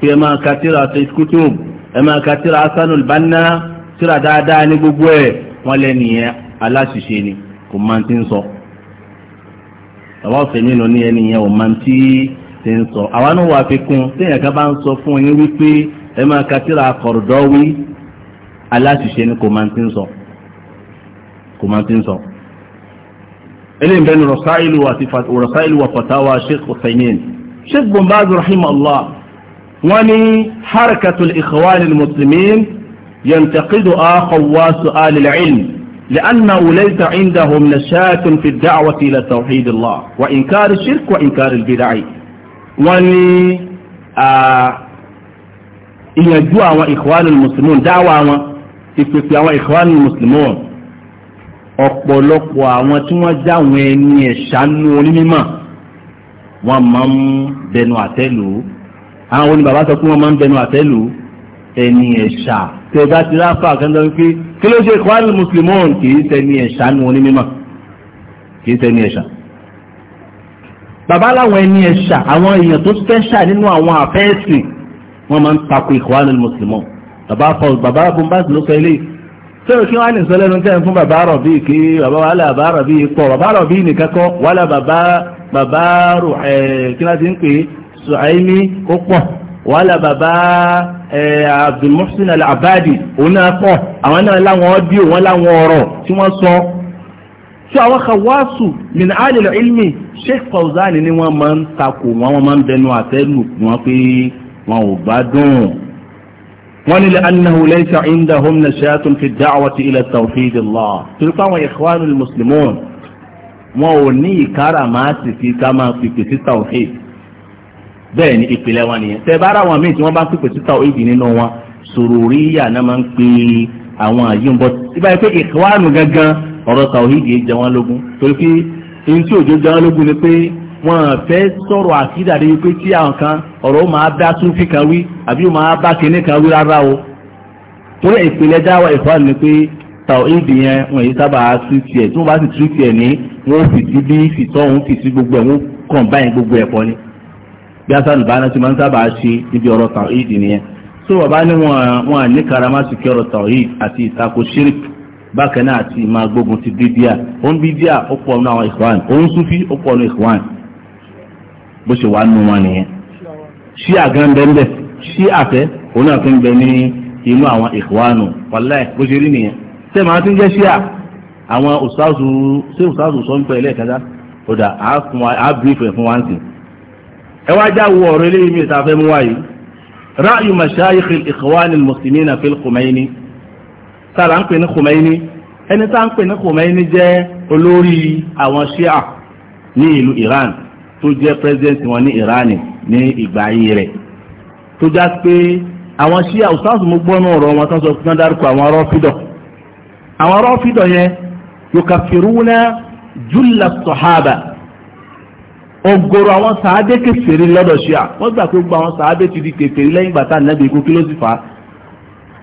pé ẹ máa ka tíra sayyid kutub ẹ máa ka tíra hasan al tíra dáadáa ní gbogbo ẹ̀ wọ́n lẹ́nìyẹn aláṣìṣe ni kò máa ti ń sọ. So bàbá òfèmí ló ní ẹni yẹn ò máa tí ti ń sọ àwa náà wà fi kún téèyàn kan bá ń sọ fún yín wípé ẹ máa ka tíra Qaradawi aláṣìṣe ni kò máa ti ń sọ kò máa ti ń sọ. eléyìí bẹ́ẹ̀ ni rọ̀sáìlú wà fatawa sheikh hussein sheikh bombaz rahimahullah wọ́n ní harakatul ikhwanil muslimin yantaqidu akhawa su'alil ilm. لأنه ليس عندهم نشاة في الدعوة إلى توحيد الله وإنكار الشرك وإنكار البدع وني يجوع وإخوان المسلمون دعوة ìpèpè àwọn ìkọ́wánì mùsùlùmọ́ ọ̀pọ̀lọpọ̀ àwọn tí wọ́n já àwọn ẹni ẹ̀ṣánú onímọ̀ wọ́n máa ń bẹnu àtẹ́lù àwọn oníbàbá sọ pé wọ́n máa ń bẹnu àtẹ́lù ẹni ẹ̀ṣà tẹ́ ti ráfà kẹ́ńtọ́ wípé kí ló ṣe Ikhwanul Muslimun kì í sẹni ẹ̀ṣá nu onímọ̀ kì í sẹni ẹ̀ṣá bàbá láwọn ẹni ẹ̀ṣà àwọn èèyàn tó fẹ́ṣà nínú àwọn àfẹ́ẹ̀sì wọ́n máa ń takò Ikhwanul Muslimun bàbá paul bàbá bombasi ló sọ ilé sọ̀rọ̀ kí wọ́n á lè sọ lẹ́nu tẹ́ fún bàbá rọ̀bì kí bàbá wàhálà bàbá rọ̀bì pọ̀ bàbá rọ̀bì nìkan kọ́ wàhálà bàbá bàbá kí wọ́n ti ń pè é sùháìmí ó pọ̀ wàhálà bàbá abdulmuhsin al-abadi òun náà kọ́ àwọn náà láwọn ọdíò wọn láwọn ọ̀rọ̀ tí wọ́n sọ tí àwọn kawásù min alil ilmi sheikh fauzani ni wọ́n máa ń takò wọn wọ́n máa ń bẹnu àtẹ́lù wọn pé wọn ò gbádùn wọ́n ní annahu laysa indahum nashatun fi da'wati ila tawhid Allah turpa wọn ikhwanul muslimun wọn ò ní ìkárà máa sì fi ká máa fi pèsè tawhid bẹ́ẹ̀ ni ìpìlẹ̀ wọn nìyẹn tẹ bára wọn míì tí wọ́n bá pèpè síta òyìnbí nínú wọn sòròríyà náà máa ń pè àwọn àyùn bọ́ ibà pé ìkọ́wánu gangan ọ̀rọ̀ tàwíìdì jẹ wọn lógún torí pé èyí tí òjò jẹ wọn lógún ni pé wọn fẹ́ sọ̀rọ̀ àkídà dé pé tí àwọn kan ọ̀rọ̀ máa bá súnfì kan wí àbí máa bá kinní kan wí rárá o torí ìpìlẹ̀ dáwà ìkọ́wánu ni pé tàwíìdì bí asan bá náà ti máa ń sábà ṣe níbi ọ̀rọ̀ tàwíìdì nìyẹn tó bàbá ní wọn à ní karamásì kí ọ̀rọ̀ tàwíìdì àti ìtako shirk bákan náà àti ìmọ̀ agbógun ti bíbíà òun bíbíà ó pọ̀ nù àwọn ìkwán òun súnfí ó pọ̀ nù ìkwán bó ṣe wà nù wọn nìyẹn ṣí àgán bẹ́ńbẹ́ ṣí àfẹ́ òun náà fi ń bẹ ní inú àwọn ìkwánu wàláì bó ṣe rí nìyẹn tẹ́ màá ti ń jẹ́ ṣíà àwọn òṣàṣù ṣé òṣàṣù sọ ń pẹ́ ilé ìkájá ó dà á bírífù ẹ̀ fún wa ń sìn ẹ wá já wo ọ̀rọ̀ eléyìí mi ìtafẹ́ mú wáyé ráàyù mashayikh ikhwan muslimina fil Khomeini sára ń pè ní Khomeini ẹni tá ń pè ní Khomeini jẹ́ olórí àwọn shia ní ìlú Iran tó jẹ́ president wọn ní Iran ní ìgbà ayé rẹ̀ tó já pé àwọn shia ọ̀sáàsù mú gbọ́nú ọ̀rọ̀ wọn tán sọ fún dárúkọ àwọn rọ́fídọ̀ àwọn rọ́fídọ̀ yẹn yóò kàfìrúnà jùlọ sọ̀hábà ọ̀gọ̀rọ̀ àwọn sàádé kèfèrí lọ́dọ̀ ṣíà wọ́n gbà pé gbogbo àwọn sàádé ti di kèfèrí lẹ́yìn bàtà nàbì ikú kí ló sì fà á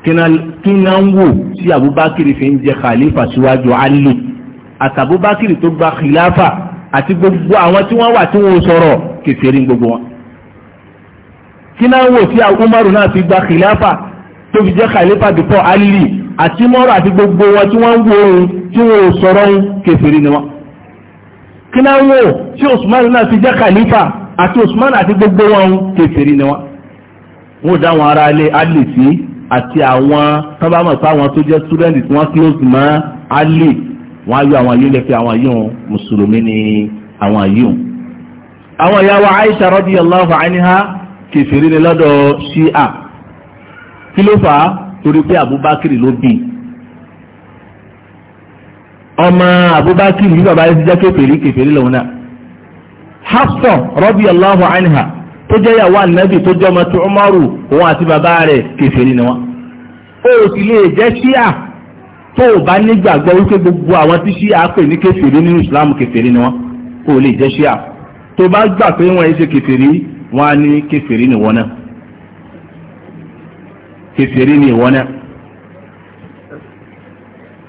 kí ná ń wò tí Abubakar fi ń jẹ khalifa síwájú Ali àti Abubakar tó gba khilafa àti gbogbo àwọn tí wọ́n wà tí wọ́n sọ̀rọ̀ kèfèrí gbogbo wọn kí ná ń wò tí Umaru náà fi gba khilafa tó fi jẹ khalifa dupò Ali àti mọ́rọ̀ àti gbogbo wọn tí wọ́n ń wò ohun tí wọ́n sọ̀rọ̀ ohun ni wọn kí náà wò tí Usman náà fi jẹ́ kàlífà àti Usman àti gbogbo wọn kèfèrí ni wọn wọn ò dá àwọn ará ilé alì sí àti àwọn tán bá mọ̀ pé àwọn tó jẹ́ student tí wọ́n close mọ́ alì wọ́n á yọ àwọn yìí lẹ́fẹ̀ẹ́ àwọn yìí hàn mùsùlùmí ni àwọn yìí hàn. àwọn ìyá wa Aisha radiyallahu anha kèfèrí ni lọ́dọ̀ Shia kí ló fà á torí pé Abubakar ló bí i ọmọ abubakar ní bàbá ti jẹ́ kèfèrí kèfèrí lòun náà hafsa anha tó jẹ́ ìyàwó ànábì tó jẹ́ ọmọ ọmọrù òun àti bàbá rẹ̀ kèfèrí ni wọ́n ó sì lè jẹ́ o bá nígbàgbọ́ wípé gbogbo àwọn tí ṣíà pè ní kèfèrí nínú ìsìlámù ni wọ́n ó lè jẹ́ ṣíà tó bá gbà pé wọ́n ṣe kèfèrí wọ́n á ní kèfèrí ni wọ́n náà ni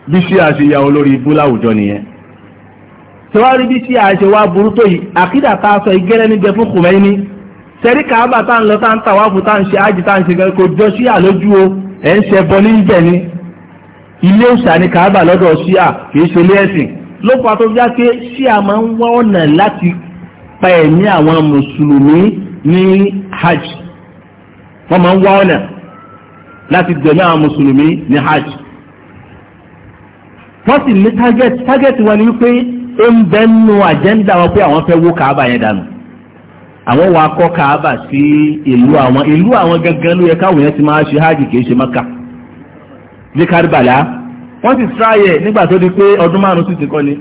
bí sí ya olórí ibú láwùjọ nìyẹn tí wá rí bí sí àṣewá burú tó yìí àkídà tá a sọ ìgẹ́rẹ́ níbẹ̀ fún Kùmẹ́ni sẹ́rí kàábà tá ń lọ tá ń tà wáfù tá ń ṣe ájì tá ń ṣe kò jọ sí àlójú o ẹ̀ ń ṣe ní ibẹ̀ ni ilé òṣà ni kàábà lọ́dọ̀ síà kì í ṣe ilé ẹ̀sìn ló fà tó já pé síà máa ń wá ọ̀nà láti pa ẹ̀mí àwọn mùsùlùmí ní hajj wọ́n máa ń wá ọ̀nà láti gbẹ̀mí àwọn mùsùlùmí ní hajj wọ́n sì ní target target wọn ni wípé ó ń bẹ́ nínú agenda wọn pé àwọn fẹ́ wó kàábà yẹn dànù àwọn wà kọ́ kàábà sí ìlú àwọn ìlú àwọn gangan ló yẹ káwọn yẹn ti máa ṣe hajj kìí ṣe maka ní kárìbàlá wọ́n sì tíráyẹ̀ nígbà tó di pé ọdún márùn sí ti kọ́ ni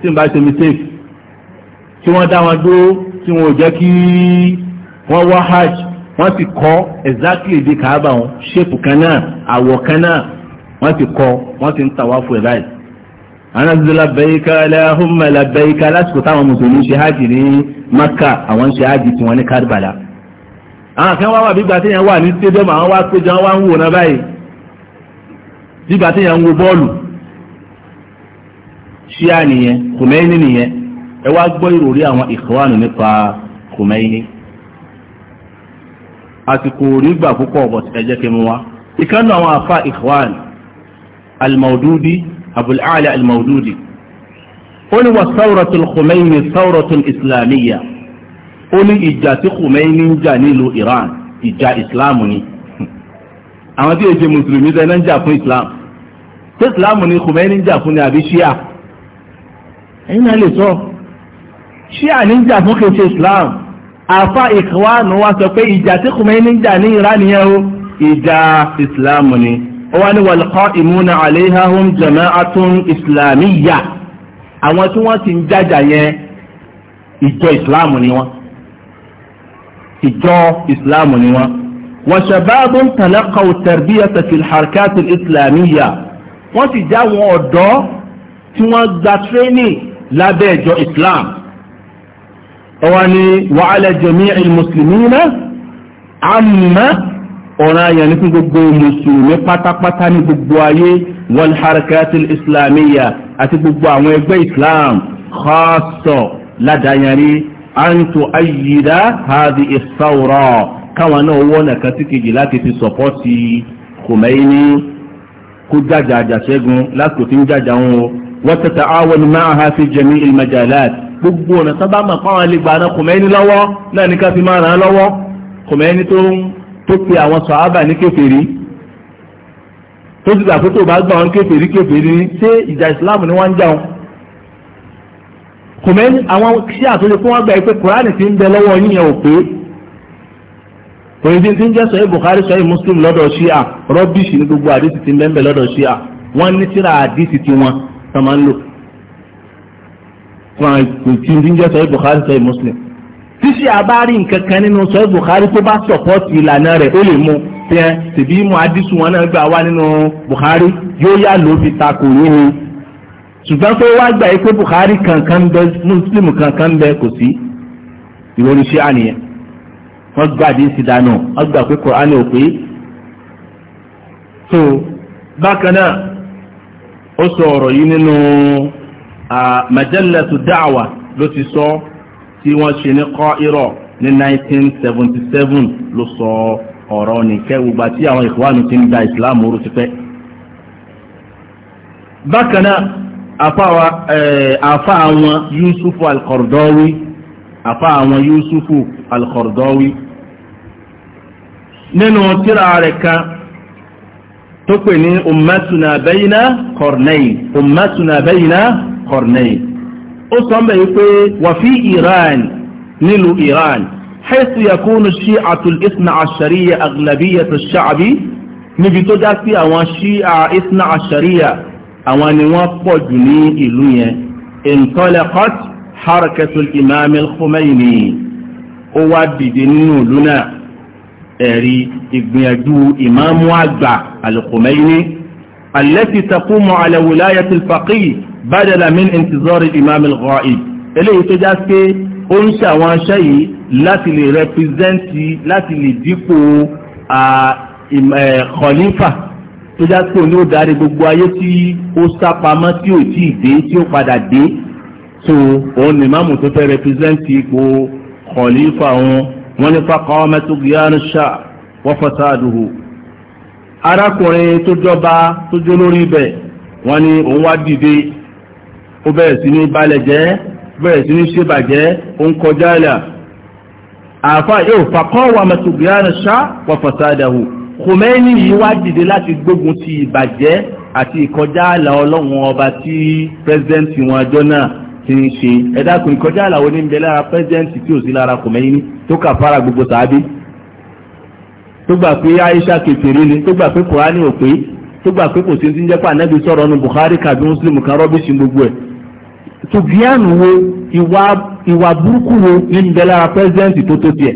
tí n bá ṣe mistake tí wọ́n dá wọn dúró tí wọn ò jẹ́ kí wọ́n wá hajj wọ́n sì kọ́ exactly bí kàábà wọn ṣépù kan náà àwọ̀ kan náà wọ́n sì kọ́ wọ́n sì ń tàwáfù ẹ̀ báyìí anagbe labẹ́yíká lahumma labẹ́yíká lásìkò táwọn mùsùlùmí ṣe hajj ní Makka àwọn ṣe hajj tiwọn ní Karbala àwọn kan wá wà bí gbàtí yẹn wà ní stadium àwọn wá péjọ wá ń wò náà báyìí bí gbàtí yẹn ń wo bọ́ọ̀lù ṣíà nìyẹn Khomeini nìyẹn ẹ wá gbọ́ ìròrí Ikhwanu nípa Khomeini àsìkò rí gbà púpọ̀ bọ̀ ẹ jẹ́ kí n wá Ikhwan al abul ala al-mawdudi ó ní wà sáwùrọ̀tún kùmẹ́yìn sáwùrọ̀tún islamiyya ó ní ìjà tí kùmẹ́yìn ń jà nílùú iran ìjà ìsìláàmù ni àwọn tí èjì mùsùlùmí tẹ́ ń jà fún islam tí islam ni kùmẹ́yìn ń jà fún ni àbí ṣíà ẹ̀yìn náà lè sọ ṣíà ní ń jà fún islam àfa ìkọ́wánu wa sọ pé ìjà tí kùmẹ́yìn ń jà iran nìyẹn o ìjà ìsìláàmù ni wọ́n ní wàlùkọ́ ìmúna àléhàhùn jama'atun islamiyya àwọn tí wọ́n ti ń jájà yẹn ìjọ ìsìláàmù ni wọ́n ìjọ ìsìláàmù ni wọ́n wọ́n ṣàbáàbùn tàlákà òtẹ̀rbíyà tàfil harkatul islamiyya wọ́n sì já wọn ọ̀dọ́ tí wọ́n gba tírénì lábẹ́ ìjọ islam wọ́n ní wàhálà jẹ̀mí ìlmùsùlùmí náà àmọ́ ọ̀ràn ayàn ní fún gbogbo mùsùlùmí pátápátá ní gbogbo ayé wal harakatil islamiyya àti gbogbo àwọn ẹgbẹ́ islam khaso ládàáyàrí àǹtò ayídá hadi ìsáwùrọ̀ káwọn náà wọ́n nà kan sí kejì láti fi sọ̀pọ́tì Khomeini kó jàjà àjàṣẹ́gun lásìkò tí ń jàjà wọn o wọ́n tẹ̀tẹ̀ àwọn máa fi jẹ̀mí tó pe àwọn sọ̀hábà ní kèfèrí tó ti gbà pé tó bá gbà wọn kèfèrí kèfèrí ṣé ìjà ìsìláàmù ni wọ́n ń jáun kòmẹ́ni àwọn sí àtúnṣe fún wọn gbà pé kùránì ti ń bẹ lọ́wọ́ yíyan ò pé òyìnbí ti ń jẹ́ sọ̀yìn Bukhari sọ̀yìn Muslim lọ́dọ̀ ṣíà rọ́bìṣì ní gbogbo àdìsí ti ń bẹ́ẹ̀ lọ́dọ̀ ṣíà wọ́n ní síra àdìsí ti wọn tó ń lò fún àwọn ìtì ń jẹ́ sọ̀yìn Bukhari sọ̀yìn Muslim tíṣì àbárí nǹkan kan nínú sọ Bukhari tó bá sọpọ́tì ìlànà rẹ̀ ó lè mú tiẹ̀ tìbí mu adisun wọn náà gbà wá nínú Bukhari yóò yá ló fi takò nínú ṣùgbọ́n pé wá gbà pé Bukhari kankan bẹ Muslim kankan bẹ kò sí ìròyìn ṣé àníyàn wọ́n gbà àdínsì dànù wọ́n gbà pé Kùránì ò pé so bákan náà ó sọ ọ̀rọ̀ yìí nínú majallatu da'wa ló ti sọ ọ́ tí wọ́n ṣe ní Káírọ̀ ní 1977 ló sọ ọ̀rọ̀ nìkẹ́ gbogbo àti àwọn ìfowópamọ́ ti ń da ìsìláàmù oró ti pẹ́. bákan náà àfa eh, àwọn Yusufu al-Qaradawi àfa àwọn Yusufu al-Qaradawi nínú tírà rẹ̀ kan tó pè ní ummatuna bayna qarnayn ummatuna bayna qarnayn ó sọ ń bẹ̀ yí pé wà fi Iran nílùú Iran حيث يكون الشيعة الاثنى عشرية أغلبية الشعب níbi tó já sí àwọn ṣíà isna àṣàríyà àwọn ni wọ́n pọ̀ jù ní ìlú yẹn intolekot harakatul imam al-Khomeini ó wá dìde nínú ìlú náà ẹ̀rí ìgbìyànjú ìmáàmù àgbà al-Khomeini allati taqumu ala wilayatil faqih badala min intizori imam al-ghaib eléyìí tó já pé ó ń ṣe àwọn aṣẹ́ yìí láti lè rẹpizẹ́ǹtì láti lè dípò khalifa tó já pé òní ó darí gbogbo ayé tí ó sápamọ́ tí ò tí ì dé tí ó padà dé tó òun ni máàmù tó fẹ́ rẹpizẹ́ǹtì ipò khalifa wọn wọn ní faqamatu gíyanu ṣá wa fasaduhu arákùnrin tó jọba tó jó lórí ibẹ̀ wọn ni òun wá dìde ó bẹ̀rẹ̀ sí ní balẹ̀ jẹ́ bẹ̀rẹ̀ sí ní ṣébàjẹ́ ó ń kọjá ìlà àfà yóò fàkọ́ wà mẹ́tògbìyànà ṣá wà fàsádàhù Khomeini yìí wá dìde láti gbógun ti ìbàjẹ́ àti ìkọjá àlà ọlọ́run ọba tí pẹ́sidẹ́ǹtì wọn àjọ náà ti ń ṣe ẹ̀dákun ìkọjá àlà oní ń ni tó gbà pé Kùránì ò pé tó gbà pé kò sí ti ń jẹ́ pé Ànábì sọ̀rọ̀ nu Bukhari kàbí Muslim gbogbo ẹ̀ sùfìyàn wo ìwà burúkú wo ní bẹ lára pẹ́sidẹ́ǹtì tó tó tiẹ̀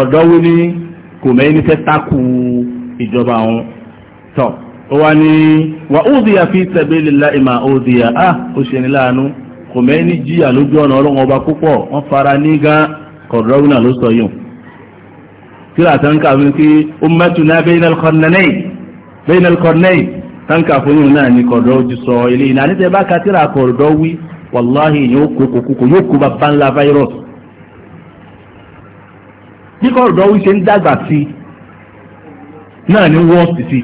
ọ̀dọ́ wo ni Khomeini fẹ́ takú ìjọba wọn tọ́ ó wá ní wà udhiya fi sabilillahi ma udhiya á ah, ó ṣe ní láàánú Khomeini jìyà lójú ọ̀nà ọlọ́run ọba púpọ̀ wọ́n fara ní gan ọ̀dọ́ wo náà ló sọ yìí kíláàtà ń kà wí pé ummatuna bayna al-qarnanayn bayna al táǹkà fún yóò náà ní kọ̀dọ̀ sọ ilé ìlànà àti tẹ́bá katira kọ̀dọ̀ wí wàláhì yóò kú kókókó yóò kó bàbá ńlá fáírọ̀sì. bí kọ̀dọ̀ wí ṣe ń dàgbà sí náà ní wọ́ọ̀sì sí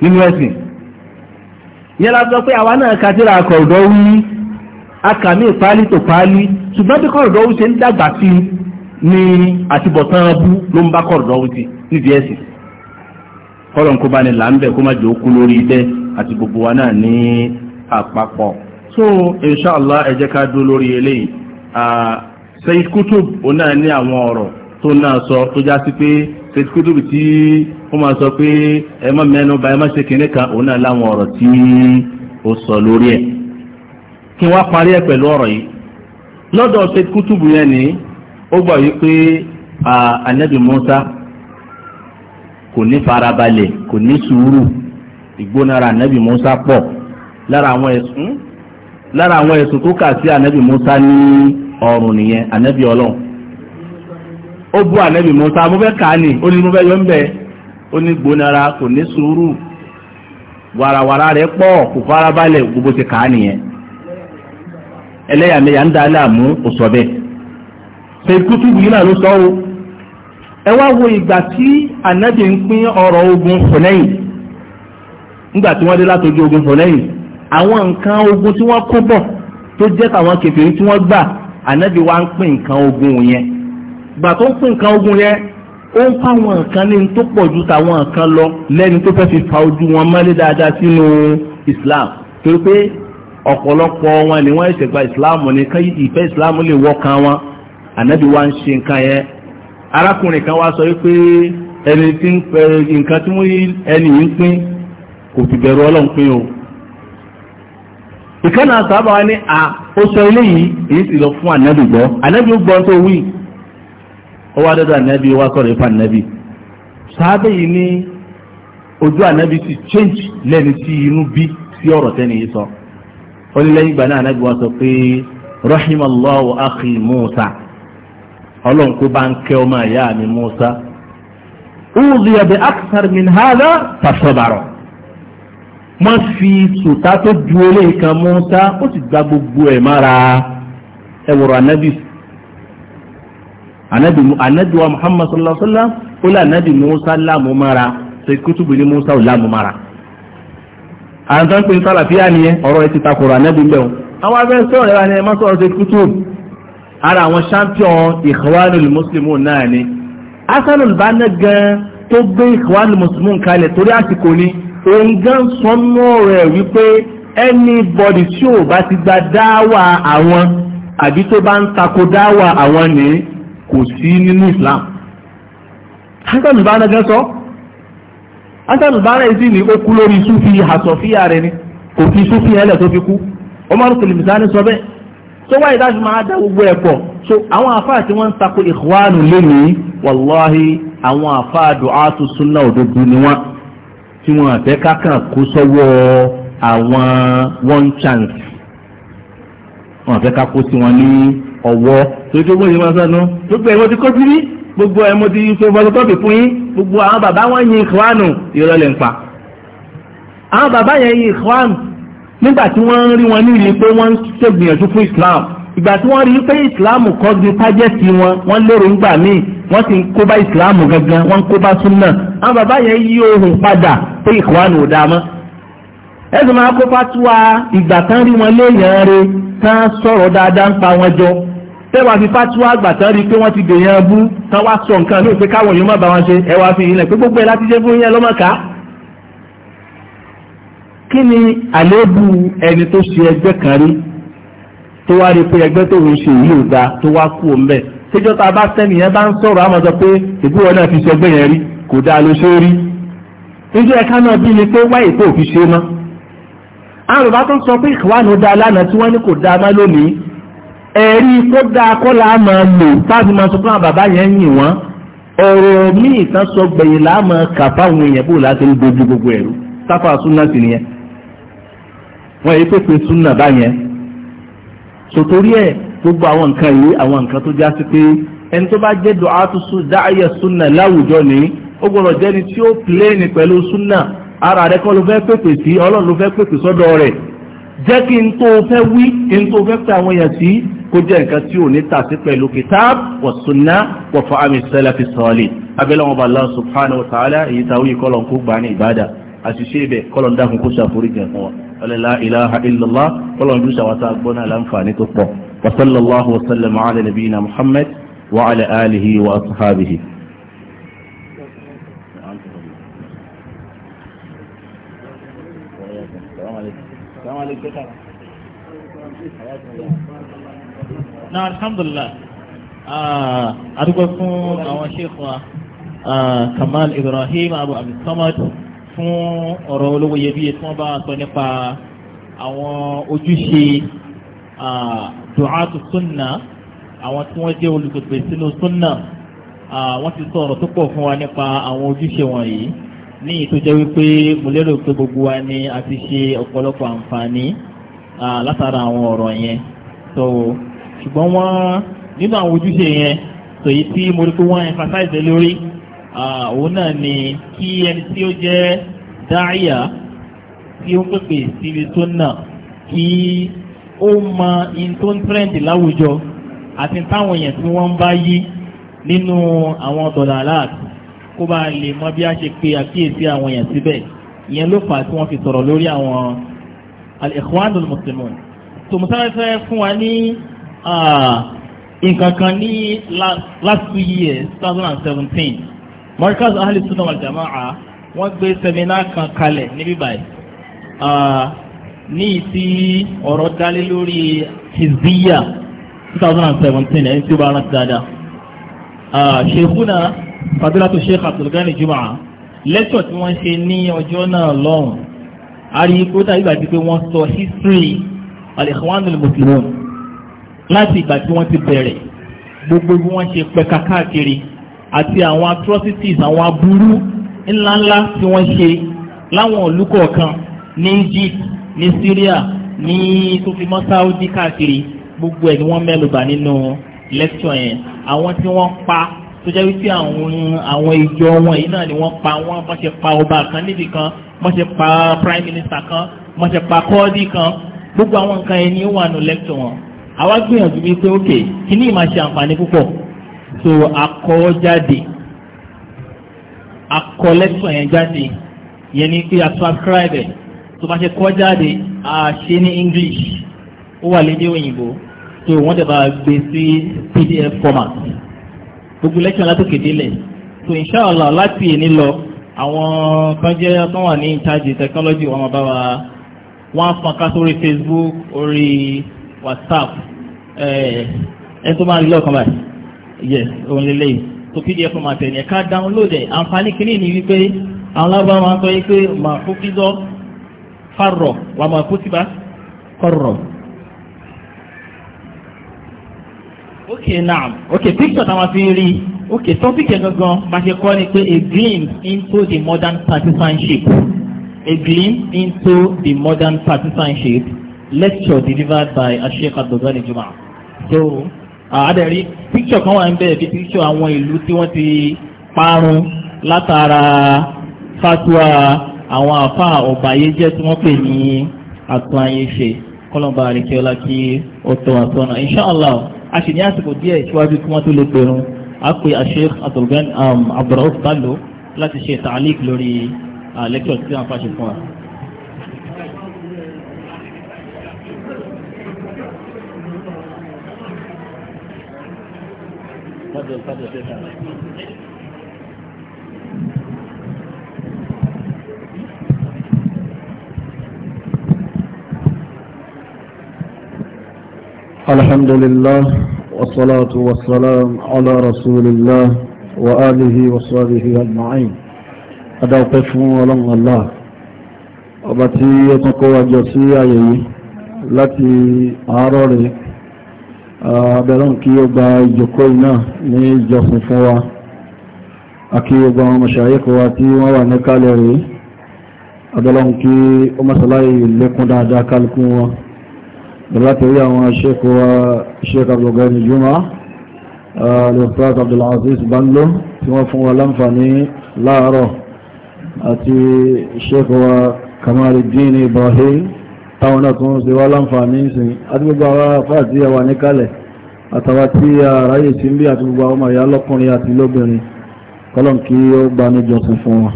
nínú ẹ̀sìn. ìyẹn la sọ pé àwa náà katira kọ̀dọ̀ ní àtibọ̀tán kọ́lọ̀n kó bá ní là ń bẹ̀ kó má jẹ́ okú lórí bẹ́ àti gbogbo wa náà ní àpapọ̀ so inṣàlá allah jẹ́ ká dúró lórí eléyìí Sayyid kutub ó náà ní àwọn ọ̀rọ̀ tó náà sọ tó já sí pé Sayyid Qutb tí ó máa sọ pé ẹ má mẹ́nu bà ẹ má ṣe kinní kan òun náà láwọn ọ̀rọ̀ tí ó sọ lórí ẹ̀ kí wọ́n ni ó gbà wípé kò ní farabalẹ̀ kò ní sùúrù ìgbónára anabi musa pọ̀ lára àwọn ẹ̀sùn lára àwọn ẹ̀sùn tó kà sí anabi musa ní ọrùn nìyẹn anabi ọlọ́run ó bú anabi musa mo fẹ́ kà á nì ó ní mo fẹ́ yọ ń ó ní gbónára kò ní sùúrù wàràwàrà pọ̀ kò farabalẹ̀ gbogbo ti kà á nìyẹn ẹlẹ́yàmẹ̀yà ń ẹ wá wo ìgbà tí ànábì ń pín ọ̀rọ̀ ogun Hunain nígbà tí wọ́n dé látojú ogun Hunain àwọn nǹkan ogun tí wọ́n kó bọ̀ tó jẹ́ tàwọn kèfèrí tí wọ́n gbà ànábì wá ń pín nǹkan ogun yẹn gbà tó ń pín nǹkan ogun yẹn ó ń fáwọn nǹkan ní tó pọ̀ ju tàwọn nǹkan lọ lẹ́ni tó fẹ́ fi fa ojú wọn mọ́lé dáadáa sínú Islam torí pé ọ̀pọ̀lọpọ̀ wọn ni wọ́n ṣẹ̀gbà Islam ní ìfẹ́ Islam lè wọ́ kan wọn ànábì wá ń ṣe nǹkan yẹn arákùnrin kan wá sọ wípé ẹni tí ń pẹ nǹkan tí wọ́n ẹni yìí ń pín kò fi bẹ̀rù ọlọ́run pín o ìkànnà sábà wá ní à ó sọ eléyìí èyí sì lọ fún ànábì gbọ́ ànábì ó gbọ́n tó wí ó wá dọ́dọ̀ ànábì ó wá sọ̀rọ̀ ìfà ànábì sábẹ́ yìí ní ojú ànábì ti change lẹ́ni tí inú bí sí ọ̀rọ̀ tẹ́ni yìí sọ ó ní lẹ́yìn ìgbà náà ànábì wá sọ pé rahimallahu akhi Musa ọlọ́run kó bá ń kẹ́ ọmọ ìyá mi Musa uzi ẹ̀bẹ̀ akthar min hada fasabara wọ́n fi sùtá tó ju olóyè kan Musa ó sì gba gbogbo ẹ̀ mára ẹ wọ̀rọ̀ anabi anabi anabi wa Muhammad sallallahu alaihi wa sallam ó lé anabi Musa láàmú mára ṣe kútùbù ní Musa ò láàmú mára àwọn tó ń pè ní sálàfíà nìyẹn ọ̀rọ̀ ẹ ti takùrọ̀ anabi ń bẹ̀ àwọn afẹ́ sọ̀rọ̀ ẹ wà ní ẹ má sọ̀rọ̀ kútùbù ara àwọn champion Ikhwanul Muslimun náà ni Hasanul Banna gan tó gbé Ikhwanul Muslimun kalẹ̀ torí àsìkò ni òun gan sọnù rẹ̀ wípé anybody tí ò bá ti gba dáwà àwọn àbí tó bá ń tako dáwà àwọn ni kò sí nínú Islam Hasanul Banna gan sọ Hasanul Banna yìí ni ó kú lórí Sufi àsọ̀fíà rẹ̀ ni kò fi Sufi ẹlẹ̀ tó fi kú Omar Tolimiza ni sọ bẹ́ẹ̀ so why láti máa dá gbogbo ẹ̀pọ̀ so àwọn àfáà tí wọ́n ń tako ìkwánu lónìí wàláhí àwọn àfáà du'atu súnà òdodo ni wọ́n tí wọ́n àfẹ́ kákàn kó sọ́wọ́ àwọn one chance wọ́n àfẹ́ kákó sí wọn ní ọwọ́ tó tó gbóyè máa sọ́nu gbogbo ẹ̀wọ́n ti kọ́ sí ní gbogbo ẹ̀wọ́n ti fẹ́ fọ́tọ́tọ́bì fún yín gbogbo àwọn bàbá wọn yin ìkwánu ìrọ̀lẹ́ ń pa àwọn bàbá yẹn yin ìkwánu nígbà tí wọ́n ń rí wọn nílùú pé wọ́n ń ṣègbìyànjú fún Islam ìgbà tí wọ́n rí pé Islam kọ́ di tájẹ́sì wọn wọ́n lérò ńgbà míì wọ́n ti ń kóbá Islam gangan wọ́n ń kóbá súnà àwọn bàbá yẹn yí ohun padà pé ìkọ́wánu ò dáa mọ́ ẹ̀sùn máa kó fatuwa ìgbà tán rí wọn léèyàn re tán sọ̀rọ̀ dáadáa ń pa wọn jọ tẹ́wà fi fatuwa àgbà tán rí pé wọ́n ti dèèyàn bú tán wá sọ nǹkan ní òpé káwọn èèyàn má bá wọn ṣe ẹwà fi ilẹ̀ pé gbogbo ẹ̀ láti ṣe fún yẹn lọ́mọ̀ká kí ni àléébù ẹni tó ṣe ẹgbẹ́ kan rí tó wá rí pé ẹgbẹ́ tó ń ṣe yìí ò tó wá kú òun tíjọ́ ta bá sẹ́ni yẹn bá ń sọ̀rọ̀ àmọ́ pé ìbúrọ̀ náà fi ṣe ẹgbẹ́ yẹn rí kò dáa ló ṣe rí níjọ́ ẹ̀ka náà bí ni pé wáyé pé òfin ṣe mọ́ àwọn bàbá tó ń sọ pé ìkàwánu da lánàá tí wọ́n ní kò dáa má lónìí ẹ̀rí kó dáa kọ́ la máa lò táàbí máa sọ fún àwọn bàbá yẹn yìn wọ́n ọ̀rọ̀ míì tán sọ gbẹ̀yìn láàmú kàfáwọn èèyàn bò láti ń dojú gbogbo ẹ̀rú sáfà súnà sí nìyẹn wọn èyí pèpè súnà báyẹn sòtórí ẹ gbogbo àwọn nǹkan yìí àwọn nǹkan tó já sí pé ẹni tó bá jẹ́ dùhátùsù dáàyè súnà láwùjọ ni ó gbọ́dọ̀ jẹ́ni tí ó pléènì pẹ̀lú súnà ara rẹ̀ kọ́ ló fẹ́ pèpè sí ọlọ́run ló fẹ́ pèpè sọ́dọ̀ rẹ̀ jẹ́ kí n tó fẹ́ wí kí n tó fẹ́ pẹ́ àwọn èèyàn sí kó jẹ́ nǹkan tí ò ní tà sí pẹ̀lú kìtáàb wà súnà wà fún àmì sẹ́lẹ̀ fi sọ́ọ̀lì abẹ́lẹ́ wọn subhanahu wa ta'ala èyí táwọn yìí kọ́lọ̀ kó gbà ní ìbádà àṣìṣe ibẹ̀ kọ́lọ̀ ń dákun kó ṣàforíjì fún wa. ولا إله إلا الله والله نجوز وتأكبنا الأنفان تطبع وصلى الله وسلم على نبينا محمد وعلى آله وأصحابه نعم الحمد لله آه، أرجوكم فون شيخ آه، كمال إبراهيم أبو عبد الصمد fún ọ̀rọ̀ olówó iyebíye tí wọ́n bá sọ nípa àwọn ojúṣe du'atu sunna àwọn tí wọ́n jẹ́ olùpèpè sínú sunna wọ́n ti sọ ọ̀rọ̀ tó pọ̀ fún wa nípa àwọn ojúṣe wọ̀nyí ní ìtòjẹ́ wípé mo lérò pé gbogbo wa ni a ti ṣe ọ̀pọ̀lọpọ̀ àǹfààní látara àwọn ọ̀rọ̀ yẹn so ṣùgbọ́n wọ́n nínú àwọn ojúṣe yẹn sọ tí mo rí pé wọ́n emphasize lórí òun náà ni kí ẹni tí ó jẹ́ dáìyà tí ó ń pèpè síbi tó nà kí ó mọ in tó ń tírẹ̀ǹdì láwùjọ àti táwọn èèyàn tí wọ́n ń bá yí nínú àwọn dọ̀là aláàtì kó bá lè mọ bí a ṣe pe àkíyèsí àwọn èèyàn síbẹ̀ ìyẹn ló fà á tí wọ́n fi sọ̀rọ̀ lórí àwọn al-ikhwanul muslimun fún wa ní nǹkan kan ní last two years 2017 markaz ahli sunna wal jama'a wọ́n gbé sẹ́mínà kan kalẹ̀ níbí báyìí ní ti ọ̀rọ̀ dálé lórí hizbiya 2017 ẹni tí ó bá rántí dáadáa ṣèkúnà fadilatu sheikh abdulgani jumaa lẹ́tọ̀ tí wọ́n ṣe ní ọjọ́ náà lọ́hùn àrí kó dà ìgbà tí pé wọ́n sọ history al-ikhwanul láti ìgbà tí wọ́n ti bẹ̀rẹ̀ gbogbo bí ṣe pẹ̀ka káàkiri àti àwọn atrocities àwọn aburú ńláńlá tí wọ́n ṣe láwọn ìlú kọ̀ọ̀kan ní Egypt ní Syria ní tó fi mọ́ Saudi káàkiri gbogbo ẹ̀ ni wọ́n mẹ́lùbà nínú lẹ́kṣọ̀ yẹn àwọn tí wọ́n pa tó jẹ́ wípé àwọn àwọn ìjọ wọn yìí náà ni wọ́n pa wọ́n wọ́n ṣe pa ọba kan níbì kan wọ́n ṣe pa prime minister kan wọ́n ṣe pa kọ́ọ́dì kan gbogbo àwọn nǹkan yẹn ni ó wà nù lẹ́kṣọ̀ wọn àwa gbìyànjú wípé ok kí ni ìmáa ṣe àǹfààní púpọ̀ so akọ́ jáde akọ́ lẹ́tọ̀ yẹn jáde yẹn ni pé a transcribe ẹ̀ tó bá ṣe kọ́ jáde a ṣe ní English ó wà lédè òyìnbó so wọ́n dẹ̀ bá gbé sí PDF format gbogbo lẹ́tọ̀ látòkè délẹ̀ so inshallah láti èní lọ àwọn kan jẹ́ tó wà ní ìtajì technology wọn máa bá wa wọ́n á fọ́nká sórí Facebook orí WhatsApp ẹ̀ ẹ̀ tó máa rí lọ́kàn báyìí yes only lélẹ̀ To pdf máa tẹ̀lé ká download ẹ̀ àǹfààní kìíní ni wípé àwọn lábá máa ń sọ wípé máa kó kíjọ fárọ̀ wà máa kó síbá kọ̀rọ̀. Okay, naam ok picture táwọn fi rí Okay, topic yẹn gangan bá ṣe kọ́ ni pé a glimpse into the modern partisanship a glimpse into the modern partisanship lecture delivered by asheik abdulgani juma so àádẹ́rí píkṣọ̀ kan wà ń bẹ̀rẹ̀ bí píkṣọ̀ àwọn ìlú tí wọ́n ti parun látara fatuwa àwọn afa ọ̀bàyéjẹ́ tí wọ́n pè ní àtúnyẹ̀ṣe kọ́lọ́mbà àríkẹ́ọ́lá kí ó tọ́ àtọ́nà inshallah a sì ní àsìkò díẹ̀ síwájú kí wọ́n tó lè pẹ̀rún a pe Sheikh Abdulgan um, Abdulrauf Bello láti ṣe tààlík lórí uh, lẹ́kọ̀ọ́ tí wọ́n fàṣẹ fún wa. تفضل تفضل شيخ الحمد لله والصلاة والسلام على رسول الله وآله وصحبه أجمعين أدعو قفوا ولن الله أبتي يتقوى جسيا يي التي أعرى ọ̀bẹ̀rún kí ó gba ìjòkó iná ní ìjọsìn fún wa àkí ọgbà àwọn mọ̀ṣàríkọ̀ wa tí wọ́n wà ní kálẹ̀ rí abẹ́lọ́n kí ó mọ́sàláyì lẹ́kún dáadáa kálukún wọn bẹ̀látẹ̀rí àwọn ṣẹ́kọ̀ wa ṣẹ́kọ̀ juma alifrat abdulaziz bando tí wọ́n fún wa láǹfààní láàárọ̀ àti ṣẹ́kọ̀ wa kamaluddin ibrahim táwọn náà tún ṣe wá láǹfààní ìsìn àti gbogbo àwọn afá tí a wà ní kalẹ̀ àtàwà tí a ráyè sí ń bí àti gbogbo àwọn àyà lọ́kùnrin àti lóbìnrin kọ́lọ̀n kí ó gba ní jọsìn fún wọn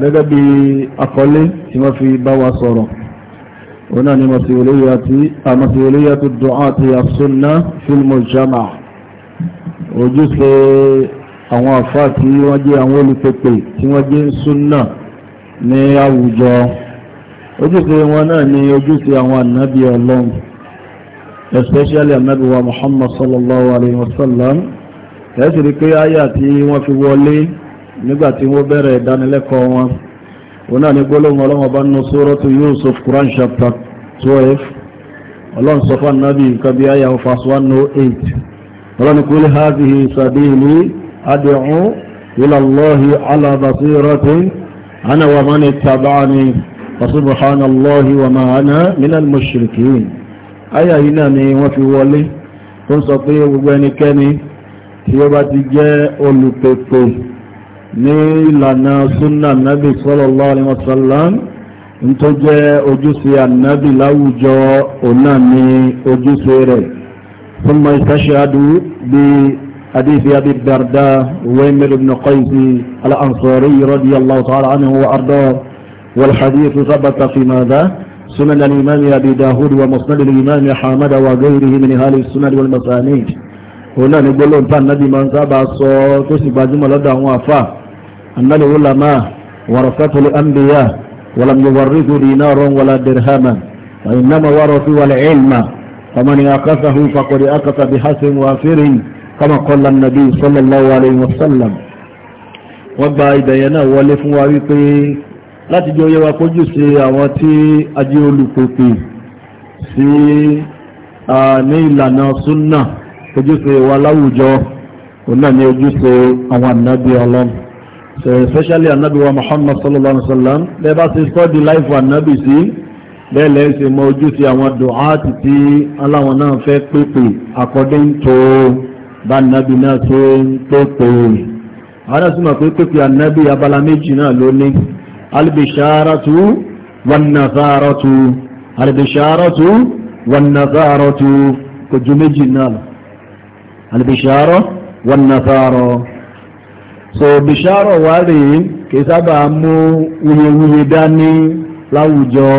gẹ́gẹ́ bí akọlé tí wọ́n fi bá wa sọ̀rọ̀ òun náà ni masiwoliyatu du'ati as-sunna fil mujtama' ojúṣe àwọn àfá tí wọ́n jẹ́ àwọn olùpẹ̀pẹ̀ tí wọ́n jẹ́ sunna ní àwùjọ ojúṣe wọn náà ni ojúṣe àwọn ànábì ọlọ́run especially ànábì wa muhammad sallallahu alayhi wa sallam ẹ̀sì rí pé àyà tí wọ́n fi wọlé nígbà tí wọ́n bẹ̀rẹ̀ ìdánilẹ́kọ̀ọ́ wọn wọn náà ni gbólóhùn ọlọ́run bá nínú suratu yusuf quran chapter twelve ọlọ́run sọ fún ànábì nǹkan bí àyà verse one oh eight ọlọ́run kul hadhihi sabili ad'u ila allahi ala basiratin ana wa man ittaba'ani. وسبحان الله وما أنا من المشركين أي أيناني وفي ولي تنسطي وغنكني تيوبات جاء ولتكو نيلنا سنة النبي صلى الله عليه وسلم tó jẹ́ ojúṣe ànábì láwùjọ ọ̀nà ni ojúṣe rẹ̀ fún ma ìtàṣàdù bí hadithi abi darda wẹ́mẹ́lì ibn qaisi al-ansari radiyallahu ta'ala anhu wa ardahu والحديث ثبت في ماذا سنن الإمام أبي داود ومسند الإمام حامد وغيره من أهل السنن والمسانيد هنا نقول لهم فالنبي من سابع الصوت سباجم لدى وافا أن العلماء ورثة الأنبياء ولم يورثوا دينارا ولا درهما وإنما ورثوا العلم فمن أقفه فقد أقف بحسن وافر كما قال النبي صلى الله عليه وسلم وبا إذا ينا ولف وعيطي láti jọ yẹwà kójú sí àwọn tí ajé olùpèpè sí ní ìlànà súnnà ojúṣe wa láwùjọ ọ̀nà ni ojúṣe àwọn ànábì ọlọ́run so especially ànábì wa Muhammad sallallahu alaihi wasallam bẹ́ẹ̀ bá ti study life ànábì sí bẹ́ẹ̀ lẹ́yìn sí mọ ojúṣe àwọn du'ati tí aláwọn náà fẹ́ pèpè according to bá ànábì náà tó ń pèpè àwọn náà sì pé pèpè ànábì abala méjì náà ló ní البشارة والنظارة البشارة والنظارة كجمج النال البشارة والنظارة so bishara wa rèé kì í sábà mú wuyewuye dání láwùjọ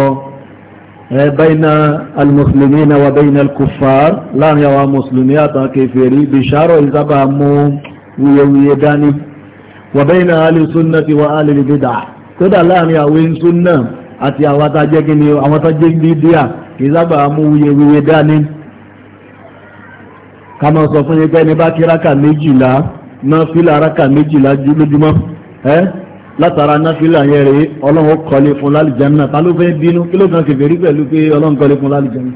ẹ bayna almuslimina wa bayna alkufar láàrin àwọn musulmi àtàwọn kèfèrí bishara yìí sábà wuyewuye dání wa bayna ahli sunnati wa ahli bid'ah kódà láàrin àwọn ẹ̀ńsó náà àti àwọn atajẹ́ kí ni àwọn tajẹ́ ní díà kì í sábà mú wuyewuye dání ká máa sọ fún yín pé ẹni bá kí rákà méjìlá náà fílà rákà méjìlá lójúmọ́ ẹ́ látara náfílà yẹn rèé ọlọ́run kọ́lé fún lálìjẹ́nà ta ló fẹ́ bínú kí ló kàn kẹfẹ́ rí pẹ̀lú pé ọlọ́run kọ́lé fún lálìjẹ́nà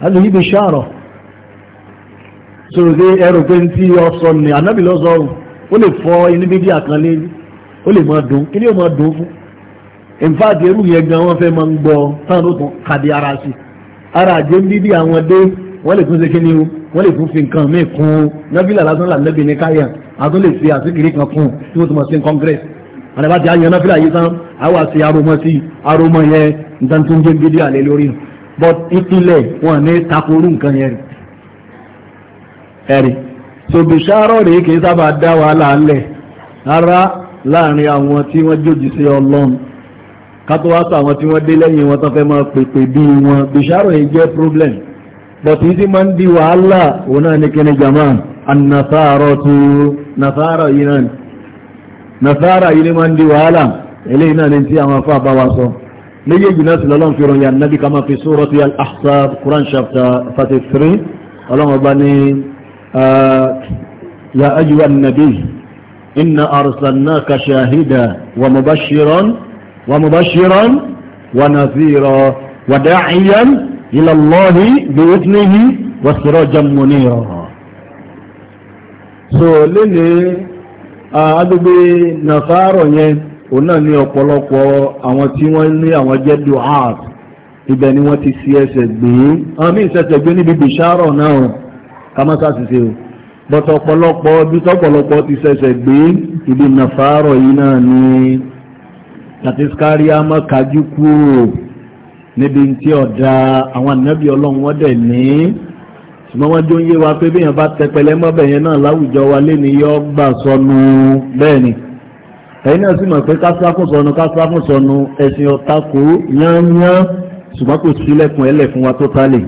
láti yí bí ṣáàrọ̀ sọ̀rọ̀ pé ẹrù pé ń tí ọ sọ ni ànábì ó lè fọ inú bíbí àkànlé ó lè máa dùn kí ni yóò máa dùn fún in fact irú yẹn gan wọ́n fẹ́ máa ń gbọ́ táwọn ó tún ara sí ara àjẹ́ ń dídí àwọn dé wọ́n lè tún ṣe kí ni o wọ́n lè tún fi nǹkan míì kún un nábìlà lásán là nẹ́bi ní káyà àtún lè fi àsìkiri kan kún tí wọ́n tún máa ṣe congress àdàbà tí a yan nábìlà yìí tán àwọn àti aromọ sí aromọ yẹn nǹkan tó ń jẹ́ dídí àlẹ́ lórí but ìpìlẹ̀ wọn ní takoru nǹkan yẹn ẹ̀rí so bisharo rèé kì í sábà dá wàhálà ńlẹ̀ rárá láàrin àwọn tí wọ́n jòjì sí ọlọ́run kátó wá sọ àwọn tí wọ́n dé lẹ́yìn wọn tó fẹ́ máa pèpè bí wọn bìṣàrò yìí jẹ́ problem but yìí tí máa ń di wàhálà òun náà ní kíni jama anasaro tu nasara yìí náà nasara yìí máa ń di wàhálà eléyìí náà ní tí àwọn afọ àbáwá sọ méjèèjì náà sì lọ́lọ́run fi ràn yà nábì ká máa fi al-ahzab quran chapter thirty three ọlọ́run ọba ní yà ájú inna arsalnaka shahida wa mubashiran wa mubashiran wa nadhira wa da'iyan ila Allah bi idnihi wa sirajan munira so lele agbègbè nasaro yẹn òun náà ní ọ̀pọ̀lọpọ̀ àwọn tí wọ́n ní àwọn jẹ́ duhat ibẹ̀ ni wọ́n ti sí ẹsẹ̀ gbé àwọn míì sẹsẹ̀ gbé níbi bisharo náà kàmásà ti ṣe o bọ́t ọ̀pọ̀lọpọ̀ bí tọ́pọ̀lọpọ̀ ti ṣẹ̀ṣẹ̀ gbé ìdí nàfàárọ̀ yìí náà ni àti skárí àmọ́ kájú kúrò níbi tí ọ̀dà àwọn ànábì ọlọ́run wọ́n dẹ̀ ní ṣùgbọ́n wa pé bí èèyàn bá tẹpẹlẹ náà láwùjọ wa ni ẹ̀yin náà sì mọ̀ pé kásá fún sọnù kásá fún sọnù ẹ̀sìn ọ̀tako yányán ṣùgbọ́n kò sílẹ̀kùn ẹlẹ̀ fún wa tó tálẹ̀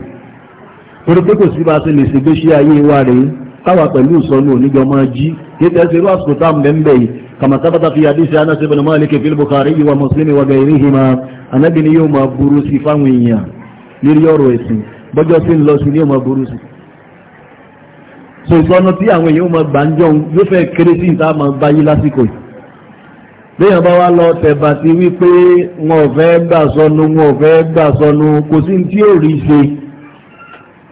torí kò sí bá a ṣe lè ṣègbésí ayé wa rèé táwa pẹ̀lú ìsọnù oníjọ máa jí kéde ẹsẹ̀ irú àsìkò táà yìí fi hadisi Anas ibn Malik kari iwa yìí wa Muslim wa gairihima anábì ni yóò máa burú sí fáwọn èèyàn lérí ọ̀rọ̀ ẹ̀sìn bọ́jọ́ sí ń lọ sí ni yóò máa burú sí. so ìsọnù tí àwọn èèyàn máa gbà ń jọ yóò fẹ́ kéré sí ìta máa bá yí lásìkò bá wá lọ tẹ̀bà sí wípé wọn ò fẹ́ gbà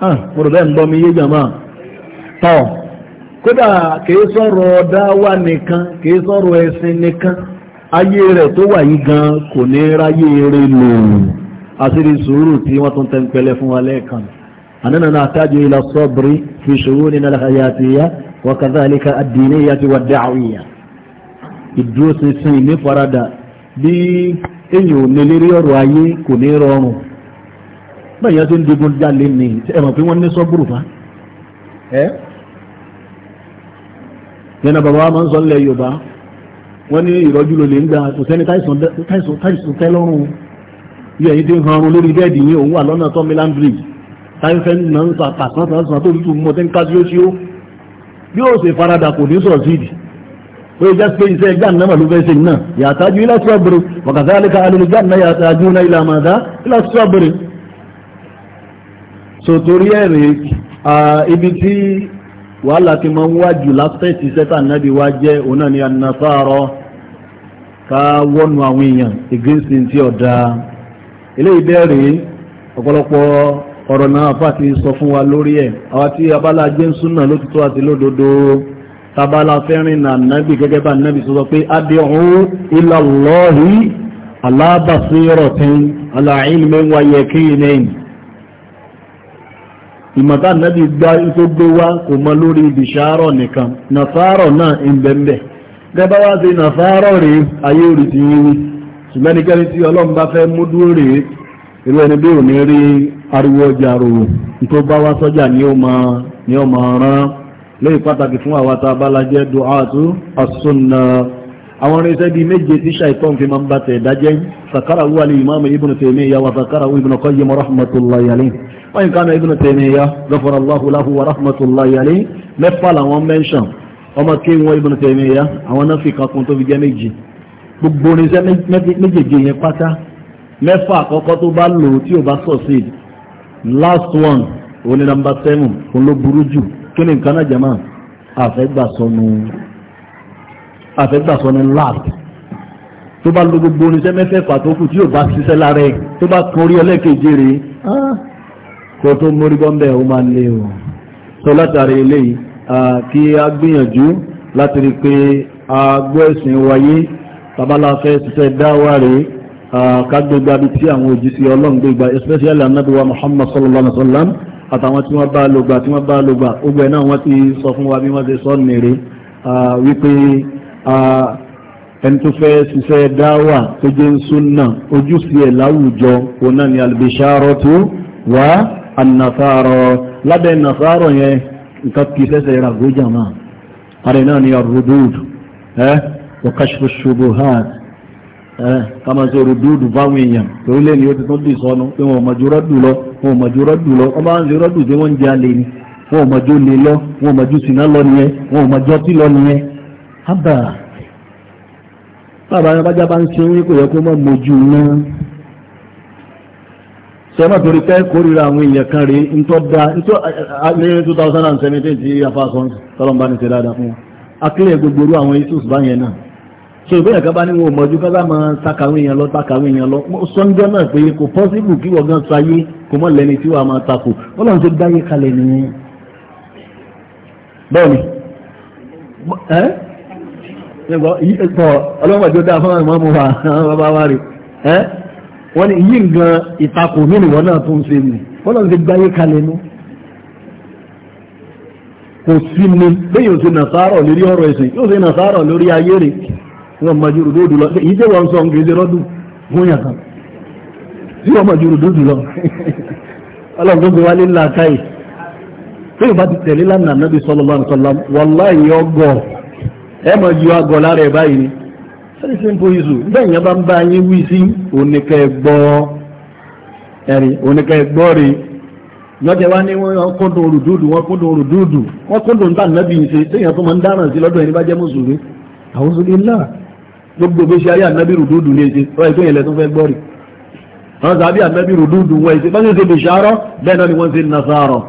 ah mo rò bẹ́ẹ̀ ń tọ́ kódà kìí sọ̀rọ̀ dáwà nìkan kìí sọ̀rọ̀ ẹ̀sìn nìkan ayé rẹ̀ tó wà yí gan kò ní ráyé rẹ̀ lòrùn àṣírí sùúrù tí wọ́n tún tẹ́ńpẹ́lẹ́ fún wa lẹ́ẹ̀kan أننا نحتاج إلى الصبر في شؤوننا الحياتية وكذلك الدينية والدعوية ìdúró ṣinṣin ní farada bí èyàn ò nílérí ọ̀rọ̀ ayé kò ní rọrùn báyìí wọ́n ti ń digun jalè ní ẹ̀mọ̀ pé wọ́n ní sọ́bùrù fa ẹ́ yẹn bàbá wa máa ń sọ nílẹ̀ Yorùbá wọ́n ní ìrọ́jú ló lè ń gbà kò sẹ́ni táìsùn tẹ́ lọ́rùn bí ẹ̀yin ti ń hanrun lórí bẹ́ẹ̀dì yìí òun wà lọ́nà tó Milan bridge táìfẹ́ náà ń sọ àtàkùn tó tutù mọ́ tẹ́ ń kájú ó sí ó bí ó sì faradà kò ní sọ̀sídìí ó yẹ jásí pé iṣẹ́ ẹgbẹ́ ànámà ló fẹ́ ṣe náà yàtájú ilá sọ́bìrì wàkàtà àlẹ́kà àlẹ́lẹ́gbẹ́ àná yàtájú náà ilá màdá ilá sọ́bìrì so torí ibi tí wàhálà tí ma ń wájú láfẹ́ẹ̀tì sẹ́tà náàbí wá jẹ́ ọ̀nà ni annasáàrọ̀ ká wọ́nu àwọn èèyàn ìgbésí tí ọ̀dá ilé ìbẹ̀rẹ̀ ọ̀pọ̀lọpọ̀ ọ̀rọ̀ náà fà ti sọ fún wa lórí ẹ̀ àwọn tí abala jẹ́ ń súnà lótìtọ́ àti lódodo tabala fẹ́rin na náàbí gẹ́gẹ́ bá náàbí sọ pé adéhùn ilallahi alábàṣírọ̀tín aláìlmẹ́wàyẹ̀kí nẹ́yìn ìmọ̀tá nẹ́bí gbá tó gbé wá kò mọ lórí ìbìṣàárọ̀ nìkan nàfàárọ̀ náà ìbẹ̀m̀bẹ̀ gẹ́bá wá sí nàfàárọ̀ rẹ̀ ayé orí ti yíwí ṣùgbẹ́nikẹ́ni tí ọlọ́run bá fẹ́ mú dúró rẹ̀ irú ẹni bí ò ní rí ariwo ọjà rò tó bá wá sọ́jà ní ó máa rán pàtàkì fún àwa tá a bá la àwọn irinṣẹ́ bíi méje tí ṣàìtọ́n fi máa ń bá tẹ̀ dájẹ́ sàkárà wà ní ìmáàmù ibn Taymiyyah wa sàkárà wà ibn Qayyim rahmatullahi alayhi wọ́n kánà ibn Taymiyyah ghafara Allahu lahu wa rahmatullahi alayhi mẹ́fà làwọn mẹ́ṣàn ọmọ kí wọ́n ibn Taymiyyah àwọn náà fi kankun tó fi jẹ́ méje gbogbo irinṣẹ́ méjèèjì yẹn pátá mẹ́fà àkọ́kọ́ tó bá lò tí ò bá succeed last one òní number seven òun ló burú jù kí ni nǹkan àfẹ́gbàsọ ní lab tó bá lo gbogbo oníṣẹ́ mẹ́fẹ̀ẹ́fà tó kù tí yóò bá ṣiṣẹ́ lára ẹ̀ tó bá kan orí ẹlẹ́kẹ̀ẹ́jì rẹ̀ ah, kó tó mórí bọ́m̀bẹ̀ ó máa lé o tó látàrí eléyìí kí a gbìyànjú láti rí pé a gbọ́ ẹ̀sìn wáyé tabala fẹ́ ṣiṣẹ́ dáwà rẹ̀ kágbégbá bí tí àwọn òjíṣẹ́ ọlọ́run gbégbá especially anabi wa muhammad sallallahu alaihi wa sallam àtàwọn tí wọ́n bá lògbà tí wọ́n bá lògbà ó gbẹ̀ náà ẹni tó fẹ́ ṣiṣẹ́ dáwà tó jẹ́ ń súnà ojúṣe ẹ̀ láwùjọ òun ni albisharo tó wá annasaro lábẹ́ nasaro yẹn nǹkan kì í fẹ́sẹ̀ ìràgó jàmá àrẹ náà ni arudud ẹ́ ọ̀kashfu shubuhat ẹ́ kama ṣe rudud fáwọn èèyàn torí lé ní ó ti tún dì sọnù pé wọn ò mọ̀jú rọ́dù lọ wọn ò mọ̀jú rọ́dù lọ ọba ń ṣe rọ́dù tí wọ́n ń jalè ni wọn ò mọ̀jú lè lọ wọn ò mọ̀jú sìnà lọ nìyẹn wọn ò mọ̀jọ́ tí lọ nìyẹn àbà bàbá abájá bá ń ṣe orí kò yẹ kó mọ́ mojú náà sẹ́mọ̀ torí pé kórìíra àwọn èèyàn kan rèé ntọ́ da ntọ́ ní 2017 tí afáàsán tọ́lọ́mbá ní ṣe dáadáa fún wọn akílẹ̀ gbogbo orú àwọn isus báyẹn náà so ìbéèrè kan bá ní wọn mọ̀jú ká bá máa takàwé èèyàn lọ takàwé èèyàn lọ sọ́njọ́ náà pé kò pọ́sibù kí wọ́n gan sayé kò mọ́ lẹ́ni tí wàá máa takò wọ́n lọ́n ṣe dáyé kalẹ̀ nìyẹn bẹ́ẹ̀ ni ẹ́ ọlọ́pàá tí ó dáa fún àwọn ọmọ wa àwọn bàbá wa rè ẹ́ wọ́n ní yí nǹkan ìtakò nínú wọn náà tún ṣe nì wọ́n lọ́n ti gbáyé kalẹ̀ nú kò sí ni bẹ́ẹ̀ yóò ṣe nàṣàrọ̀ lórí ọ̀rọ̀ ẹ̀sìn yóò ṣe nàṣàrọ̀ lórí ayé rè wọ́n máa jùrù dóòdù lọ èyí tẹ́ wọ́n sọ ń gbèsè lọ́dún fún yàtọ̀ tí wọ́n máa jùrù dóòdù lọ (laughs) ọlọ́run tó gbé wá ní làákàyè tó yóò bá ti tẹ̀lé lánàá nàbì sallallahu alaihi wasallam wallahi ọgọ́ọ̀ ẹ mọ̀ yọ agọ̀ lára ẹ̀ báyìí ni very simple issue bẹ́ẹ̀ yẹn bá ń bá yín wí sí oníkẹ́ gbọ́ ẹ̀rí oníkẹ́ gbọ́ rè lọ́jọ́ wa ní wọ́n kúndùn olùdúdù wọ́n kúndùn olùdúdù wọ́n kúndùn níta nàbì ṣe téèyàn tó máa ń dáràn sí lọ́dọ̀ ẹni bá jẹ́ mùsùlùmí àwọn sọ́dọ̀ ńlá gbogbo gbèsè ayé ànábì rùdúdù ní ẹ̀ṣẹ̀ wọ́n ètò ìyẹn lẹ́tún fẹ́ gbọ́ rè wọ́n sábẹ́ ànábì rùdúdù wọ́n ẹ̀ṣẹ̀ bá ṣe ṣe bẹ́ẹ̀ náà ni wọ́n ṣe nasarọ̀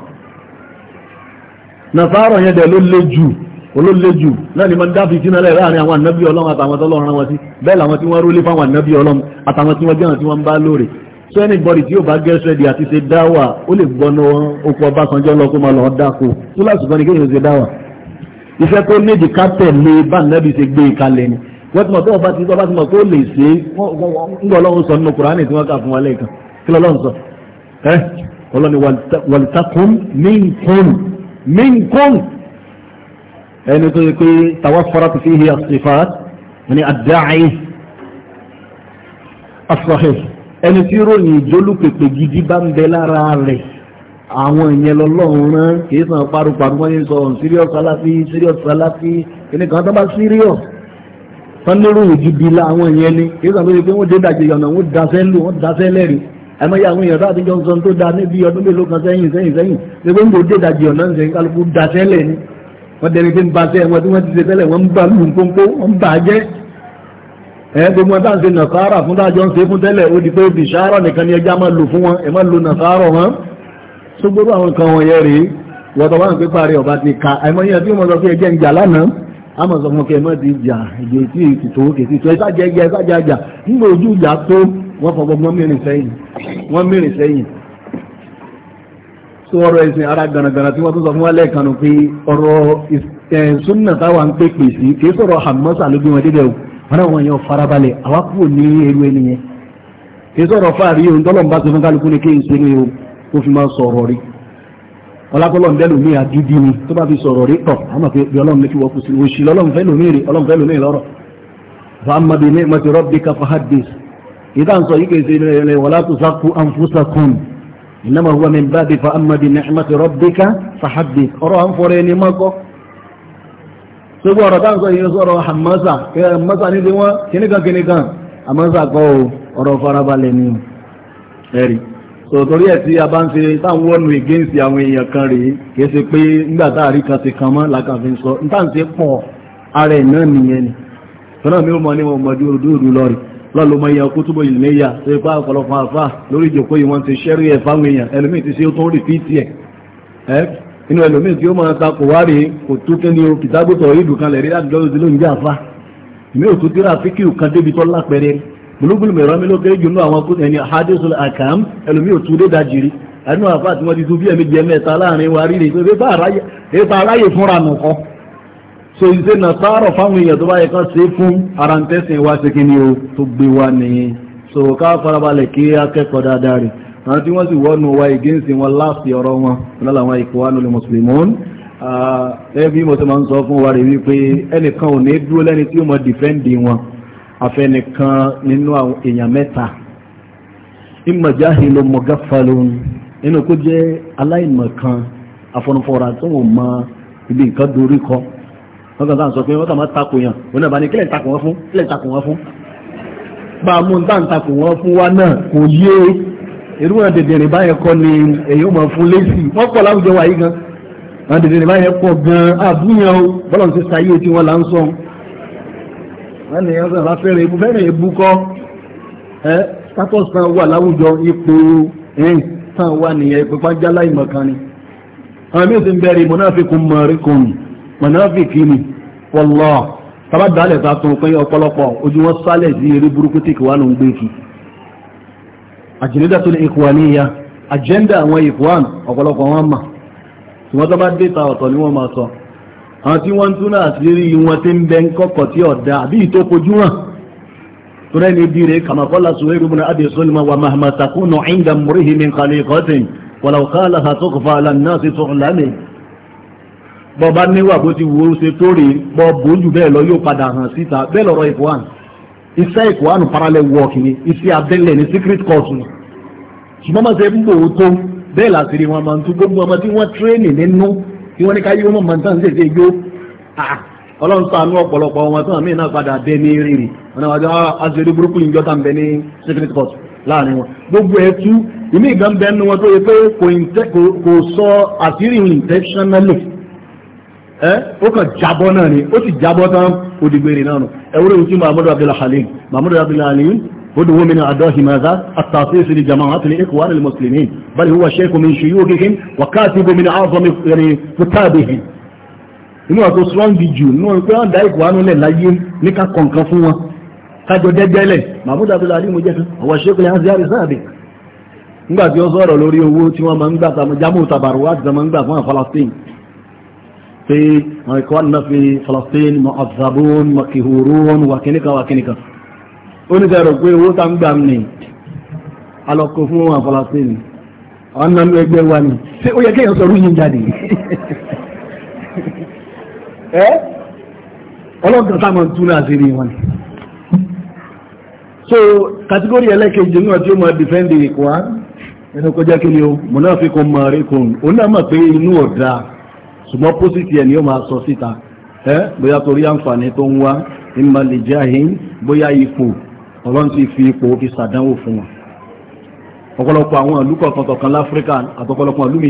nasarọ̀ yẹn dẹ̀ ló le jù olólejù náà ni ma ń dá fi sínú ẹlẹ́rẹ́ àárín àwọn ànábí ọlọ́run àtàwọn tọ́lọ́run wọn sí bẹ́ẹ̀ làwọn tí wọ́n rólé fáwọn ànábí ọlọ́run àtàwọn tí wọ́n jẹ́ràn tí wọ́n ń bá lóore so anybody tí yóò bá gẹ́sẹ̀ di àti ṣe dáwà ó lè gbọ́nà oko ọbásanjọ́ lọ kó máa lọ dáko tó láti gbọ́n ni kéèyàn ṣe dáwà iṣẹ́ tó nídìí ká tẹ̀lé bá ànábì ṣe gbé kalẹ̀ ni wọ́n ti ẹni tó yẹ pé tawaffarat fihi as-sifat ní ad-da'i as-sahih ẹni tí ròyìn ìjólúpèpè gidi bá ń bẹ lára rẹ̀ àwọn ìyẹn lọ́lọ́run rán kìí sàn paru-paru wọ́n yẹ sọ serious salafi serious salafi kìíní kan tó bá serious tán lérò òjìbí la àwọn ìyẹn ni kìí sàn lórí pé wọ́n dé dàjẹ́ ọ̀nà wọ́n dasẹ́ lù wọ́n dasẹ́ lẹ́rìí ẹmọ́yà àwọn èèyàn láti jọ sọ tó da níbi ọdún mélòó kan sẹ́yìn sẹ́yìn sẹ́yìn pé ń bò dé dàjẹ́ ọ̀nà ń sẹ́yìn kálukú dasẹ́ lẹ́ni wọ́n dẹni pé ń ba sẹ́ wọn tí wọ́n ti ṣe tẹ́lẹ̀ wọ́n ń ba lù nkónkó wọ́n ń bà á jẹ́ ẹ gbogbo wọn táwọn ṣe nàṣàrà fún dájọ́ ń ṣe fún tẹ́lẹ̀ ó di pé bìṣàrọ̀ nìkan ni ẹja máa lò fún wọn ẹ máa lo nàṣàrọ̀ wọn tó gbogbo àwọn nǹkan wọn yẹ rèé wọ́tọ̀ wọn pé parí ọba ti ka àìmọ́ yẹn bí wọ́n sọ pé ẹjẹ́ ń jà lánàá àmọ́ sọ fún kẹ́ mọ́ ti jà èdè tí èsì tó kèsì tó ẹ̀sà jẹ́ ẹ̀sà jẹ́ àjà tó ọ̀rọ̀ ẹ̀sìn ara gànàgànà tí wọ́n tó sọ fún wálẹ̀ kanu pé ọ̀rọ̀ eh, súnà táwa ń pè pè sí kì í sọ̀rọ̀ hàmọ́sà ló bí wọn débẹ̀ o wọn náà wọn yàn farabalẹ̀ àwa kúrò ní eru ẹni yẹn kì sọ̀rọ̀ fáàrí o ntọ́lọ́n bá ti fún kálukú ni kéyìn sínú o kó fi máa sọ̀rọ̀ rí ọlákọ́lọ́ ń bẹ́lú mi àdídí ni tó bá fi sọ̀rọ̀ rí tọ̀ àmọ́ pé bí ọlọ́run méjì wọ́n kù sí òṣì lọ́lọ́run fẹ́ إنما هو من باب فأما بنعمة ربك فحدث أراهم فريني مكو سوى رضان سوى يسوى حماسة حماسة نزوى كنكا كنكا قو ni ẹ̀rí sọ̀tọ̀rí ẹ̀ tí a bá ń ṣe táwọn wọ́nù ìgéǹsì àwọn èèyàn kan rèé kìí pé kan mọ́ sọ pọ̀ ara ẹ̀ lọ́lọ́mọ ìyá kútùbọ̀ ìlmẹ́yà tó ipá ọ̀pọ̀lọpọ̀ àfá lórí ìjòkó yìí wọ́n ti ṣẹ́rí ẹ̀ fáwọn èèyàn ẹlòmíì ti ṣe ó tún rí fíìtì ẹ̀ ẹ́ inú ẹlòmíì tí ó máa ta kò wárí kò tó kí ni o kìtàgbọ́tọ̀ ìlú kan lè rí láti lọ́dún ló ń jẹ́ àfá ìmí ò tó tíra fíkì kan débi tó lápẹẹrẹ gbólógbòlò mẹ́rọ mi ló kéré jù nínú àwọn kú so ìṣe nàṣàrọ̀ fáwọn èèyàn tó bá yẹ kán ṣe fún ara ń tẹ́sìn wá kí ni o tó gbé wa nìyẹn so ká farabalẹ̀ kí akẹ́kọ̀ọ́ dáadáa rẹ̀ àwọn tí wọ́n sì wọ́nu wa wọn láti ọ̀rọ̀ wọn ẹbí mo ti máa ń sọ fún wa rẹ̀ wípé ẹnìkan ò ní dúró lẹ́ni tí ó mọ dìfẹ́ǹdì wọn nínú èèyàn mẹ́ta nínú kó jẹ́ ibi nǹkan dorí kọ́ wọ́n kàn sáà sọ pé wọ́n kàn máa takò yàn wọ́n náà bá ní kílẹ̀ takò wọ́n fún kílẹ̀ takò wọ́n fún bá a mú nǹkan takò wọ́n fún wa náà kò yé irú wọn dèdèrè báyẹn kọ́ ni èyí ó máa fún lẹ́sì wọ́n pọ̀ láwùjọ wa yìí gan wọn dèdèrè báyẹn pọ̀ gan àbúyàn o bọ́lá ti sayé tí wọ́n là ń sọ wọ́n ní ẹ̀rọ ìfẹ́ fẹ́rẹ̀ ebu fẹ́rẹ̀ ebu kọ́ ẹ status kan wà láwùjọ ipò ẹ̀yìn tán wà nìyẹn pípa jálá ìmọ̀ kan ni àwọn mí mọ̀nàfíkì ni wọ́lọ́ tàbádàálẹ̀ ta tún pé ọ̀pọ̀lọpọ̀ ojú wọn sálẹ̀ sí eré burúkú tí kìwá ló ń gbé kí àjẹ́ndà tó ní ìkùwà ní ìyá àjẹ́ndà àwọn ìkùwàn ọ̀pọ̀lọpọ̀ wọn mà tí wọ́n tọ́bá dé ta ọ̀tọ̀ ni wọ́n máa sọ àwọn tí wọ́n ń túnà àti wọn tí ń bẹ ń kọ́kọ̀ tí ọ̀dà àbí ìtó kojú hàn tó rẹ́ ní ibi rẹ̀ kàmàkọ́lá sùwẹ́rù bùnà àbí sọ́lùmọ́ wà mahama takunu inda murihi min khalikatin wàlàkàlà àtọ́kọ̀fà alànà sí tó ń lámì bọ́ bá níwà bó ti wù ó ṣe tó rèé bọ́ bójú bẹ́ẹ̀ lọ yóò padà hàn síta bẹ́ẹ̀ lọ́rọ̀ ìfọ̀hàn iṣẹ́ ìkọ̀hánù parallel work ni iṣẹ́ abẹ́lẹ̀ ní secret course ni ṣùgbọ́n máa ṣe ń bò ó tó bẹ́ẹ̀ làṣírí wọn máa ń tú gbogbo ọmọ tí wọ́n tírénì nínú tí wọ́n ní ká yíwọ́n máa ń tàn ṣe ṣe yó ah, ọlọ́run sànú ọ̀pọ̀lọpọ̀ wọn tó àmì náà padà dé ní rírì wọn wájú aṣèré ah, burúkú yìí jọta ń bẹ ní secret court láàrin wọn gbogbo ẹ tú ìmí ìgbà ń bẹ nínú wọn tó yẹ pé kò sọ àṣírí intentionally ẹ́ ó kàn jábọ́ náà ni ó sì jábọ́ tán òdìgbèrè náà nù ẹwúrẹ́ ìtí mahmudu abdullahi halim mahmudu abdullahi halim بدو من أعداء ماذا التعطيس لجماعة الإخوان المسلمين بل هو شيخ من شيوخهم وكاتب من أعظم يعني كتابهم inú àtò strong jù ní wọn pé wọ́n dá ìkò wánú lẹ̀ láyé ní ká kọ̀ǹkan fún wọn kájọ dẹ́gbẹ́lẹ̀ mahmud abdullahi mo jẹ́ kan ọ̀wọ̀ ṣe kìlẹ̀ hansi harris sáàbì nígbàtí ó sọ̀rọ̀ lórí owó tí wọ́n máa ń gbà في إخواننا في فلسطين مؤذبون مكهورون وكنكا وكنكا oníkà rò pé owó tá ń gbà ní alọ́kọ̀ fún wọn Palestine ọ̀nà ẹgbẹ́ wa ni ṣé ó yẹ kéèyàn sọ̀rọ̀ yín jáde (laughs) ẹ́ ọlọ́gbọ̀n tá máa túnú àṣírí wọn so kàtígórì ẹlẹ́kejì náà tí ó máa dìfẹ́ǹdì ìkọ́ ẹnu kọjá kí ni o mọ̀nà fi kún mọ̀ rí kún òun náà mọ̀ pé inú ọ̀dà ṣùgbọ́n pósìtì ẹ̀ ni ó máa sọ síta ẹ́ bóyá torí àǹfààní tó ń fi ipò fi fún wọn ọ̀pọ̀lọpọ̀ àwọn ìlú kọ̀ọ̀kan tọ̀kan láfíríkà àtọ̀pọ̀lọpọ̀ ìlú mi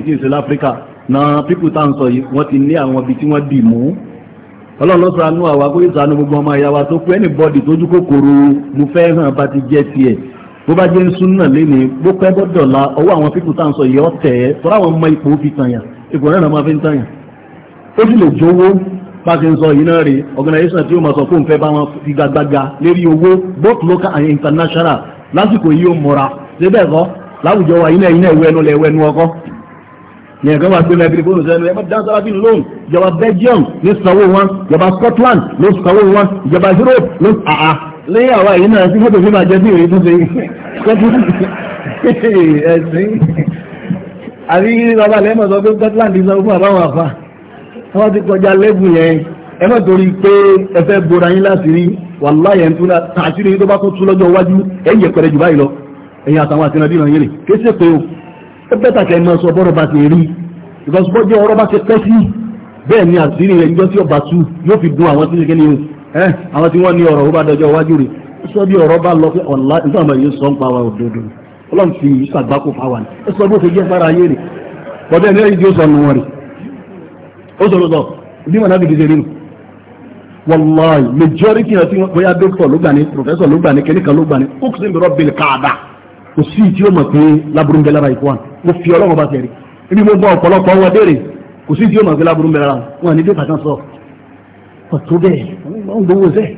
na pípù tá ń sọ yìí wọ́n ti ní àwọn ibi tí wọ́n dì mú ọlọ́run ló àwa kó gbogbo ọmọ ìyá wa tó pé ẹnì mo fẹ́ hàn bá ti jẹ́ ó sì lè jówó báṣe ń sọ yìí organization tí ó máa sọ fún fẹ́ bá wọn fi gbagbaga lérí owó both local and international lásìkò yìí ó mọ̀ra débẹ̀ kọ́ láwùjọ wa iná iná ìwé ẹnu lẹ̀ ìwé ẹnu ọkọ́ ní ẹ̀kọ́ wa gbé mẹ́bìrì fóònù sẹ́nu ẹ̀mọ́ dá sára bíi loan ìjọba Belgium ló sanwó wọn ìjọba Scotland ló sanwó wọn ìjọba Europe ló àà lẹ́yìn àwa yìí náà tí mọ́tò fi máa jẹ́ sí ìrètí ṣe (laughs) ẹ̀sìn àbí bàbá lẹ́mọ̀ sọ pé Scotland sanwó fún àbáwọn àfa wọ́n ti kọjá lẹ́gùn yẹn ẹ má torí pé ẹ fẹ́ bora yín láti rí wàláyé ẹ̀ ń tún náà tààtì ní tó bá tó tún lọ́jọ́ iwájú ẹ̀ ń yẹpẹrẹ jù báyìí lọ ẹ̀yin àtàwọn àti ìrìnàdí ìrìnàyìn rè kéṣe pé o ó bẹ́tà kẹ́ ẹ máa sọ bọ́rọ̀ bá ti rí because bọ́jọ́ ọ̀rọ̀ bá ti pẹ́ sí bẹ́ẹ̀ ni àṣírí rẹ̀ níjọ́ tí ọba tú yóò fi dun àwọn tí ṣe kí ni o ẹ àwọn tí wọ́n ní ọ̀rọ̀ ó bá dọjọ́ iwájú rè sọ bí ọ̀rọ̀ bá lọ pé ọ̀la nígbà máa yẹ ó sọ̀rọ̀ sọ bí wọn láti dìde nínú wàláì majority náà tí bóyá doctor ló gbà ní professor ló gbà ní kẹ́nìkan ló gbà ní ó sì ń bẹ̀rọ̀ bẹ̀rẹ̀ káàdà kò sí tí ó mọ̀ pé láburú ń bẹ lára ìfọ́n mo fi ọlọ́run bá tẹ̀rí ibi mo bọ́ ọ̀pọ̀lọpọ̀ wọn béèrè kò sí tí ó mọ̀ pé láburú ń bẹ lára wọn ní dókítà kan sọ ọ̀tún bẹ́ẹ̀ wọ́n ń gbowó sẹ́ẹ̀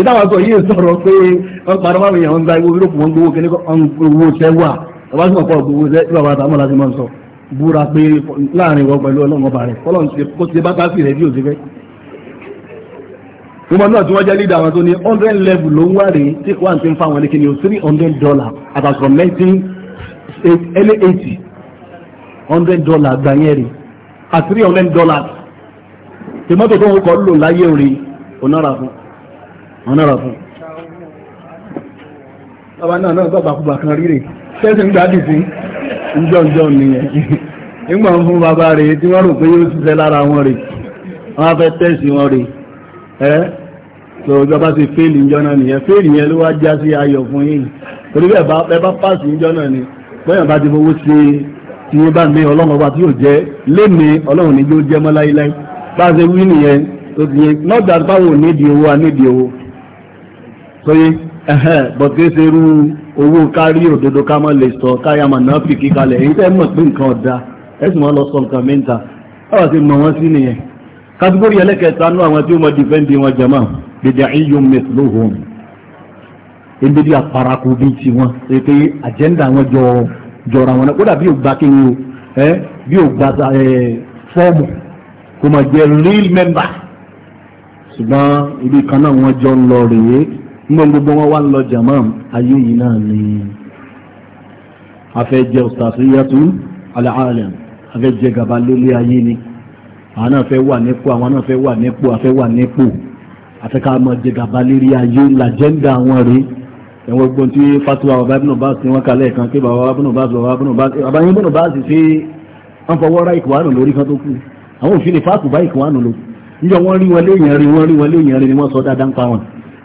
ìdáwà sọ yìí sọ̀rọ̀ pé ọgbàrá wà wíyàn ń gba owó yúròpù wọn gbowó kẹ́ni owó gbowó sẹ́ tí bàbá búra pé láàrin ìwọ pẹ̀lú ọlọ́run ọba rẹ̀ ọlọ́run kó ti bá káfí rẹ̀ bí ò sí fẹ́ wọ́n náà tí wọ́n jẹ́ leader àwọn tó ní hundred level ló ń wá rèé tí wọ́n ti ń fa àwọn ẹnikẹ́ni o three hundred dollar about from nineteen early eighty hundred dollar gbà rèé at three hundred dollars tòmátò tó ń kọ́ lò láyé rèé ọ̀nàrà fún ọ̀nàrà fún. bàbá náà náà gbàgbà kúgbà kan rí rèé. tẹ́sí ń gbádùn sí ńjọ́njọ́ nìyẹn nígbà fún bàbá rẹ̀ tí wọ́n rò pé yóò ṣiṣẹ́ lára wọn rè wọ́n á fẹ́ tẹ́sí wọn rè ẹ́ tó ìjọba ti fẹ́ẹ̀lì ńjọ́ nìyẹn fẹ́ẹ̀lì yẹn ló wá já sí ayọ̀ fún yìí torí bẹ́ẹ̀ bá pàṣẹ ni bá ti fowó ṣe tí wọ́n bá ọlọ́run a ṣe bọ̀dé ṣe rú owó kárí òdodo ká mọ́ lè sọ káyà mà náà fi kíkalẹ̀ èyí tẹ́ mọ̀ pé nǹkan ọ̀dá ẹ̀sùn wọn lọ sọ nǹkan mẹ́ta báwa ti mọ̀ wọ́n sí nìyẹn kátígórì ẹlẹ́kẹta nú àwọn tí ó mọ dìfẹ́ǹdì wọn jẹ̀mọ́ dèdè àìyún mẹ́tìló hùn ebèdí àparakù bíi ti wọn èké àjẹ́ndà wọn jọ jọra wọn kódà bí ògbà kíni o ẹ bí ògbà fọ́ọ̀mù kò mà jẹ́ real member ṣùgbọ́n ibi kan náà wọ́n jọ ń lọ rèé nígbà gbogbo wọn wá lọ jamam ayé yìí náà ni afẹ́jẹ́ ustafiyatu al-alam afẹ́jẹ́ gàba lélé ayé ni àwọn náà fẹ́ wà nípò àwọn náà fẹ́ wà nípò afẹ́ wà nípò afẹ́ká mọ̀ jẹ́ gàba lérí ayé làjẹ́ndà wọn rèé ẹ̀wọ̀n gbọ́n tí fatuwa bàbá ibùnà bá sí wọn kalẹ̀ kan pé bàbá ibùnà bá sí bàbá ibùnà bá sí bàbá ibùnà bá sí sí wọn fọwọ́ ra ìkùwánù lórí kan tó kù àwọn òfin lè fàtù bá ìkùwánù lò níjọ wọn rí wọn léèyàn rí wọn rí wọn léèyàn rí ni wọn sọ dáadáa ń pa wọn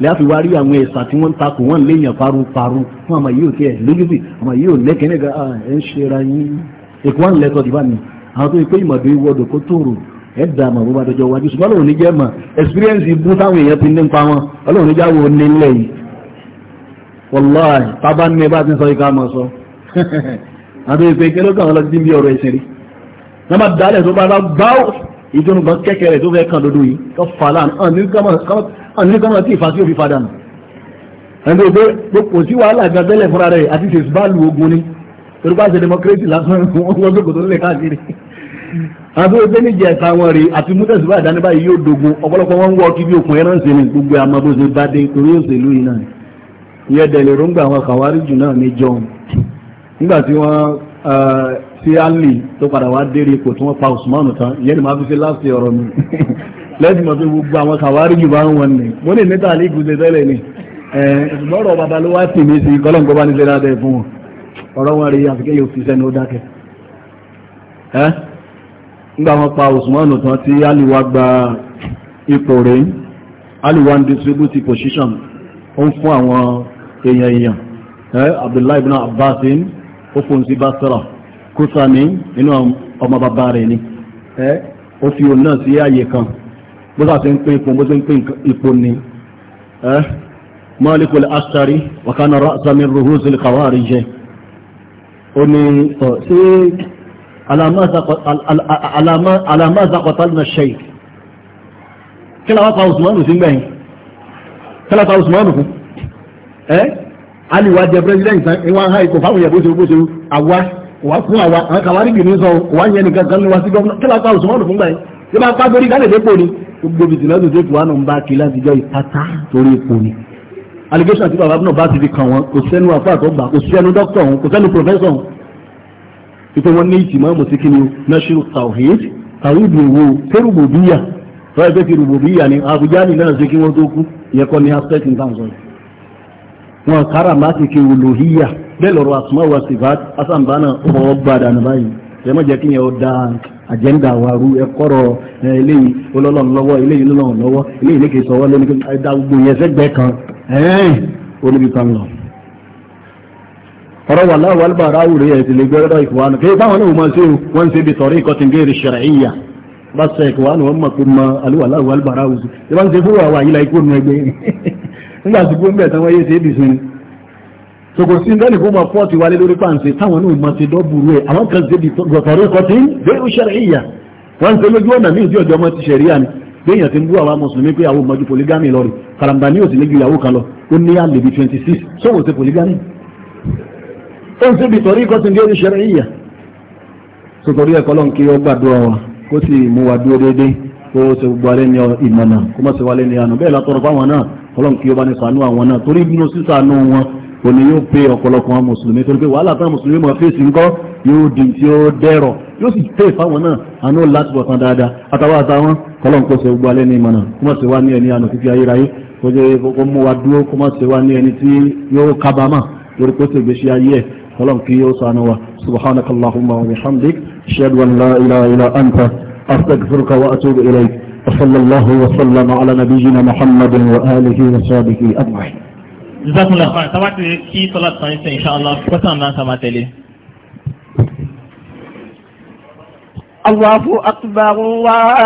láti wá rí àwọn ẹ̀sà tí wọ́n ń takò wọ́n léèyàn paru-paru fún àmọ́ yìí ò tiẹ̀ lójúbì àmọ́ yìí ò lẹ́kẹ̀ẹ́ nígbà ah, ẹ̀ ń ṣe ra yín èkó wọn lẹ́tọ̀ dìbà mi àwọn tó ń pé ìmọ̀dé wọdọ̀ kó tòrò ẹ̀ dà mà bó bá dọjọ́ wájú ṣùgbọ́n lóun ní mà experience ibú táwọn èèyàn ti ní pa wọn ọlọ́run ní jáwọ́ ní ilẹ̀ yìí wọláì tábà ní ẹ bá ti sọ ìka mọ̀ sọ àti ìpè kẹlẹ́gàn wọn lọ sí bí ọ̀rọ̀ ìsìn rí náà má tó bá bá gbáwò ìjọba kẹ́kẹ́ rẹ̀ tó fẹ́ kàn dodo yìí kọ́ fà láàánú ọ̀nìyàn kan ti ìfàsí òfin padà nù ẹni tó pé kò sí wàhálà gan tẹ́lẹ̀ fúnra rẹ̀ àti ṣèṣù bá lu ogun ni torí bá ṣe democracy lásán wọn tó kò tó lè káàkiri àwọn tó gbé níjẹ ẹ̀ka wọn rè àti mútẹ̀sí bá dání báyìí yóò dogun ọ̀pọ̀lọpọ̀ wọn ń ni gbogbo àmọ́ bó tí Ali tó padà wá dé ipò tí wọ́n pa Usman tán ìyẹn ni màá fi ṣe láti ọ̀rọ̀ mi lẹ́sìn mọ̀ pé gbogbo àwọn kàwárí jù bá ń wọn ni mo ní níta àlè ìgúnṣe tẹ́lẹ̀ ni lọ́rọ̀ bàbá ló wá tì mí sí kọ́lọ́n kó bá ní sẹ́dá dẹ̀ fún wọn ọ̀rọ̀ wọn rí àfikẹ́ yóò fi sẹ́nu ó dákẹ́ ẹ́ nígbà wọn pa Usman tán tí Ali wá gba ipò rẹ̀ Ali wá ń distribute position ó ń fún àwọn èèyàn èèyàn Abdullahi ibn Abbasin ó fòun sí Basra kó sami inú ọmọ bàbá rẹ̀ ni ó fi òun náà sí ààyè kan bó sà ti ń pín ipò bó ti ń pín ipò ni Malikul Ashari wa kana ra'sa min ruhusil khawarij ó ní ṣé alamaza qatalna shaykh kí la wá pa Usmanu sí gbẹ̀yìn kí pa Usmanu fún ẹ́ aliwa jẹ president ìwọ̀n ha ikọ̀ fáwọn ìyẹ̀bó ṣe gbóṣe àwa wà fún àwa àwọn kàwárí bìíní sọ wà ń yẹ nìkan kan ló wá sí gọ́ọ̀nà kí lápá òṣùwọ́n fún gbàyìn tí bá pàgbórí gálẹ̀ dépò ni gbogbo bìtì lọ́dún tó wà náà ń bá kí láti jọ ìpátá torí epo ni allegation àti bàbá náà bá ti fi kàn wọn kò sẹ́nu àfáà tó gbà kò sẹ́nu dókítà wọn kò sẹ́nu professor wọn ìpè wọn ní ìtìmọ̀ mọ̀ sí kí ni national tawhid tawhid wo tẹ́rùbù bíyà tọ́yẹ̀ pé ti rùbù bíyà ni àbújá ni náà sí kí wọ́n ni aspect in wọn kára máa ti kí olóhíyà bẹ́ẹ̀ lọ́rọ̀ asma wa sifat asàmbánà ọ̀rọ̀ gbàdà nà báyìí ẹ má jẹ́ kí yẹn ó da àjẹ́ndà wa rú ẹ kọ́rọ̀ eléyìí olólọ́run lọ́wọ́ eléyìí olólọ́run lọ́wọ́ eléyìí lékè sọ́wọ́ lónìí ẹ̀dá gbogbo yẹn sẹ́gbẹ́ kan ẹ̀ẹ́n olóbi kan lọ. ọ̀rọ̀ wà láwọn alùbára àwùrẹ́ ẹ̀ sì lè gbé ọ̀rọ̀ ìfọwọ́nù kí báwọn náà máa ṣe wọ́n ń ṣe bí tọ̀rí ìkọ́tìn gẹ́rẹ́ ṣẹ̀rẹ̀yà bá ṣe ìkọ̀wánu wọn mọ̀ pé mọ alùwàláwọ̀ alùbára àwùjọ ìbá ń ṣe fúnra wa (laughs) nígbà tí gbóngbẹ̀ tán wáyé ṣe é bì sinmi sọkò sí lẹ́nu kó máa pọ́ọ̀tì wálé lórí pàǹsẹ̀ táwọn náà máa ṣe dọ́bùrú ẹ̀ àwọn kan ṣe bí gọ̀tọ̀rọ̀ kọtí bẹ́ẹ̀ ó ṣẹ̀rẹ̀ ìyà wọ́n ṣe lójú ọ̀nà míì tí ọjọ́ ọmọ ti ṣẹ̀ríà ni gbẹ̀yàn ti ń bú àwa mùsùlùmí pé àwọn ọmọdé polygamy lọ rè karambà ní òsì ní ju ìyàwó kan lọ ó ní àlèbí twenty six sọ́wọ́n ṣe polygamy ó ń ṣe bí tọ̀rí kọ́sìn ní oníṣẹ́rẹ́ ìyà sọ̀tọ̀rí ẹ̀kọ́ lọ́n kí ó gbàdúrà wa kó sì mú wa dúró déédéé kó ṣe gbogbo ọlọ́run kí ó bá ní ṣàánú àwọn náà torí inú sísànú wọn kò ní yóò pé ọ̀pọ̀lọpọ̀ àwọn mùsùlùmí torí pé wàhálà táwọn mùsùlùmí mọ̀ fèsì ńkọ́ yóò di tí ó dẹ̀rọ̀ yóò sì pè fáwọn náà àánú láti bọ̀ tán dáadáa àtàwọn àtàwọn kọlọ́n kó ṣe gbọ́ alẹ́ ní ìmọ̀nà kó mọ̀ sí wá ní ẹni àná fífi ayérayé kó jẹ́ kó mú wa dúró kó mọ̀ sí wá ní ẹni tí yóò kábàámà lórí kó ṣe gbèsè ayé ẹ̀ kọlọ́n kí yóò ṣàánú wa subhanakallahumma wa bihamdik ashhadu la ilaha illa anta astaghfiruka wa atubu ilayk وصلى الله وسلم على نبينا محمد وآله وصحبه أجمعين جزاكم الله خير طبعا في صلاة صحيحة إن شاء الله وسلام كما تلي الله أكبر الله